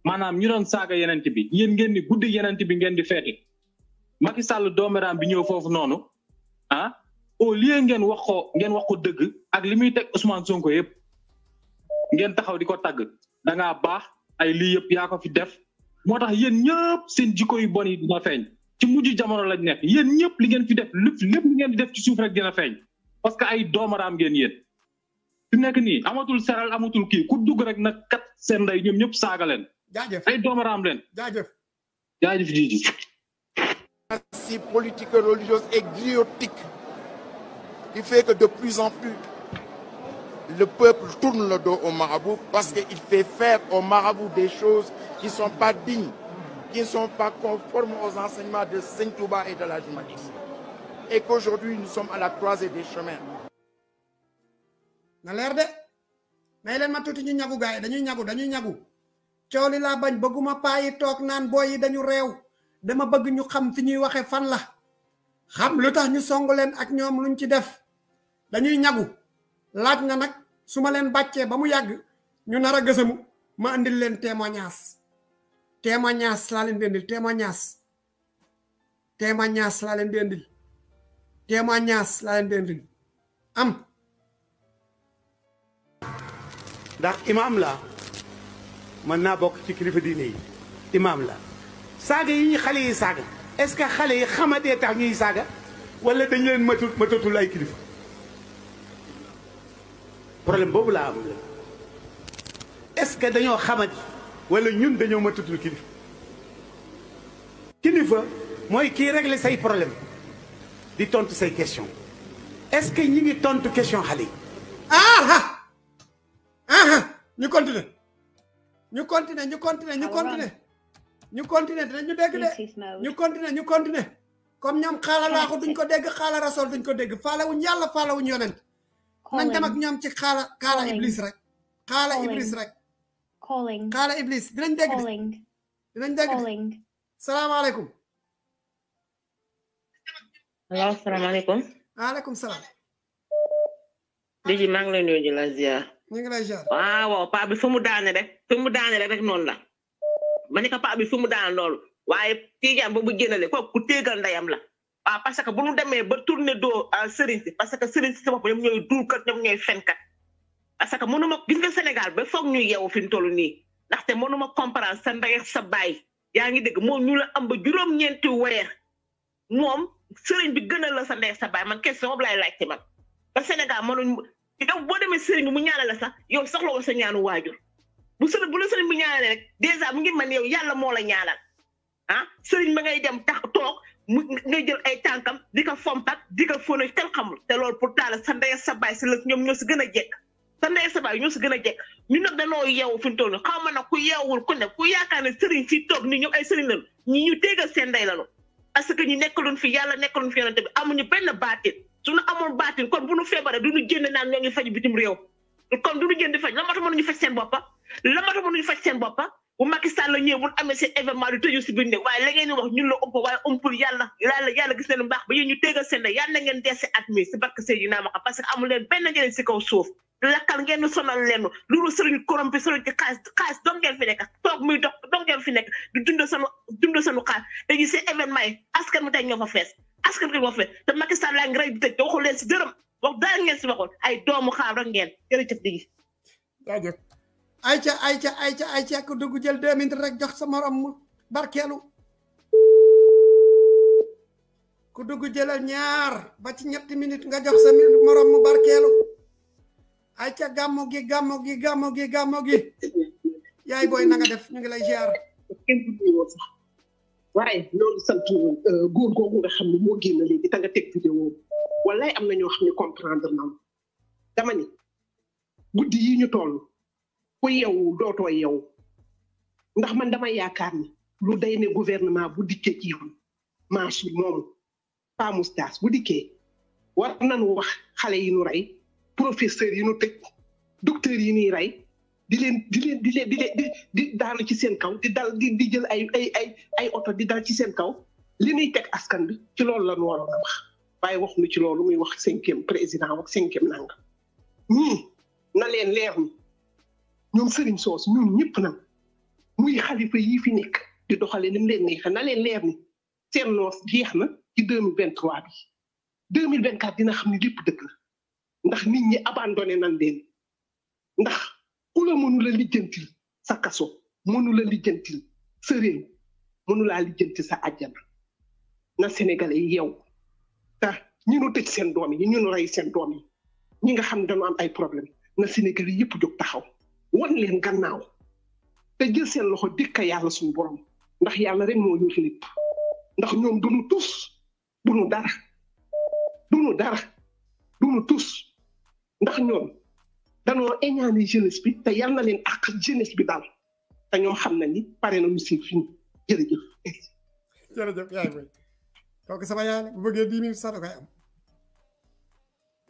manam ñu doon saga yenent bi yeen ngeen ni guddi yenent bi ngeen di fété Macky Sall domeram bi ñew fofu nonu ah au lieu ngeen waxo ngeen wax deug ak limuy tek Ousmane Sonko yépp ngeen taxaw di tag da nga bax ay li yépp ya ko fi def motax yeen ñepp seen jikko yu bon yi dina feeñ ci muju jamono lañ nekk yeen ñepp li ngeen fi def lepp lepp ngeen di def ci souf rek dina feeñ parce que ay doomaraam ngeen yeen si politique religieuse et griotique qui fait que de plus en plus le peuple tourne le dos au marabout parce qu'il fait faire au marabout des choses qui ne sont pas dignes, qui ne sont pas conformes aux enseignements de Saint Touba et de la Jumadix. Et qu'aujourd'hui, nous sommes à la croisée des chemins. na leer de may leen ma tuuti ñu ñagu gaay dañuy ñagu dañuy ñagu coow li bañ bëgguma paa toog naan booy yi dañu réew dama bëgg ñu xam fi ñuy waxe fan la xam lu tax ñu song leen ak ñoom luñ ci def dañuy ñagu laaj na nag su ma leen bàccee ba mu yàgg ñu nar a gësamu ma indil leen témoignage témoignage laa leen di indil témoignage témoignage laa leen di indil témoignage laa leen di indil am ndax imaam la mën naa bokk ci kilifa diine yi imaam la saaga yi xale yi saaga est-ce que xale yi xamadee tax ñuy saaga wala dañu leen matut ay kilifa problème boobu laa am la est-ce que dañoo xamadi wala ñun dañoo matatul kilifa kilifa mooy kii régler say problème di tontu say question est-ce que ñu ngi tontu question xale yi ah, ah! ah ñu continuer ñu continuer ñu continuer ñu continuer ñu continuer dinañu dégg de ñu continuer ñu continuer comme ñoom xaala laaxu duñ ko dégg xaala rasol duñ ko dégg faalewuñ yàlla faalewuñ yonent nañ dem ak ñoom ci xaala xaala iblis rek xaala iblis rek xaala iblis dinañ dégg dinañ dégg de salaamaaleykum allo salaamaaleykum waaleykum salaam diji maa ngi lay nuyu di la ziar ñu ngi lay jaar waaw daane rek fu mu daane rek noonu la ma ne ko paa fu mu daane loolu waaye ba bu génnale kooku ku téegal ndayam la waaw parce que bu ñu demee ba tourné doo euh, sëriñ si parce que sëriñ si sa bopp ñoom ñooy duulkat ñoom ñooy fenkat parce que mënu ma gis nga Sénégal ba foog ñu yeewu fi mu toll nii ndaxte mënu ma sa ndey sa baay yaa ngi dégg moom ñu la am ba juróom-ñeenti weer moom sëriñ bi gënal la sa ndey sa baay man question boobu laay laajte yow boo demee sëriñ mu ñaanal la sax yow soxlawul sa ñaanu waajur bu sëriñ bu la sëriñ bu rek dèjà mu ngi man yow yàlla moo la ñaanal ah sëriñ ba ngay dem tax toog mu ngay jël ay tànkam di ko fompat di ko fóono kenn xamul te lool pour taal sa ndey sa baay si la ñoom ñoo si gën a jekk sa ndey sa baay gën a jekk ñu nag danoo yeewu fi mu toll nii xaw ma nag ku yeewul ku ne ku yaakaar ne sëriñ si toog ni ñoom ay sëriñ lañu ñi ñu téegal seen ndey lañu parce que ñu nekkaluñ fi yàlla nekkaluñ fi yonente bi amuñu benn baatin suñu amul baatin kon bu nu feebaree du ñu génn naan ñoo ngi faj bitim réew kon du ñu génn di faj la moo tax mënuñu faj seen boppa la moo tax mënuñu faj seen boppa bu Macky Sall la ñëwee bu amee seen événement du tëju si biir néeg waaye la ngeen di wax ñun la ëpp waaye ëmpul yàlla yàlla yàlla gis leen mbaax ba yéen ñu téegal seen ne si ma xam parce que amul leen benn njëriñ fees askan bi moo fi te Macky Sall laa ngi rey di si dërëm wax daal ngeen si waxoon ay doomu xaar rek ngeen jërëjëf di gi jaajëf ayca ayca ayca ayca ku dugg jël barkeelu ku dugg jëlal ñaar ba ci ñetti minutes nga jox sa morom mu barkeelu ayca gàmmu gi gàmmu gi booy na nga def ñu ngi lay ziar waaye loolu sant euh, góor googu nga xam ne moo génn léegi ta nga teg vidéo walaay am na ñoo xam ne comprendre na dama ni guddi yi ñu toll ku yeewu dootoo yeewu ndax man dama yaakaar ni lu day ne gouvernement bu dikkee ci yoon manche bi moomu pas moustache bu dikkee war nañu wax xale yi ñu rey professeurs yi ñu tëj docteurs yi ñuy rey di leen di leen di leen di leen di ci seen kaw di dal di di jël ay ay ay ay oto di dal ci seen kaw li ñuy teg askan bi ci loolu la ñu wax waaye wax nu ci loolu muy wax cinquième président wax cinquième nangam ñii na leen leer ni ñoom sëriñ soos ñun ñëpp nag muy xalifa yii fi di doxale ni leen neexe na leen leer ni seen noos jeex na ci deux mille vingt trois bi deux mille vingt quatre dina xam ni lépp dëkk la ndax nit ñi abandonné nan leen ndax ku la mënu la lijjantil sa kaso mënu la lijjantil sa réew mënu laa lijjantil sa àjjana na sénégalais yi yow ah ñi nu tëj seen doom yi ñu nu seen doom yi ñi nga xam ne dañu am ay problème na sénégalais yëpp jóg taxaw wan leen gannaaw te jël seen loxo dikka yàlla suñu borom ndax yàlla rek moo yor lépp ndax ñoom duñu tus duñu dara duñu dara duñu tus ndax ñoom dañu éñani eh, jeunesse bi te yal na leen ak jeunesse bi daal te ñoo xam na ni pare na musique fi jërëjëf jërëjëf yaay boy kooku sama yaay bu bëggee dix minutes sax da koy am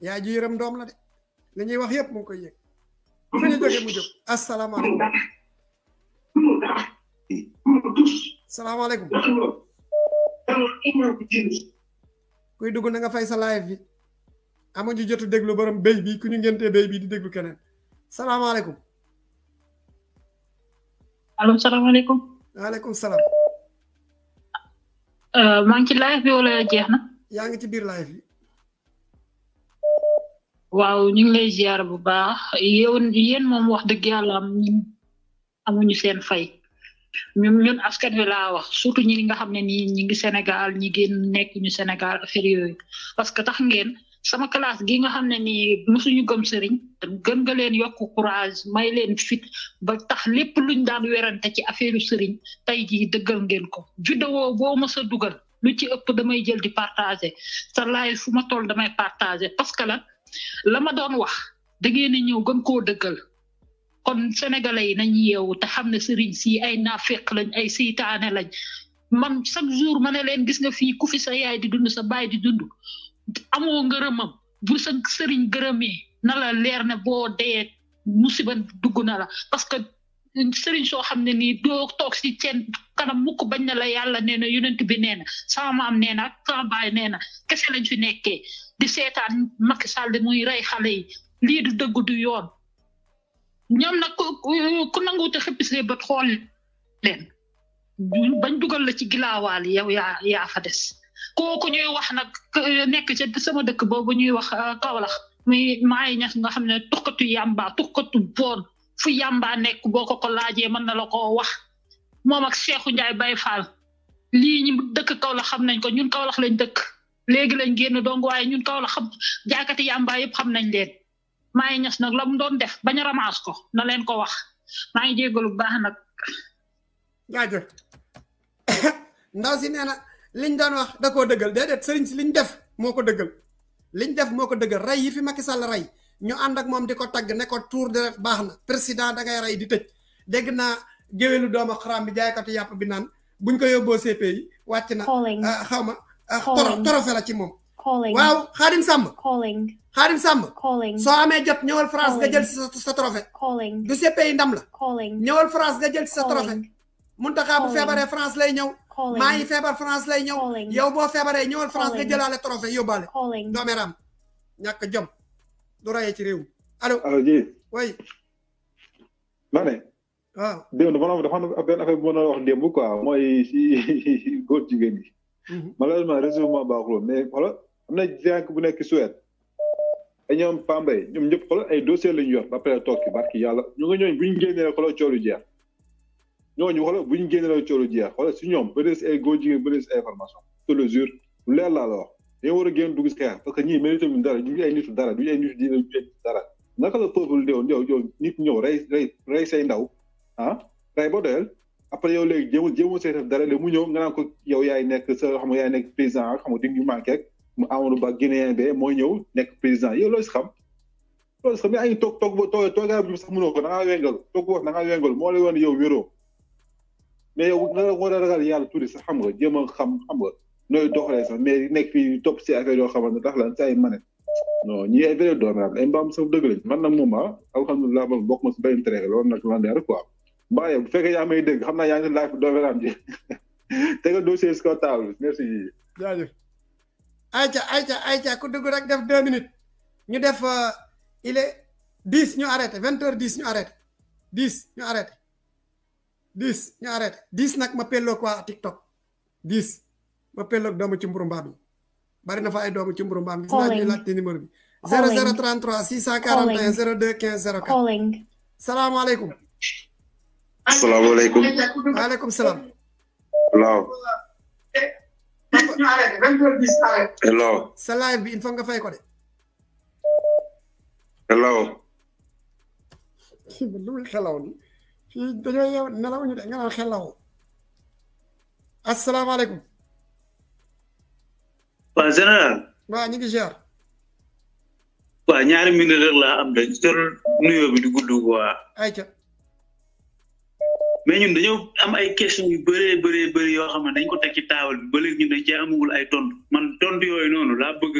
yaay ji yërëm doom la de li ñuy wax yépp mu ngi koy yëg fi ñu jógee mu jóg asalaamaaleykum salaamaaleykum eh, kuy dugg na nga fay sa live bi amuñu jotu déglu borom béy bi ku ñu ngentee béy bi di déglu keneen salaamaaleykum. allo salaamaaleykum. waaleykum salaam. Euh, maa ngi ci live bi wala jeex na. yaa ngi ci biir live bi. waaw ñu ngi lay ziar bu baax yow yéen moom wax dëgg yàlla amuñu seen fay ñun ñun askan wi laa wax surtout ñi nga xam ne nii ñi ngi Sénégal ñi génn nekk ñu Sénégal parce que tax ngeen. sama classe gi nga xam ne ni nii mosuñu gëm sëriñ gën nga leen yokk courage may leen fit ba tax lépp luñ daan werante ci affaire sëriñ tey jii dëggal ngeen ko vidéo boo mës a dugal lu ci ëpp damay jël di partagé sa live fu ma toll damay partagé parce que la la ma doon wax da ngeen a ñëw gën koo dëggal kon sénégalais yi nañ yeewu te xam ne sëriñ si ay naafeq lañ ay seytaane lañ man chaque jour ma ne leen gis nga fii ku fi sa yaay di dund sa baay di dund amoo ngërëmam bu sa sëriñ gërëmee na la leer ne boo dee musiba dugg na la parce que sëriñ soo xam ne nii doo toog si seen kanam mukk bañ na la yàlla nee na yonent bi nee na sama maam nee na ak nee na kese lañ fi nekkee di seetaan Macky Sall muy rey xale yi lii du dëgg du yoon ñoom nag ku nanguwute xëppi see bët xool leen bañ dugal la ci gilaawaal yow yaa yaa des kooku ñuy wax nag euh, nekk ci sama dëkk boobu ñuy wax euh, Kaolack muy maay ñax nga xam ne tuxkatu yàmba tuxkatu boon fu yàmba nekk boo ko ko laajee mën na la ko wax moom ak Seexu Njaay Bay Faal lii dëkk Kaolack xam nañ ko ñun Kaolack lañ dëkk léegi lañ génn dong waaye ñun Kaolack xam jaakati yàmba yëpp xam nañ leen maay ñax nag la mu doon def bañ a ramaas ko na leen ko wax maa ngi jégalu baax nag jaajëf ndaw si nee liñ daan wax da koo dëggal déedéet sëriñ si liñ def moo ko dëggal liñ def moo ko dëggal rey yi fi Macky Sall rey ñu ànd ak moom di ko tagg ne ko tour de baax na président danga ngay yi di tëj dégg na géwélu doomu xaram bi jaaykatu yàpp bi naan buñ ko yóbboo CP yi wàcc na ah, xaw ma ah, toro torofe la ci moom waaw xaadim sàmm xaadim sàmm soo amee jot ñëwal France nga jël si sa trophée du CP yi ndam la ñëwal France nga jël si sa trophée mun Muntaxa bu feebaree France lay ñëw. maa ngi feebar France lay ñëw. yow boo feebaree ñëwal France nga jëlaale trophée yóbbaale. doomeram ñàkk jom du rayee ci réew. allo allo jii. oui. ma ne. waaw démb dafa dafa am benn affaire bu ma doon wax démb quoi mooy si góor jigéen gi. Mhm. malheureusement réseau bi ma baaxul mais xoolal am na jànk bu nekk Suède. ay ñoom Pambay ñoom ñëpp xoolal ay la ñu yor ba pare toog ci yàlla ñu nga bu ñu génnee xoolal coow lu jeex. ñooñu xoolal bu ñu génnee coolu jeex xoolal si ñoom bëri si ay góor jigéen bëri si ay information te le jour lu leer laa la wax dañoo war a génn dugg si xeex parce que ñii mérité ñu dara ñu ngi ay nitu dara du ñu ay nitu diine du ñu ay nitu dara naka la peuple deewoon yow yow nit ñëw rey rey rey say ndaw ah rey ba doyal après yow léegi jéem jéemoo say def dara léegi mu ñëw nga naan ko yow yaay nekk sa xam nga yaay nekk président ak xam nga dig ñu manqué rek mu Amadou Ba Guinéen be mooy ñëw nekk président yow loo si xam loolu si xam yaa ngi toog toog ba toog toogaa bi sax mënoo ko da ngaa wengal toog wax da ngaa wengal moo lay woon yow wéroo mais yow na nga war a ragal yàlla tuuti sax xam nga jéem a xam xam nga nooy doxalee sax mais nekk fii topp si affaire yoo xamante ne tax lan si ay manette non ñi ay vrai doom ay mbaam sax dëgg lañ man nag moom ah alhamdulilah man bokk ma si benn traité loolu nag lan leer quoi mbaa yow bu fekkee yaa may dégg xam naa yaa ngi laaj dooméram ji tegal dossier si kaw table merci. jaajëf ayca ayca ayca ku dugg rek def deux minutes ñu def euh, il est dix ñu arrêté vingt heures dix ñu arrêté dix ñu arrêté. dix ñu arrêté nag ma pelloog waa TikTok dix ma pelloog doomu ci mburu mbaam yi bari na fa ay doomu ci mburu mbaam gis naa ñuy laajte numéro bi 0033 641 02 15 04 salaamaaleykum salaamaaleykum waaleykum salaam hello sa live bi il faut nga fay ko de hello dañoo yow nelaw ñu de nga naan xelaw asalaamaaleykum waaw général waaw ñu ngi ziar waaw ñaari minute rek laa am de jarul nuyoo bi di gudd waa ayca mais dañoo am ay question yu bëree bëree bëri yoo xam ne dañ ko teg ci taabal bi ba léegi ñun dañ cee amagul ay tontu man tontu yooyu noonu laa bëgg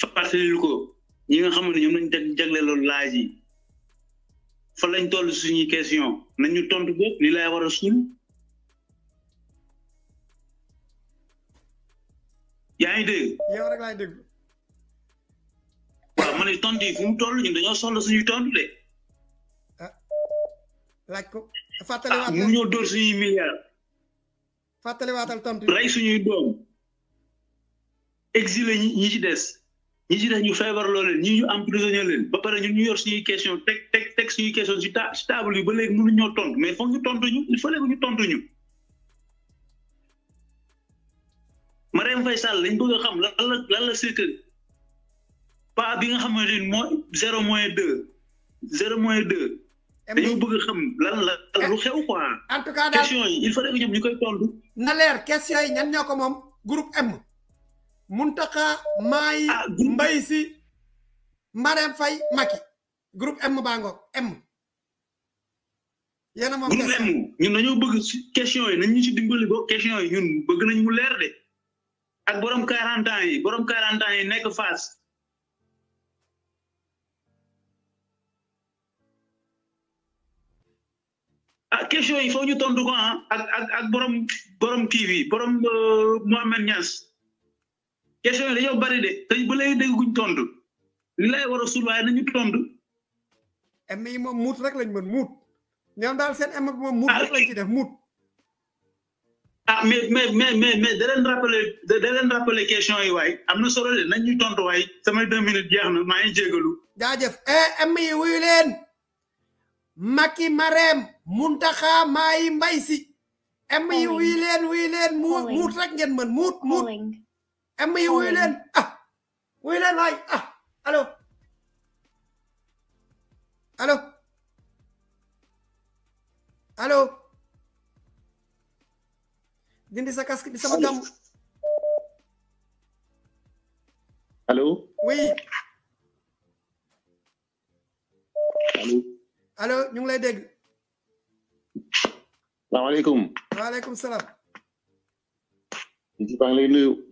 fàttalil ko ñi nga xam ne ñoom lañ jagleel loolu laaj yi fa lañ toll suñuy question nañu tontu bopp li lay war a suul yaa ngi dégg. yow rek waaw ma tontu yi fu mu toll ñun dañoo soxla suñu tontu de. ah laaj ko. Ah, fàttaliwaatal ah mënuñoo suñuy rey suñuy doom. exilé ñi ci des. ñi ci des ñu feebar loolu ñi ñu am leen ba pare ñun ñu yor suñuy question teg teg teg suñuy question si ta si table yi ba léegi mënu ñoo tontu mais foog ñu tontu ñu il faut léegi ñu tontu ñu. Marème Faye Sall lañ bëgg xam lan la lan la c'est que pas bi nga xamante ni mooy zéro moins deux zéro moins deux. Eh, dañoo bëgg a xam lan la lu xew quoi. en tout cas question yi il faut léegi ñoom ñu koy tontu. na leer question yi ñan ñoo ko moom groupe M. muntaka Mai mbay ah, si marem fay maki Group m bangok m yena mo groupe m ñun dañu bëgg question yi nañu ci dimbali bo question yi ñun bëgg nañ mu leer de ak borom 40 ans yi borom 40 ans yi nek face ak ah, question yi fo ñu tondu ko ah, ak ak borom borom tv borom euh, mohammed niass question yi dañoo bari de tey ba lay dégg guñ tontu li lay war a suul waaye nañu tontu. em yi moom muut rek lañ mën muut ñoom daal seen em bi moom muut rek lañ ci def muut. ah mais mais mais mais mais da leen rappeler da question yi waaye am na solo de nañ ñu tontu waay samay deux minutes jeex na maa ngi jégalu. jaajëf eh em yi wuyu leen Macky Marème Muntaxa Maayi Mbay si. em yi wuyu leen wuyu leen muut muut ngeen mën muut muut. em yêu Huê lên à, halo, lên halo, à, alo alo alo Dindi halo, casque, halo, halo, Allô Oui. halo halo ñu ngi lay dégg. Salaamaaleykum. Waaleykum salaam. Njiba nuyu.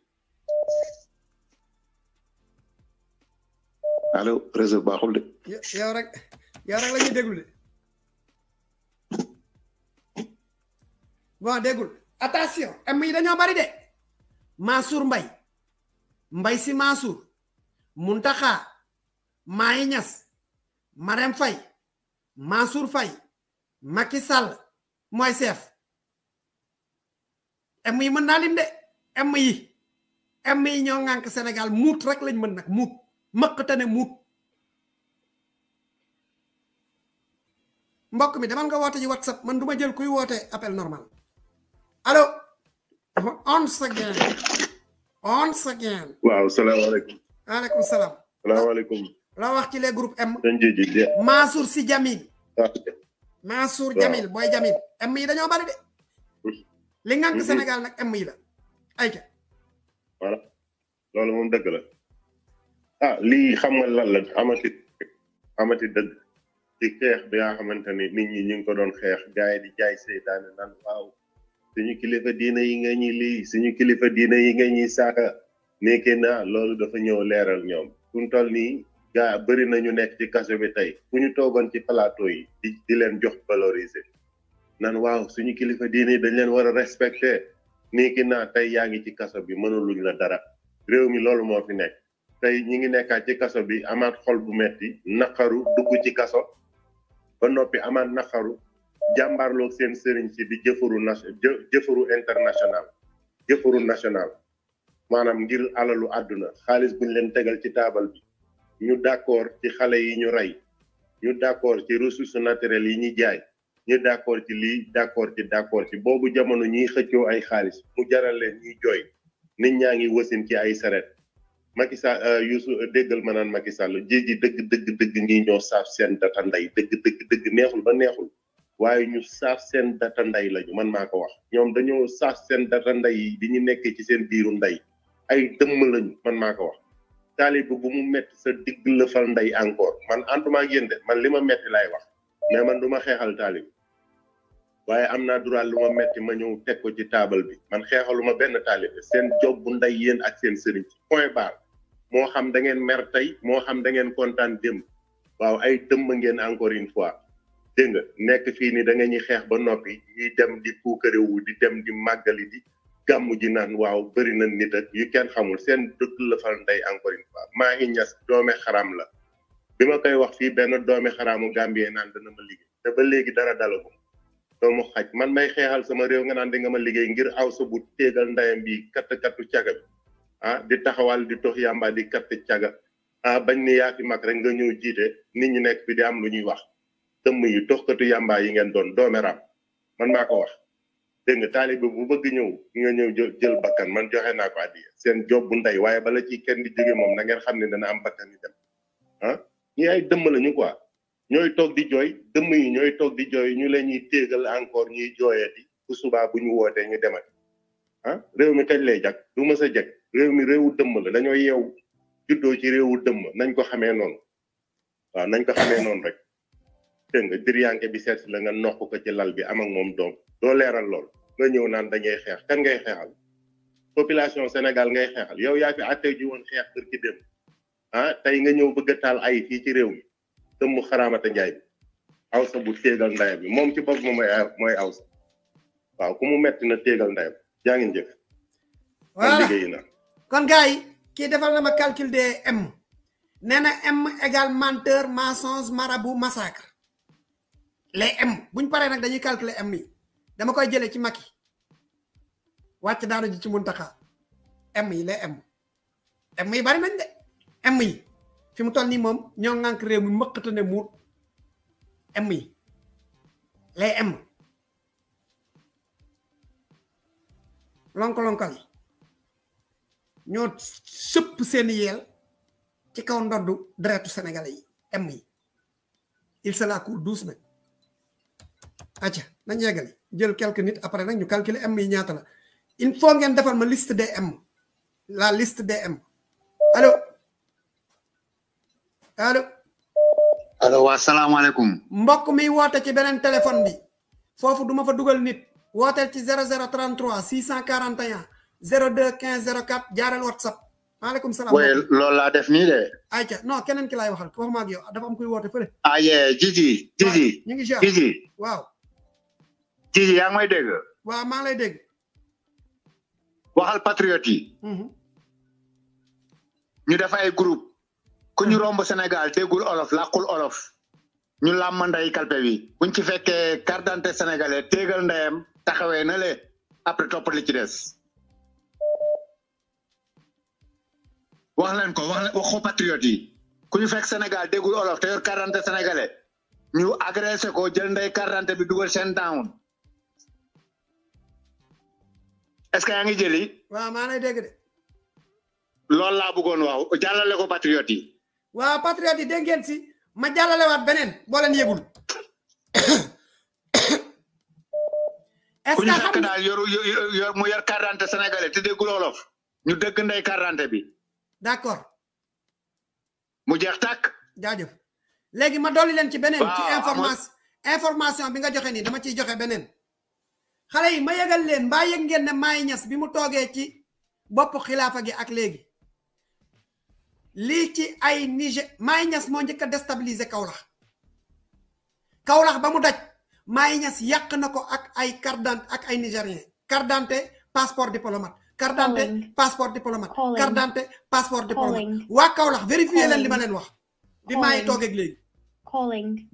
allo réseau baaxul de. yow ya, rek yow ya ya rek la ñuy déglu de. bon déggul attention am yi dañoo bari de Mansour Mbay Mbay si Mansour Muntaxa Maay Ñas Marème Fay Mansour Fay Macky Sall mooy chef am yi mën naa lim de am yi am yi ñoo ŋànk Sénégal muut rek lañ mën nag muut mëq tane muut mbokk mi demal nga woote ji whatsapp man du ma jël kuy woote appel normal allo once again once again waaw salaamaaleykum waaleykum salaam salaamaaleykum la wax ci les groupe M Mansour si Jamil ah. Mansour Jamil booy Jamil M yi dañoo bari de li ngànk mhm. Sénégal nag M yi la ayca voilà loolu moom dëgg la ah lii xam nga lan la amati amati dëgg ci xeex bi nga xamante ni nit ñi ñu ngi ko doon xeex gars yi di jaay seytaane naan waaw suñu kilifa diina yi nga ñi lii suñu kilifa diina yi nga ñi saaka nekkee na loolu dafa ñëw leeral ñoom fu toll nii gaa bëri ñu nekk ci kaso bi tey fu ñu toogoon ci palaato yi di leen jox valoriser nan waaw suñu kilifa diina yi dañ leen war a respecté nekki naa tey yaa ngi ci kaso bi mënuluñ la dara réew mi loolu moo fi nekk tey ñi ngi nekkaat ci kaso bi amaat xol bu metti naqaru dugg ci kaso ba noppi amaat naqaru jàmbaarloog seen sëriñ si di jëfaru na jëfaru international jëfaru national maanaam ngir alalu àdduna xaalis buñ leen tegal ci taabal bi ñu d'accord ci xale yi ñu rey ñu d'accord ci ressources naturelles yi ñuy jaay ñu d'accord ci lii d'accord ci d'accord ci boobu jamono ñuy xëccoo ay xaalis mu jaral leen ñuy jooy nit ñaa ngi wasin ci ay saret Macky Sall euh, Youssou euh, déggal ma naan Macky Sall jéegi dëgg dëgg dëgg ñi ñoo saaf seen data nday dëgg dëgg dëgg neexul ba neexul waaye ñu saaf seen data nday lañu man maa ko wax ñoom dañoo saaf seen data nday yi bi ñu nekkee ci seen biiru nday ay dëmm lañu man maa ko wax taalibe bu mu metti sa digg la fal nday encore man antuma ak de man li ma metti laay wax mais man du ma xeexal taalibe waaye am naa droit lu ma metti ma ñëw teg ko ci taabal bi man xeexaluma benn taalibe seen job bu yéen ak seen sëriñ moo xam da ngeen mer tey moo xam da ngeen kontaan démb waaw ay dëmm ngeen encore une fois dégg nga nekk fii ni da nga ñuy xeex ba noppi ñuy dem di wu di dem di màggali di gàmmu ji naan waaw bëri na nit ak yu kenn xamul seen dëgg lafal fal ndey encore une fois maa ngi ñas doome xaram la bi ma koy wax fii benn doomi xaraamu Gambie naan dana ma liggéey te ba léegi dara dalagu doomu xaj man may xeexal sama réew nga naan di nga ma liggéey ngir aw sa bu téegal ndeyam bi katt caga Ah, di taxawal di tox yamba di katte caga a ah, bañ ni yaa fi mag rek nga ñëw jiite nit ñi nekk fi di am lu ñuy wax tëmm yi toxkatu yamba yi ngeen doon doomeram man maa ko wax dégg nga taalibe bu bëgg ñëw nga ñëw jël bakkan man joxe naa ko addiya seen job bu ndey waaye bala ci kenn di jóge moom na ngeen xam ne dana am bakkani yi dem ah ñi ay dëmm lañu ñu ñooy toog di jooy dëmm yi ñooy toog di jooy ñu leen ñuy téegal encore ñuy jooyati bu subaa bu ñu wootee ñu demati ah réew mi kañ lay jag du ma sa jeg réew mi réewu dëmm la dañoo yeew juddoo ci réewu dëmm nañ ko xamee noonu waaw nañ ko xamee noonu rek dégg nga diryanke bi seet la nga noq ko ci lal bi am ak moom doom doo leeral lool nga ñëw naan dangay xeex kan ngay xeexal population Sénégal ngay xeexal yow yaa fi àtte ji woon xeex bër ki dem ah tey nga ñëw bëgg taal ay fii ci réew mi dëmm xaraamata njaay bi awsa bu téegal ndayam moom ci bopp moom mooy awsa waaw ku mu metti na téegal ndayam jaa ngeen jëf. kon gars yi kii defal na ma calcul de M nee na M égale menteur mensonge marabout massacre les M buñ paree nag dañuy calculer M yi dama koy jële ci Macky wàcc daanu ji ci Mountakha M yi les M M yi bari nañ de M yi fi mu toll nii moom ñoo ŋànk réew mi mëqata ne muut M yi les M lonko-lonkal ñoo sëpp seen yeel ci kaw ndoddu deretu sénégalais yi em il se la coule douce nag acca nañ yeggali jël quelques nit après nag ñu calculer em ñaata la il faut ngeen defal ma liste des em la liste des em allo allo allo waa salaamaaleykum mbokk mi woote ci beneen téléphone bi foofu duma fa dugal nit wooteel ci 0033 641 02 15 04 jaaral whatsapp maaleykum salaam. oui loolu laa def nii de. ayca non keneen ki laay waxal waxuma ak yow dafa am kuy woote fële. ah yee Jiji. Jiji ñu ngi ziar Jiji. waaw. Jiji yaa ngi may dégg. waaw maa ngi lay dégg. waxal patriote yi. Mhm. ñu def ay groupe ku ñu romb Sénégal déggul olof làkkul olof ñu làmm nday kalpe bi buñ ci fekkee carte d'identité sénégalais téegal ndeyam taxawee na le après topp li ci des. wax leen ko wax wax patriote yi ku ñu fekk Sénégal déggul olof te yor quarante sénégalais ñu agressé ko jël ndey quarante bi dugal seen down est-ce que yaa ngi jëli. waaw maa lay dégg de. loolu laa bëggoon waaw jàllale ko patriote yi. waaw patriote yi dégg ngeen si ma jàllale waat beneen boo leen yëgul. est-ce que ku ñu fekk daal yoru yor mu yor quarante sénégalais te déggul olof ñu dégg ndey quarante bi. d'accord. mu jeex tàkk. jaajëf léegi ma dolli leen ci beneen. ci information bi nga joxe nii dama ciy joxe beneen. xale yi ma yëgal leen mbaa yëg ngeen ne Maay Ñas bi mu toogee ci bopp xilaafa gi ak léegi. lii ci ay Niger Maay Ñas moo njëkk a déstabiliser kawlax Kaolack ba mu daj Maay Ñas yàq na ko ak ay carte ak ay nigérien carte d'identité passeport diplomate carte d'identité passeport diplomate carte d'identité passeport diplomate waa Kaolack vérifier leen li ma leen wax bi maa ngi toog ak léegi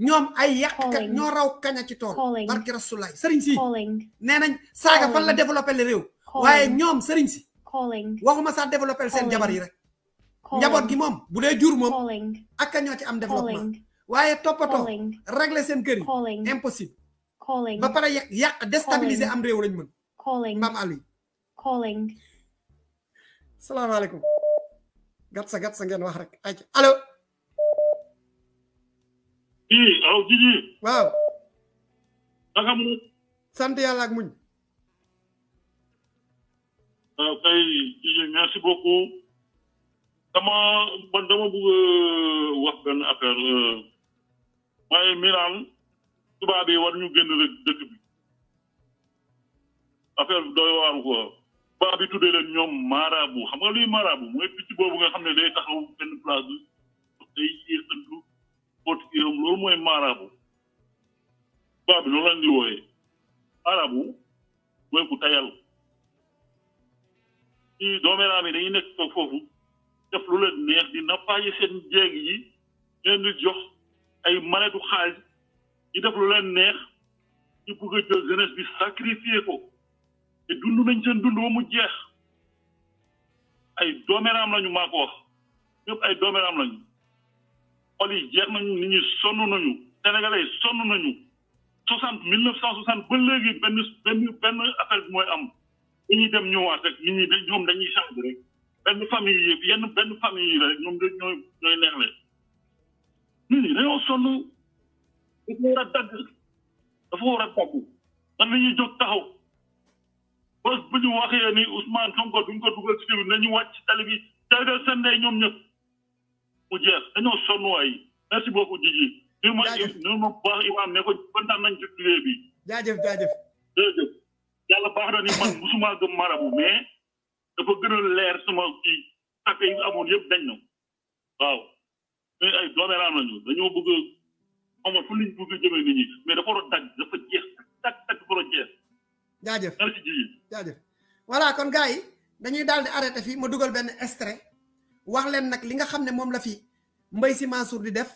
ñoom ay yàqkat ñoo raw kañ a ci tool barki rasulaay sëriñ si nee nañ saaga fan la développé le réew waaye ñoom sëriñ si waxuma sax développé seen jabar yi rek njaboot gi moom bu dee jur moom ak ka ñoo ci am développement waaye toppatoo régler seen kër yi impossible ba pare yàq yàq déstabiliser am réew lañ mën maam Aliou calling. Assalamu alaikum. gatsa gatsa ngeen wax rek ay allo. kii aw Jiji. waaw. naka mu. sant yàlla ak ah, muñ. waaw kay Jiji merci beaucoup. Sama man dama bëgg wax benn affaire waaye Milan tubaab yi war ñu génn rek dëkk bi affaire doy waar quoi. baa bi tuddee leen ñoom maaraabu xam nga luy maaraabu mooy picc boobu nga xam ne day taxaw benn place bi day yéexantu pot iram loolu mooy maaraabu baa bi loolu lañ di wooyee maaraabu mooy ku tayal ci doomeraam yi dañuy nekk toog foofu def lu leen neex di nappaaje seen jéeg yi leen di jox ay manetu xaalis di def lu leen neex ci bëgg a jël jeunesse bi sacrifier ko te dund nañ seen dund ba mu jeex ay doomeraam lañu maa ko wax ñëpp ay doomeraam lañu xol yi jeex nañu nit ñi sonn nañu sénégalais yi sonn nañu soixante mille neuf cent soixante ba léegi benn benn benn affaire bi am nous, dem ñëwaat rek nit ñi ñoom dañuy changé rek famille yi yenn famille yi rek ñoom da ñooy ñooy neexle nit ñi dañoo sonn dafa war a dafa war a dagg taxaw bés bu ñu waxee ni Ousmane Sonko duñ ko dugal ci kii bi nañu wàcc tali bi tegal seen ndey ñoom ñëpp mu jeex dañoo sonn waay merci beaucoup Jiji. jaajëf ñu ma baax Imaam ne ko kontaan nañ ci bi. jaajëf jaajëf. jërëjëf yàlla baax na ni man musuma gëm marabu mais dafa gën a leer sama kii tapé amoon yëpp dañ na waaw mais ay doomeraam lañu dañoo bëgg a xamal fu liñ bëgg a jëmee ñi mais dafa war a dafa jeex tak tak dafa war a jeex. jaajëf jaajëf voilà kon gars yi dañuy daal di arrêté fii ma dugal benn extrait wax leen nag li nga xam ne moom la fi Mbaye si Mansour di def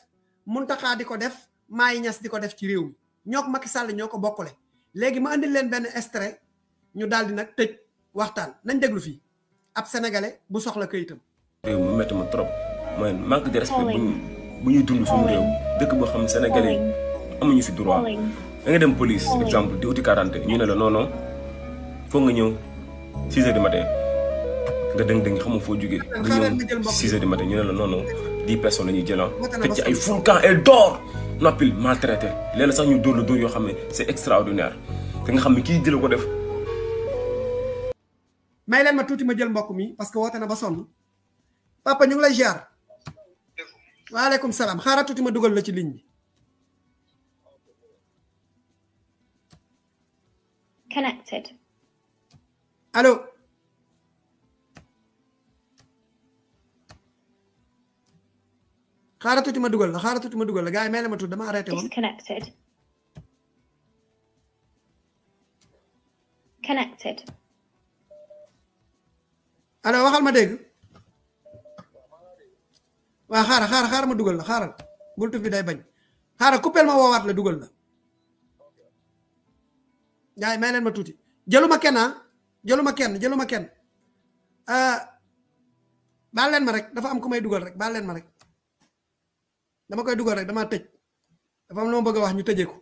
muntaka di ko def Maye Niass di ko def ci réew mi ñoo ko Macky Sall ñoo ko bokkule léegi ma andil leen benn extrait ñu daal di nag tëj waxtaan nañ déglu fii ab sénégalais bu soxla këyitam. réew mi metti ma trop mooy manque de respect bu ñuy dund suñu réew dëkk boo xam sénégalais amuñu fi droit. da nga dem police exemple di wuti quarante ñu ne la non non nga ñëw 6 heures du matin nga dëng-dëng xamoo foo jógee nga ñëw 6 heures du matin ñu ne la non non 10 personnes la ñuy jëlan tëj ci ay ful camp elle dort noppil sax ñu dóor la yoo xam ne c'est extraordinaire te nga xam ne kii jëla ko def may leen ma tuuti ma jël mbokk mi parce que woote na ba sonn papa ñu ngi lay ziar waaleykum salaam xaaral tuuti ma dugal la ci ligne bi connected. Allô xaaral tuuti ma dugal la xaaral tuuti ma dugal la gars yi may la ma tuuti dama arrêté woon. connected. connected. allo waxal ma dégg. waaw xaaral xaaral xaaral ma dugal la xaaral bul tuf bi day bañ xaaral coupeel ma woowaat la dugal la. gars may len ma tuuti ken ha ah ken kenn ken euh baal len ma rek dafa am kumay duggal rek baal len ma rek dama koy duggal rek dama tejj dafa am lo ma bëgg wax ñu tejje ko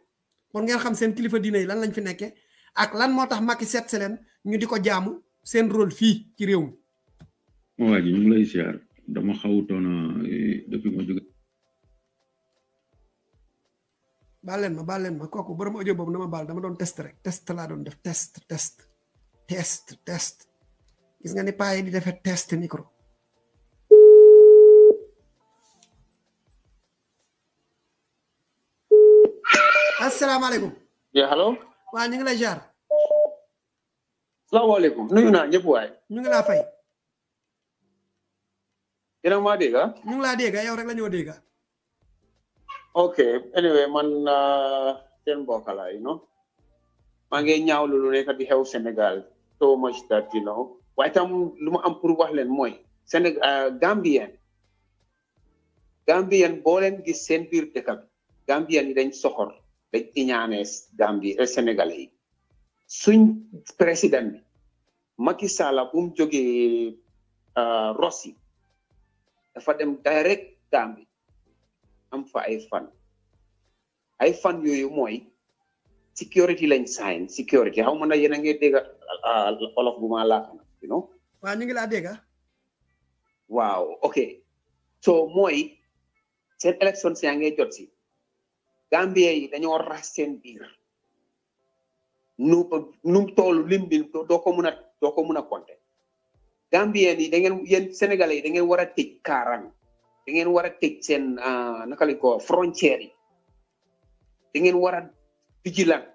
pour ngeen xam seen kilifa diine lan lañ fi nekké ak lan motax tax set selen ñu diko jaamu seen rôle fi ci réew mi. ñu lay siyaar dama xawutoon eh, depuis ma jóge baal leen ma baal leen ma kooku borom audio boobu na ma baal dama doon test rek test laa doon def test test test test gis nga ni paa yi di defee test micro asalaamaaleykum ye allo waaw ñu ngi la jaar salaamaaleykum nuyu naa ñëpp waay ñu ngi laa fay yéen a maa dégg ah? ñu ngi laa dégg yow rek la ñoo dégg ok anyway man uh, seen mbokk laa you know maa ngi ñaawlu lu nekk di xew Sénégal so much that you tam lu ma am pour wax leen mooy Sénégal uh, Gambien Gambien boo leen gis seen biir dëkk bi Gambien yi dañ soxor dañ iñaanee Gambie eh, Sénégalais yi suñ président bi Macky Sall bu mu uh, Rossi dafa dem direct Gambie am fa ay fan ay fan yoyu moy security lañ sign security xawma na yena a ngi dégg olof bu ma laaka you know wa ñu ngi la dégg wow ok so moy seen election si yaa jot ci Gambie yi dañoo rax sen bir nu nu toll lim do ko mun do ko mun a Gambien yi da ngeen Sénégalais yi da ngeen war a da ngeen war a tëj seen ah, naka ko frontières yi da vigilant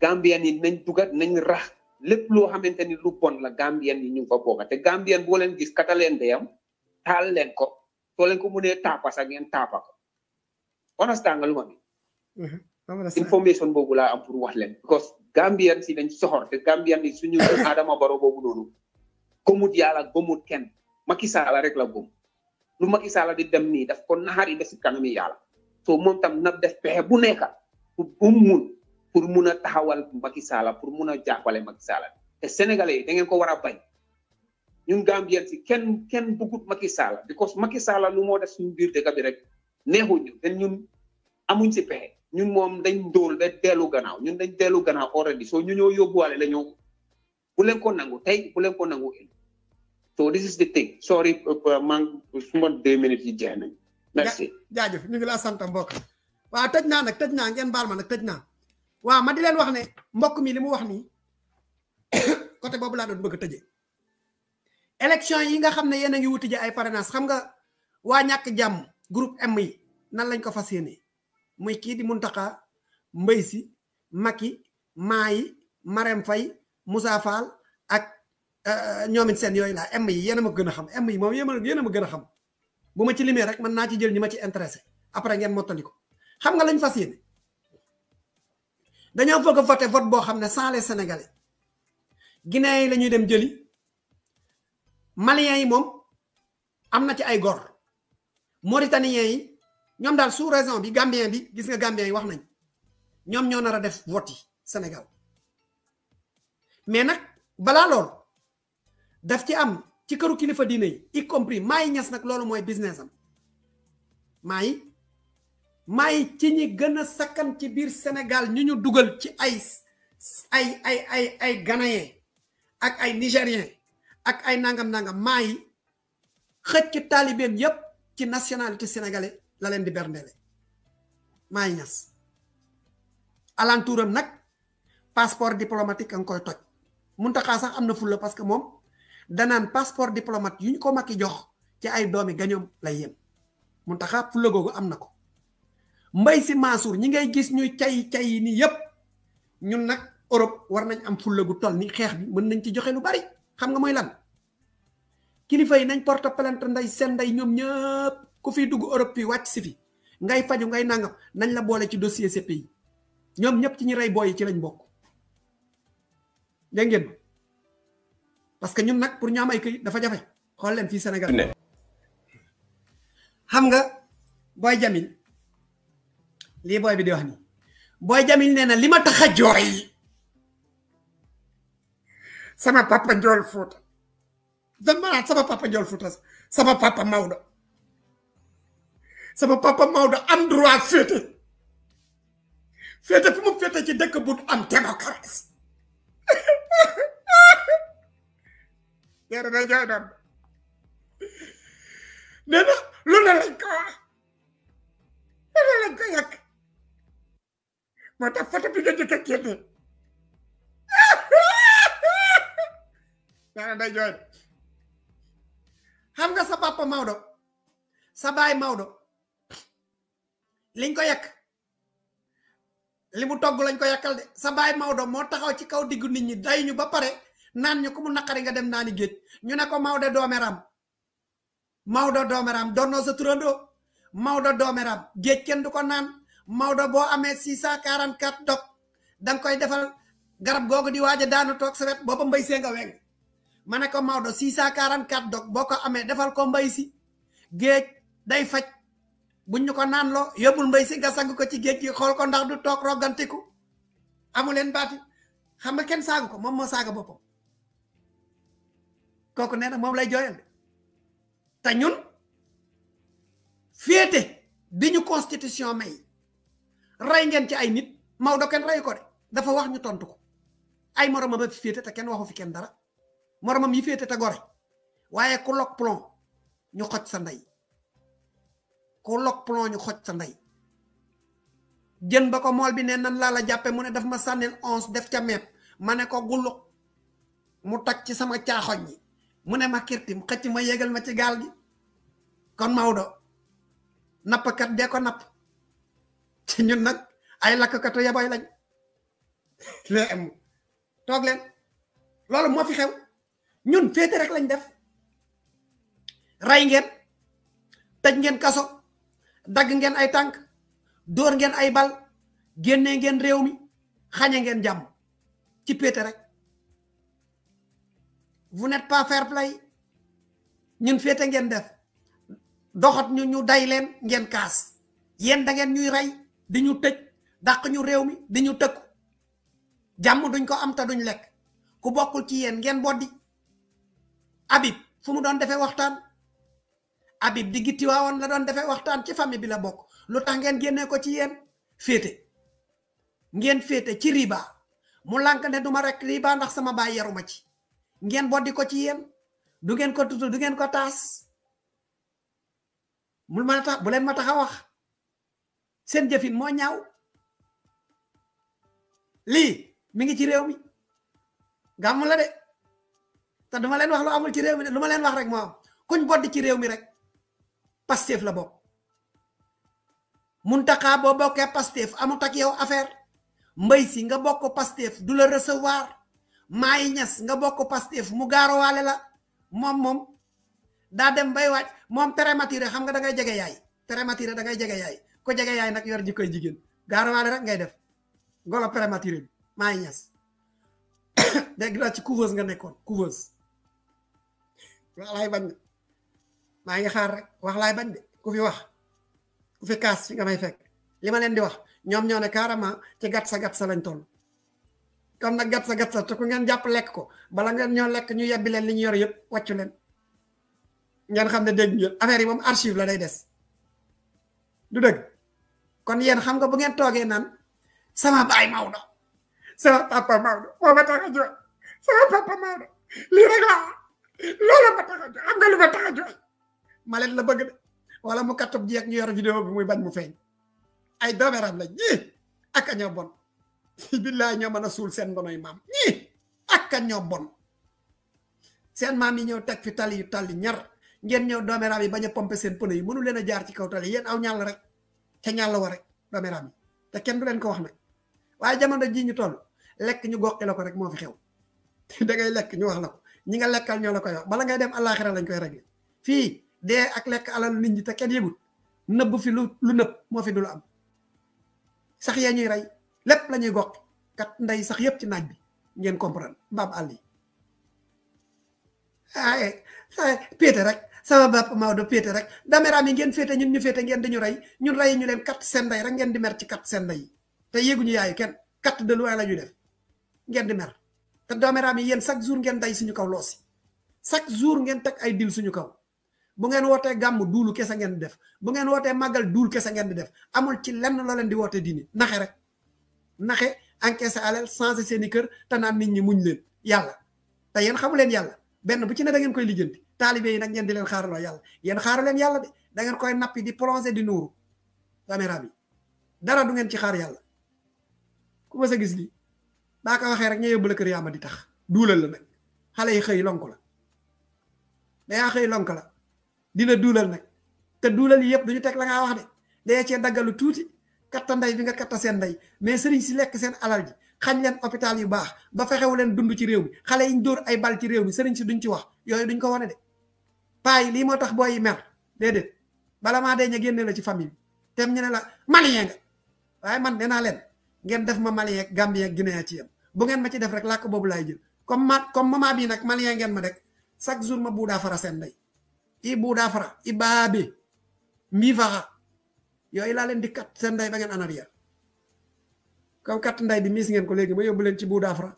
gambian yi nañ dugat nañ rax lépp loo xamante lu bon la gambian yi ñu ko fa te gambian boo leen gis kata leen deyam taal leen ko soo leen ko mënee taapa sax ngeen taapa ko nga lu ma mhm. information boobu laa am pour wax leen because gambian si dañ soxor te gambian yi suñu adama baro boobu noonu gomut yàlla gomut kenn Macky rek la lu Macky di dem ni daf ko nahari def ci kanami yalla so mom tam na def pexe bu neka pour bu mun pour muna a taxawal Macky Sall pour muna a Macky Sall te sénégalais da ngeen ko wara bañ ñun gambien si ken ken bëggut Macky Sall because Macky Sall lu mo def suñu biir de gabi rek ñu ben ñun amuñ si pexe ñun mom dañ dool da dellu gannaaw ñun dañ dellu gannaaw already so ñu ñoo yóbbuwaale la ñoo bu leen ko nangu tay bu leen ko nangu so this is the thing sorry uh, uh, man suma deux minutes yi jeex nañ merci jaajëf ñu ngi laa sant mbokk waaw tëj naa nag tëj naa ngeen baal ma nag tëj naa waaw ma di leen wax ne mbokk mi li mu wax nii côté boobu laa doon bëgg tëjee élection yi nga xam ne yéen a ngi wuti ji ay parrainage xam nga waa ñàkk jàmm groupe M yi nan lañ ko fas yéene muy kii di Mountakha Mbaye Maki, Mai, Maremfai, Musafal, ak Eh, ñoom it seen yooyu laa M yi yéen a ma gën a xam M yi moom yéen a ma gën a xam bu ma ci limee rek mën naa ci jël ñi ma ci intéressé après ngeen mottali ko xam nga lañ fas yéene dañoo bëgg a vote boo xam ne sans les sénégalais guinéens yi lañuy dem jëli maliens yi moom am na ci ay góor mauritaniens yi ñoom daal sous raison bi gambien bi gis nga gambien yi wax nañ ñoom ñoo nar a def vote yi Sénégal mais nag balaa lool daf ci am ci këru kilifa diine yi y compris may ñas nak loolu moy business am may may ci ñi gëna a sakkan ci biir senegal ñu ñu dugal ci ay ay ay ay ay ganayen ak ay nigérien ak ay nangam nangam xëc ci taalibeem yépp ci nationalité sénégalais la leen di berndele may ñas alantuuram nak passeport diplomatique ang koy toj muntaxa sax amna fulla parce que mom Danan passeport diplomat yuñ ko makki jox ci ay doomi gañum lay yem muntaxa fulo fulla amna ko mbay si Mansour ñi ngay gis ñuy cay cay ni yep ñun nak Europe war nañ am fulo gu toll ni xex bi mën nañ ci joxe lu bari xam nga moy lan kilifa yi nañ porte plainte nday sen nday ñom ñëpp ku fi dugg Europe fi wacc ci fi ngay faju ngay nangam nañ la bolé ci dossier pays ñom ci ñi ray boy ci lañ bok parce que ñun nag pour ñaamay am dafa jafe xool leen fii Sénégal. xam nga booy Jamil lii booy bi di wax nii booy Jamil nee na li ma tax a jooy sama papa Njool Fuuta dan ma sama papa Njool Fuuta sama papa Maodo sama papa Maodo am droit féete féete fu mu féete ci dëkk bu am démocratie nee na day jaay dàmb nee na lu ne lañ ko wax lu ne lañ ko yàq moo tax photo bi nga jëkk a génne xam nga sa papa Maodo sa baay Maodo liñ ko yàq li mu togg lañ ko yàqal de sa baay Maodo moo taxaw ci kaw diggu nit ñi day ñu ba pare naan ñu ku naqari nga dem naani géej ñu ne ko Maodo doomeram Maodo doomeram donnoo sa turandoo Maodo doomeram géej kenn du ko naan Maodo boo amee 644 dog da nga koy defal garab googu di waaj a daanu toog sa wet booba mbay see nga weng ma ne ko Maodo 644 dog boo ko amee defal koo mbay si géej day faj buñ ñu ko naan loo yóbbul mbay si nga sang ko ci géej gi xool ko ndax du toog rogantiku amu leen baati xam nga kenn saagu ko moom moo saaga boppam kooku nee na moom lay jooyal te ñun féete bi ñu constitution may rey ngeen ci ay nit Maodo kenn rey ko de dafa wax ñu tontu ko ay moromam a fi féete te kenn waxu fi kenn dara moromam yi féete te gore waaye ku log plomb ñu xoj sa ndey ku log plomb ñu xoj sa ndey jën ba ko mool bi ne nan laa la jàppe mu ne daf ma sànnil onze def ca mepp ma ne ko gullu mu tag ci sama caaxoñ yi mu ne ma kirti mu xëcc ma yéegal ma ci gaal gi kon Maodo nappkat dee ko napp ci ñun nag ay lakkatu yaboy lañ lée am toog leen loolu moo fi xew ñun féete rek lañ def rey ngeen tëj ngeen kaso dagg ngeen ay tànk dóor ngeen ay bal génnee ngeen réew mi xañe ngeen jàmm ci péete rek vous n'êtes pas fair play ñun fété ngeen def doxat ñu ñu day leen ngeen kaas yeen da ngeen ñuy ray di ñu tejj dàq ñu réew mi di ñu tekk jamm duñ ko am ta duñ lek ku bokul ci yeen ngeen boddi abib fu mu doon defé waxtaan abib di waawon la doon defé waxtaan ci fami bi la bok lu tax ngeen génnee ko ci yeen fété ngeen fété ci riba mu lank ne duma rek riba ndax sama baay yaruma ci ngeen boddi ko ci yeen du ngeen ko tutu du ngeen ko tas mul ma tax bu len ma taxa wax seen jëfin mo ñaaw li mi ngi ci réew mi gamu la de ta dama len wax lu amul ci réew mi luma lu wax rek mo am kuñ boddi ci réew mi rek pastef la bok muntaka bo bokkee pastef amu tak yow affaire mbey si nga bokko pastef du recevoir may ñas nga bokk Pastef mu walé la mom, mom da dem bay wacc mom prématuré xam nga da ngay jégué yaay prématuré da ngay jégué yaay ko jégué yaay nak yor ji jigen garo walé rek ngay def golo prématuré may maay ñas dégg naa ci couveuse nga nekkon couveuse wax lay bañ ma maa ngi xaar rek wax lay bañ de ku fi wax ku fi kaas fi nga may fekk lima len di wax ñom ñone ci gat sa gat sa lañ tollu kon nag gatsa gatsa to ko ngeen japp lek ko bala ngeen ñoo lek ñu yebbi len li ñu yor yëpp waccu len ngeen xamne ne ñu affaire yi mom archive la day dess du dëgg kon yeen xam nga bu ngeen toge nan sama bay mawdo sama papa mawdo mo ma tax a sama papa mawdo li rek la loolu ma tax a am nga lu ma tax a malen la bëgg wala mu ji ak ñu yor video bi muy bañ mu feñ ay doomeram la ji ak ñoo bon billaay ñoo mëna sul sen seen mam ñi ak a ñoo bon sen mam yi ñëw teg fi tali yu tali ñar ngeen ñëw doomeraam yi baña pomper sen pneu yi mënu leena jaar ci kaw tali yeen aw ñal rek te ñàll wa rek doomeraam yi te kenn du leen ko wax nak waye jamono ji ñu toll lek ñu goqi la ko rek mo fi xew da ngay lek ñu wax la ko ñi nga lekkal ñoo la koy wax bala ngay dem alakhirah lañ koy fi de ak lek alal nit ñi te kenn yegul neub fi lu neub mo fi dul am sax yee ñuy lepp lañuy gokk kat nday sax yépp ci naaj bi ngeen comprendre bab àll ay ay pété rek sama bapp Maodo pété rek dameraam mi ngeen fété ñun ñu fété ngeen dañu ray ñun ray ñu leen kat sendai, nday rek ngeen di mer ci kat sen nday te yéeguñu yaay ken kat de loi la def ngeen di mer te dameraam mi yeen chaque jour ngeen day suñu kaw loosi chaque jour ngeen tak ay dil suñu kaw bu ngeen wote gàmm duulu kessa ngeen def bu ngeen wote magal duul kessa ngeen def amul ci lenn lo leen di wote dini naxé rek naxé encaissé alal sans seen i kër te nit ñi muñ leen yalla te yeen xamu leen yalla benn bu ci ne da ngeen koy lijeenti talibé yi nak ngeen di leen xaaraloo yalla yeen xaaru leen yalla de da ngeen koy nappi di plonger di nuru caméra bi dara du ngeen ci xaar yalla ku ma sa gis li daa ka waxe rek ñe yobul keur yaama di tax duulal la nak xalé yi xey lonk la ya xey lonk la dina duulal nak te duulal yi yëpp duñu tek la nga wax de dayee ci dagalu tuti katta nday bi nga katta sen nday mais serigne ci lek sen alal ji xagn len hôpital yu bax ba fexewu len dund ci rew bi xale yi ndor ay bal ci rew bi serigne si duñ ci wax yoy duñ ko woné dé pay li motax boy yi mer dédé bala ma dee ña génne la ci famille tém tem la malien nga waye man nee len ngeen def ma malien ak gambien guinéen ci yam bu ngeen ma ci def rek lak bobu lay jël comme comme mama bi nak malien ngeen ma rek chaque jour ma buudaa fara sen nday i fara i babé mi fara yoy la len di kat sen nday ba ngeen anar ya kaw kat nday bi mis ngeen ko legi ma yobul len ci Bouda Fra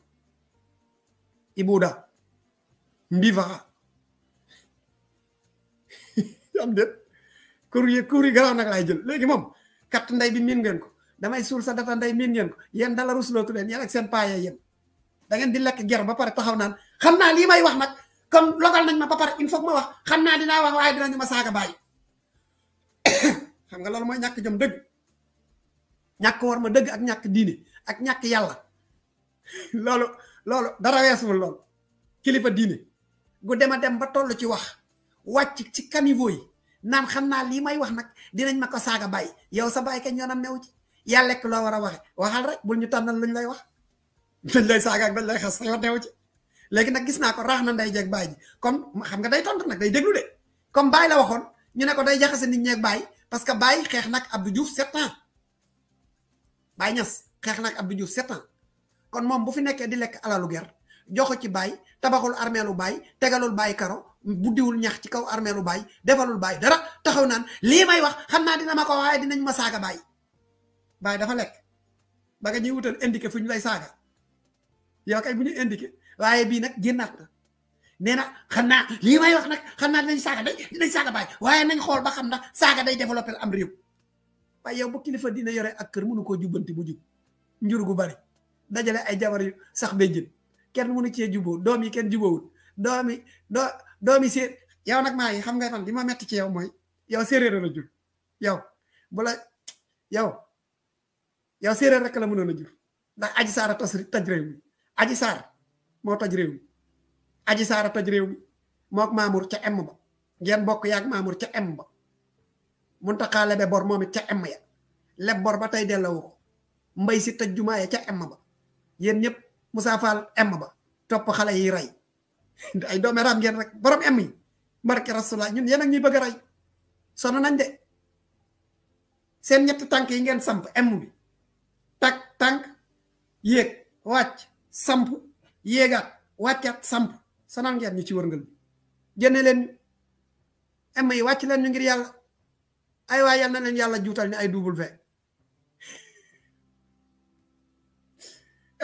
Ibouda Mbivara am déet kur yi kur yi garaaw nag laay jël legi mom kat nday bi min ngeen ko damay sul sa data nday min ngeen ko yéen dala ruslootu leen yéen ak sen paye yéen da ngeen di lek ger ba pare taxaw nan xamna li may wax nak comme logal nañ ma ba pare il faut ma wax xamna dina wax ma saga xam nga loolu mooy ñàkk jëm dëgg ñàkk war ma dëgg ak ñàkk diine ak ñàkk yàlla loolu loolu dara weesuwul loolu kilifa diine gu dema dem ba toll ci wax wàcc ci caniveau yi naan xam naa lii may wax nag dinañ ma ko saaga bàyyi yow sa bàyyi kañ yoonam new ci yaa loo war a waxal rek bul ñu tànnal luñ lay wax dañ lay saaga ak dañ lay xas sa new ci léegi nag gis naa ko raax na nday jeeg bàyyi ji comme xam nga day tontu nag day déglu de comme bàyyi la waxoon ñu ne ko day jaxase nit ñeeg bàyyi parce que bàyyi xeex nag ab bu sept ans Baye ñas xeex nag ab bu sept ans kon moom bu fi nekkee di lekk alalu ger joxo ci Baye tabaxul armeelu Baye tegalul bàyyi karo buddiwul ñax ci kaw armeelu Baye defalul Baye dara taxaw naan lii may wax xam naa dina ma ko waaye dinañ ma saaga Baye Baye dafa lekk ba nga ñuy wutal indiqué fu ñu lay saaga yow kay bu ñu indiqué waaye bii nag génnaat na Nena, na lima naa lii may wax nag xam naa dinañ saaga day dinañ saaga bàyyi waaye nañ xool ba xam ndax saaga day développé am réew waaye yow bu kilifa dina yore ak kër mënu koo jubbanti bu jub njur gu bari dajale ay jabar yu sax béjjën kenn mënu cee juboo doom yi kenn jubóowul doom yi doo doom yi yow nag maa xam nga fan li ma metti ci yow mooy yow séeréer la jur yow bu la yow yow séeréer rek la mënoon a jur ndax aji sara tas taj aji aji saara taj rew mok mamour maamour ca em ba ngeen bok yak mamour ca em ba muntaxaa be bor moom it em ya le bor ba tay delaw ko mbay si taj juma ya ca em ba yen ñep musafal Fall em ba top xale yi ray ay meram ngeen rek borom em yi barke rasulaa ñun yéen ak ñi bëgg ray sonu nañ de seen ñet tank yi ngeen samp em bi tak tank yek wacc samp yéegaat wacc samp sanaan ngeen ñu ci wërngël bi génne leen ñu emm wàcc leen ñu ngir yàlla ay waay yal na leen yàlla juutal ni ay double V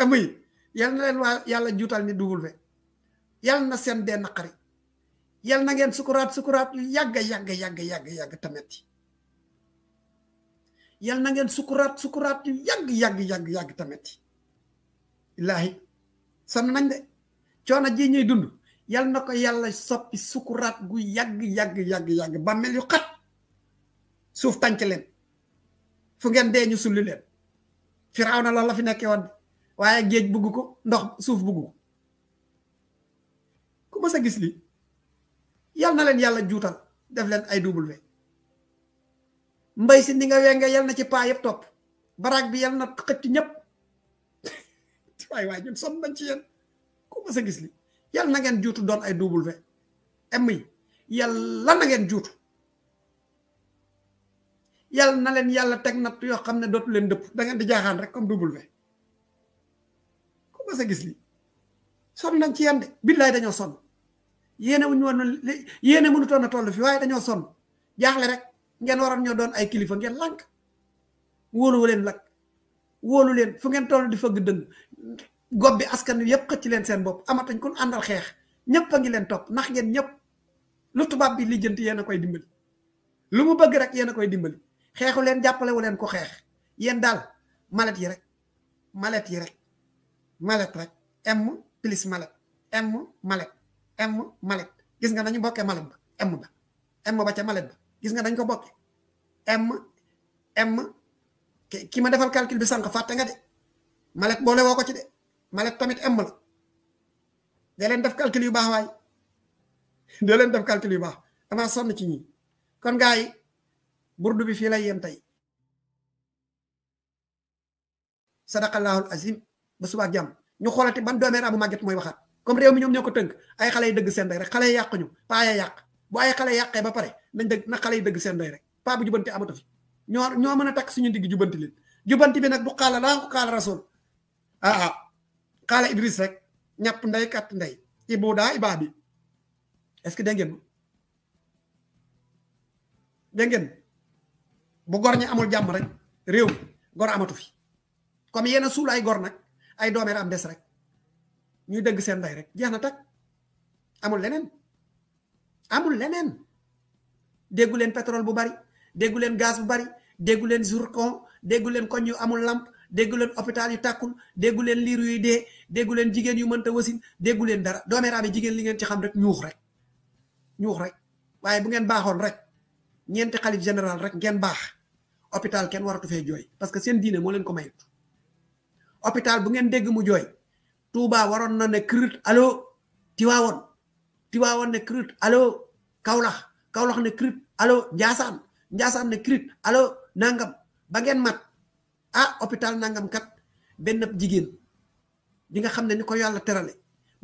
emm yi yal na leen waa yàlla juutal ni double V yal na seen dee naqari yal na ngeen sukkuraat sukuraat yu yàgg yàgg yàgg yàgg yàgg tamit yal na ngeen sukuraat sukuraat yu yàgg yàgg yàgg yàgg tamit illaahi nañ de coono ji ñuy dund yal na yalla soppi sukurat gu yag yag yag ba mel yu xat suuf tanc leen fu ngeen dee ñu sulli leen firaaw na loolu la fi nekkee woon waaye géej bugg ko ndox suuf bugg ko ku ma sa gis li yal na leen yàlla juutal def leen ay double V mbay si ni nga wenge yal na ci paa yëpp topp baraag bi yal na xëcc ñëpp waay waay ñun nañ ci ku mës gis li yàlla juutu doon ay double V M ngeen juutu yàlla na leen yàlla teg natt yoo xam ne dootu leen dëpp da di jaaxaan rek comme double V ku mës a sonn nañ ci yéen de billaay dañoo sonn yéene wuñu woon toll fi waaye dañoo sonn jaaxle rek ngeen waroon ñoo doon ay kilifa ngeen lànk wóolu leen lak wóolu leen fu ngeen toll di fëgg dëng gobbi askan wi yépp xëcc leen seen bopp amatañ kun àndal xeex ñëpp a ngi leen topp ndax ngeen ñëpp lu tubaab bi lijjanti yéen a koy dimbali lu mu bëgg rek yéen a koy dimbali xeexu leen wu leen ko xeex yéen daal malet yi rek malet yi rek malet rek m plus malet m malet m malet gis nga nañu bokkee malet ba m ba m ba ca malet ba gis nga dañ ko bokke m m ki ma defal calcul bi sànq fàtte nga de malet boole woo ko ci de malet tamit emmal la da leen def calcul yu bax way da leen def calcul yu bax dama son ci ni kon gaay burdu bi fi lay yem allah al azim ba suba jam ñu xolati ban doomeer rabu magget moy waxat comme rew mi ñom ñoko teunk ay xalé deug sen day rek xalé ya yaq bu ay xalé yaqé ba pare nañ deug na xalé deug sen day rek pa bu jubanti amatu fi ño ño mën tak suñu digg jubanti leen jubanti bi nak bu xala la ko xala rasul ah ah xaala Idriss rek ñàpp ndey kàtt ndey ibu daa est-ce que dégg ngeen dégg bu gor ñi amul jàmm rek réew gor amatu fi comme yenn suul ay gor nag ay doomeer am des rek ñuy dëgg seen ndey rek jeex na tak amul leneen amul leneen déggu leen pétrole bu bari déggu leen gaz bu bari déggu leen zircon déggu leen koñ yu amul lampe déggu leen hôpital yu tàkkul déggu liir yuy dee déggu leen jigéen yu mënta wasin dégguleen dara doomeeraam yi jigéen li ngeen ci xam rek ñuux rek ñuux rek waaye bu ngeen baaxoon rek ñeenti xalif général rek ngeen baax hôpital kenn waratu fee jooy parce que seen diine moo leen ko mayut hôpital bu ngeen dégg mu jooy Touba waroon na ne krut allo Tiwaawoon Tiwaawoon ne krut allo Kaolax Kaolax ne krut allo Njaasaan Njaasaan ne krut aloo nangam ba ngeen mat ah hôpital nangam kat ben jigen bi nga xamne ni ko yalla terale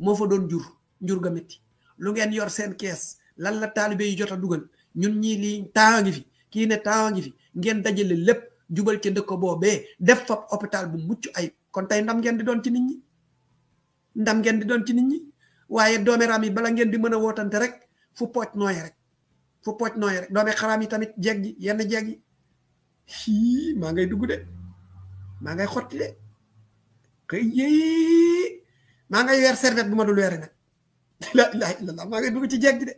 mo fa doon jur jur ga metti lu ngeen yor sen caisse lan la talibé yi jotta a dugal ñun ñi li taangi fi ki ne taangi fi ngeen dajale lepp jubal ci ndeko bobé def fa hôpital bu muccu ay kon tay ndam ngeen di doon ci nit ñi ndam ngeen di doon ci nit ñi waye doomeraam rami bala ngeen di mëna wotante rek fu pooj noy rek fu pooj noy rek doome xaraam yi tamit jéggi yenn jéggi ngay duggu de Mangai ngay xotti de kay yéy maa ngay weer serviette bu ma dul wer nak la la la maa ngay dug ci jegg de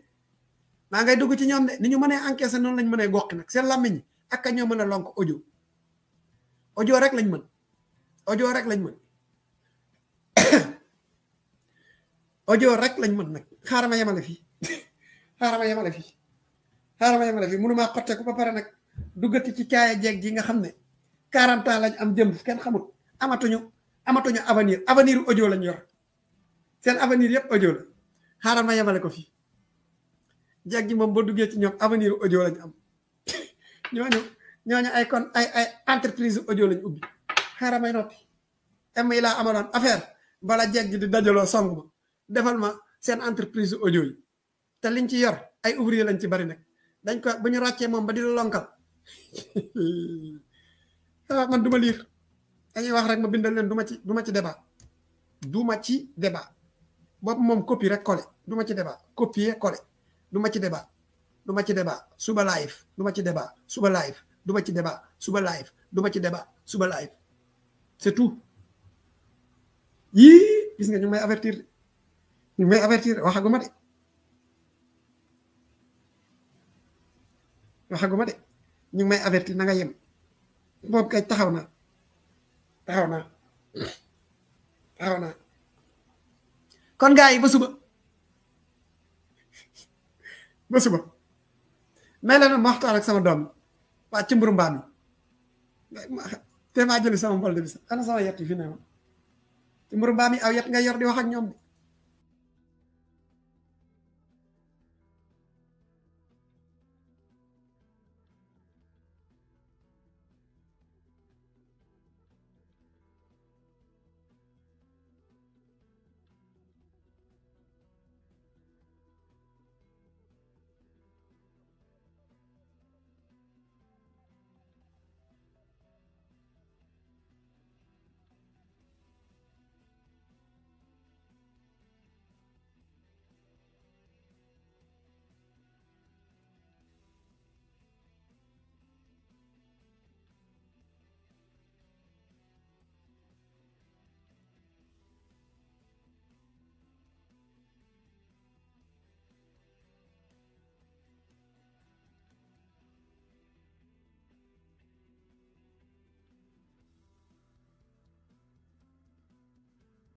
maa ngay dugg ci ñom de ni ñu mënee encaissé noonu lañ mëne gokk nak sen lamiñ ñi ak ñoo mëna lonk audio audio rek lañ mëne audio rek lañ mëne audio rek lañ mën nag xaaral ma yemale ma xotte ba paré nak dugati ci kaya jegg ji nga xamne 40 ans lañ am jëm kenn xamul amatuñu amatuñu avenir avenir audio lañ yor seen avenir yépp audio la xaaral ma yemale ko fi jaggi gi moom boo duggee ci ñoom avenir audio lañ am ñooñu ñooñu ay kon ay ay entreprise audio lañ ubbi xaaral may noppi em yi laa amaloon affaire bala jeeg di dajaloo song ma defal ma seen entreprise audio yi te liñ ci yor ay ouvrier lañ ci bari nag dañ ko bu ñu ràccee moom ba di lonkal ah man du ma liir dañuy wax rek ma bindal leen du ma ci du ma ci débat du ma ci débat boobu moom copie rek collé du ma ci débat copier collé du ma ci débat du ma ci débat suba live du ma ci débat suba live du ci débat suba live du ci débat suba live c'est tout yii gis nga ñu may avertir ñu may avertir waxaguma de waxaguma de ñu may avertir na nga yem bob kay taxawna taxawna taxawna kon gaay yi ba suba ba suba may la waxtaan ak sama dom wa ci mburu mbam te ma jël sama bol de bis ana sama yet fi ne ci mburu mbaam aw yatt nga yor di wax ak ñom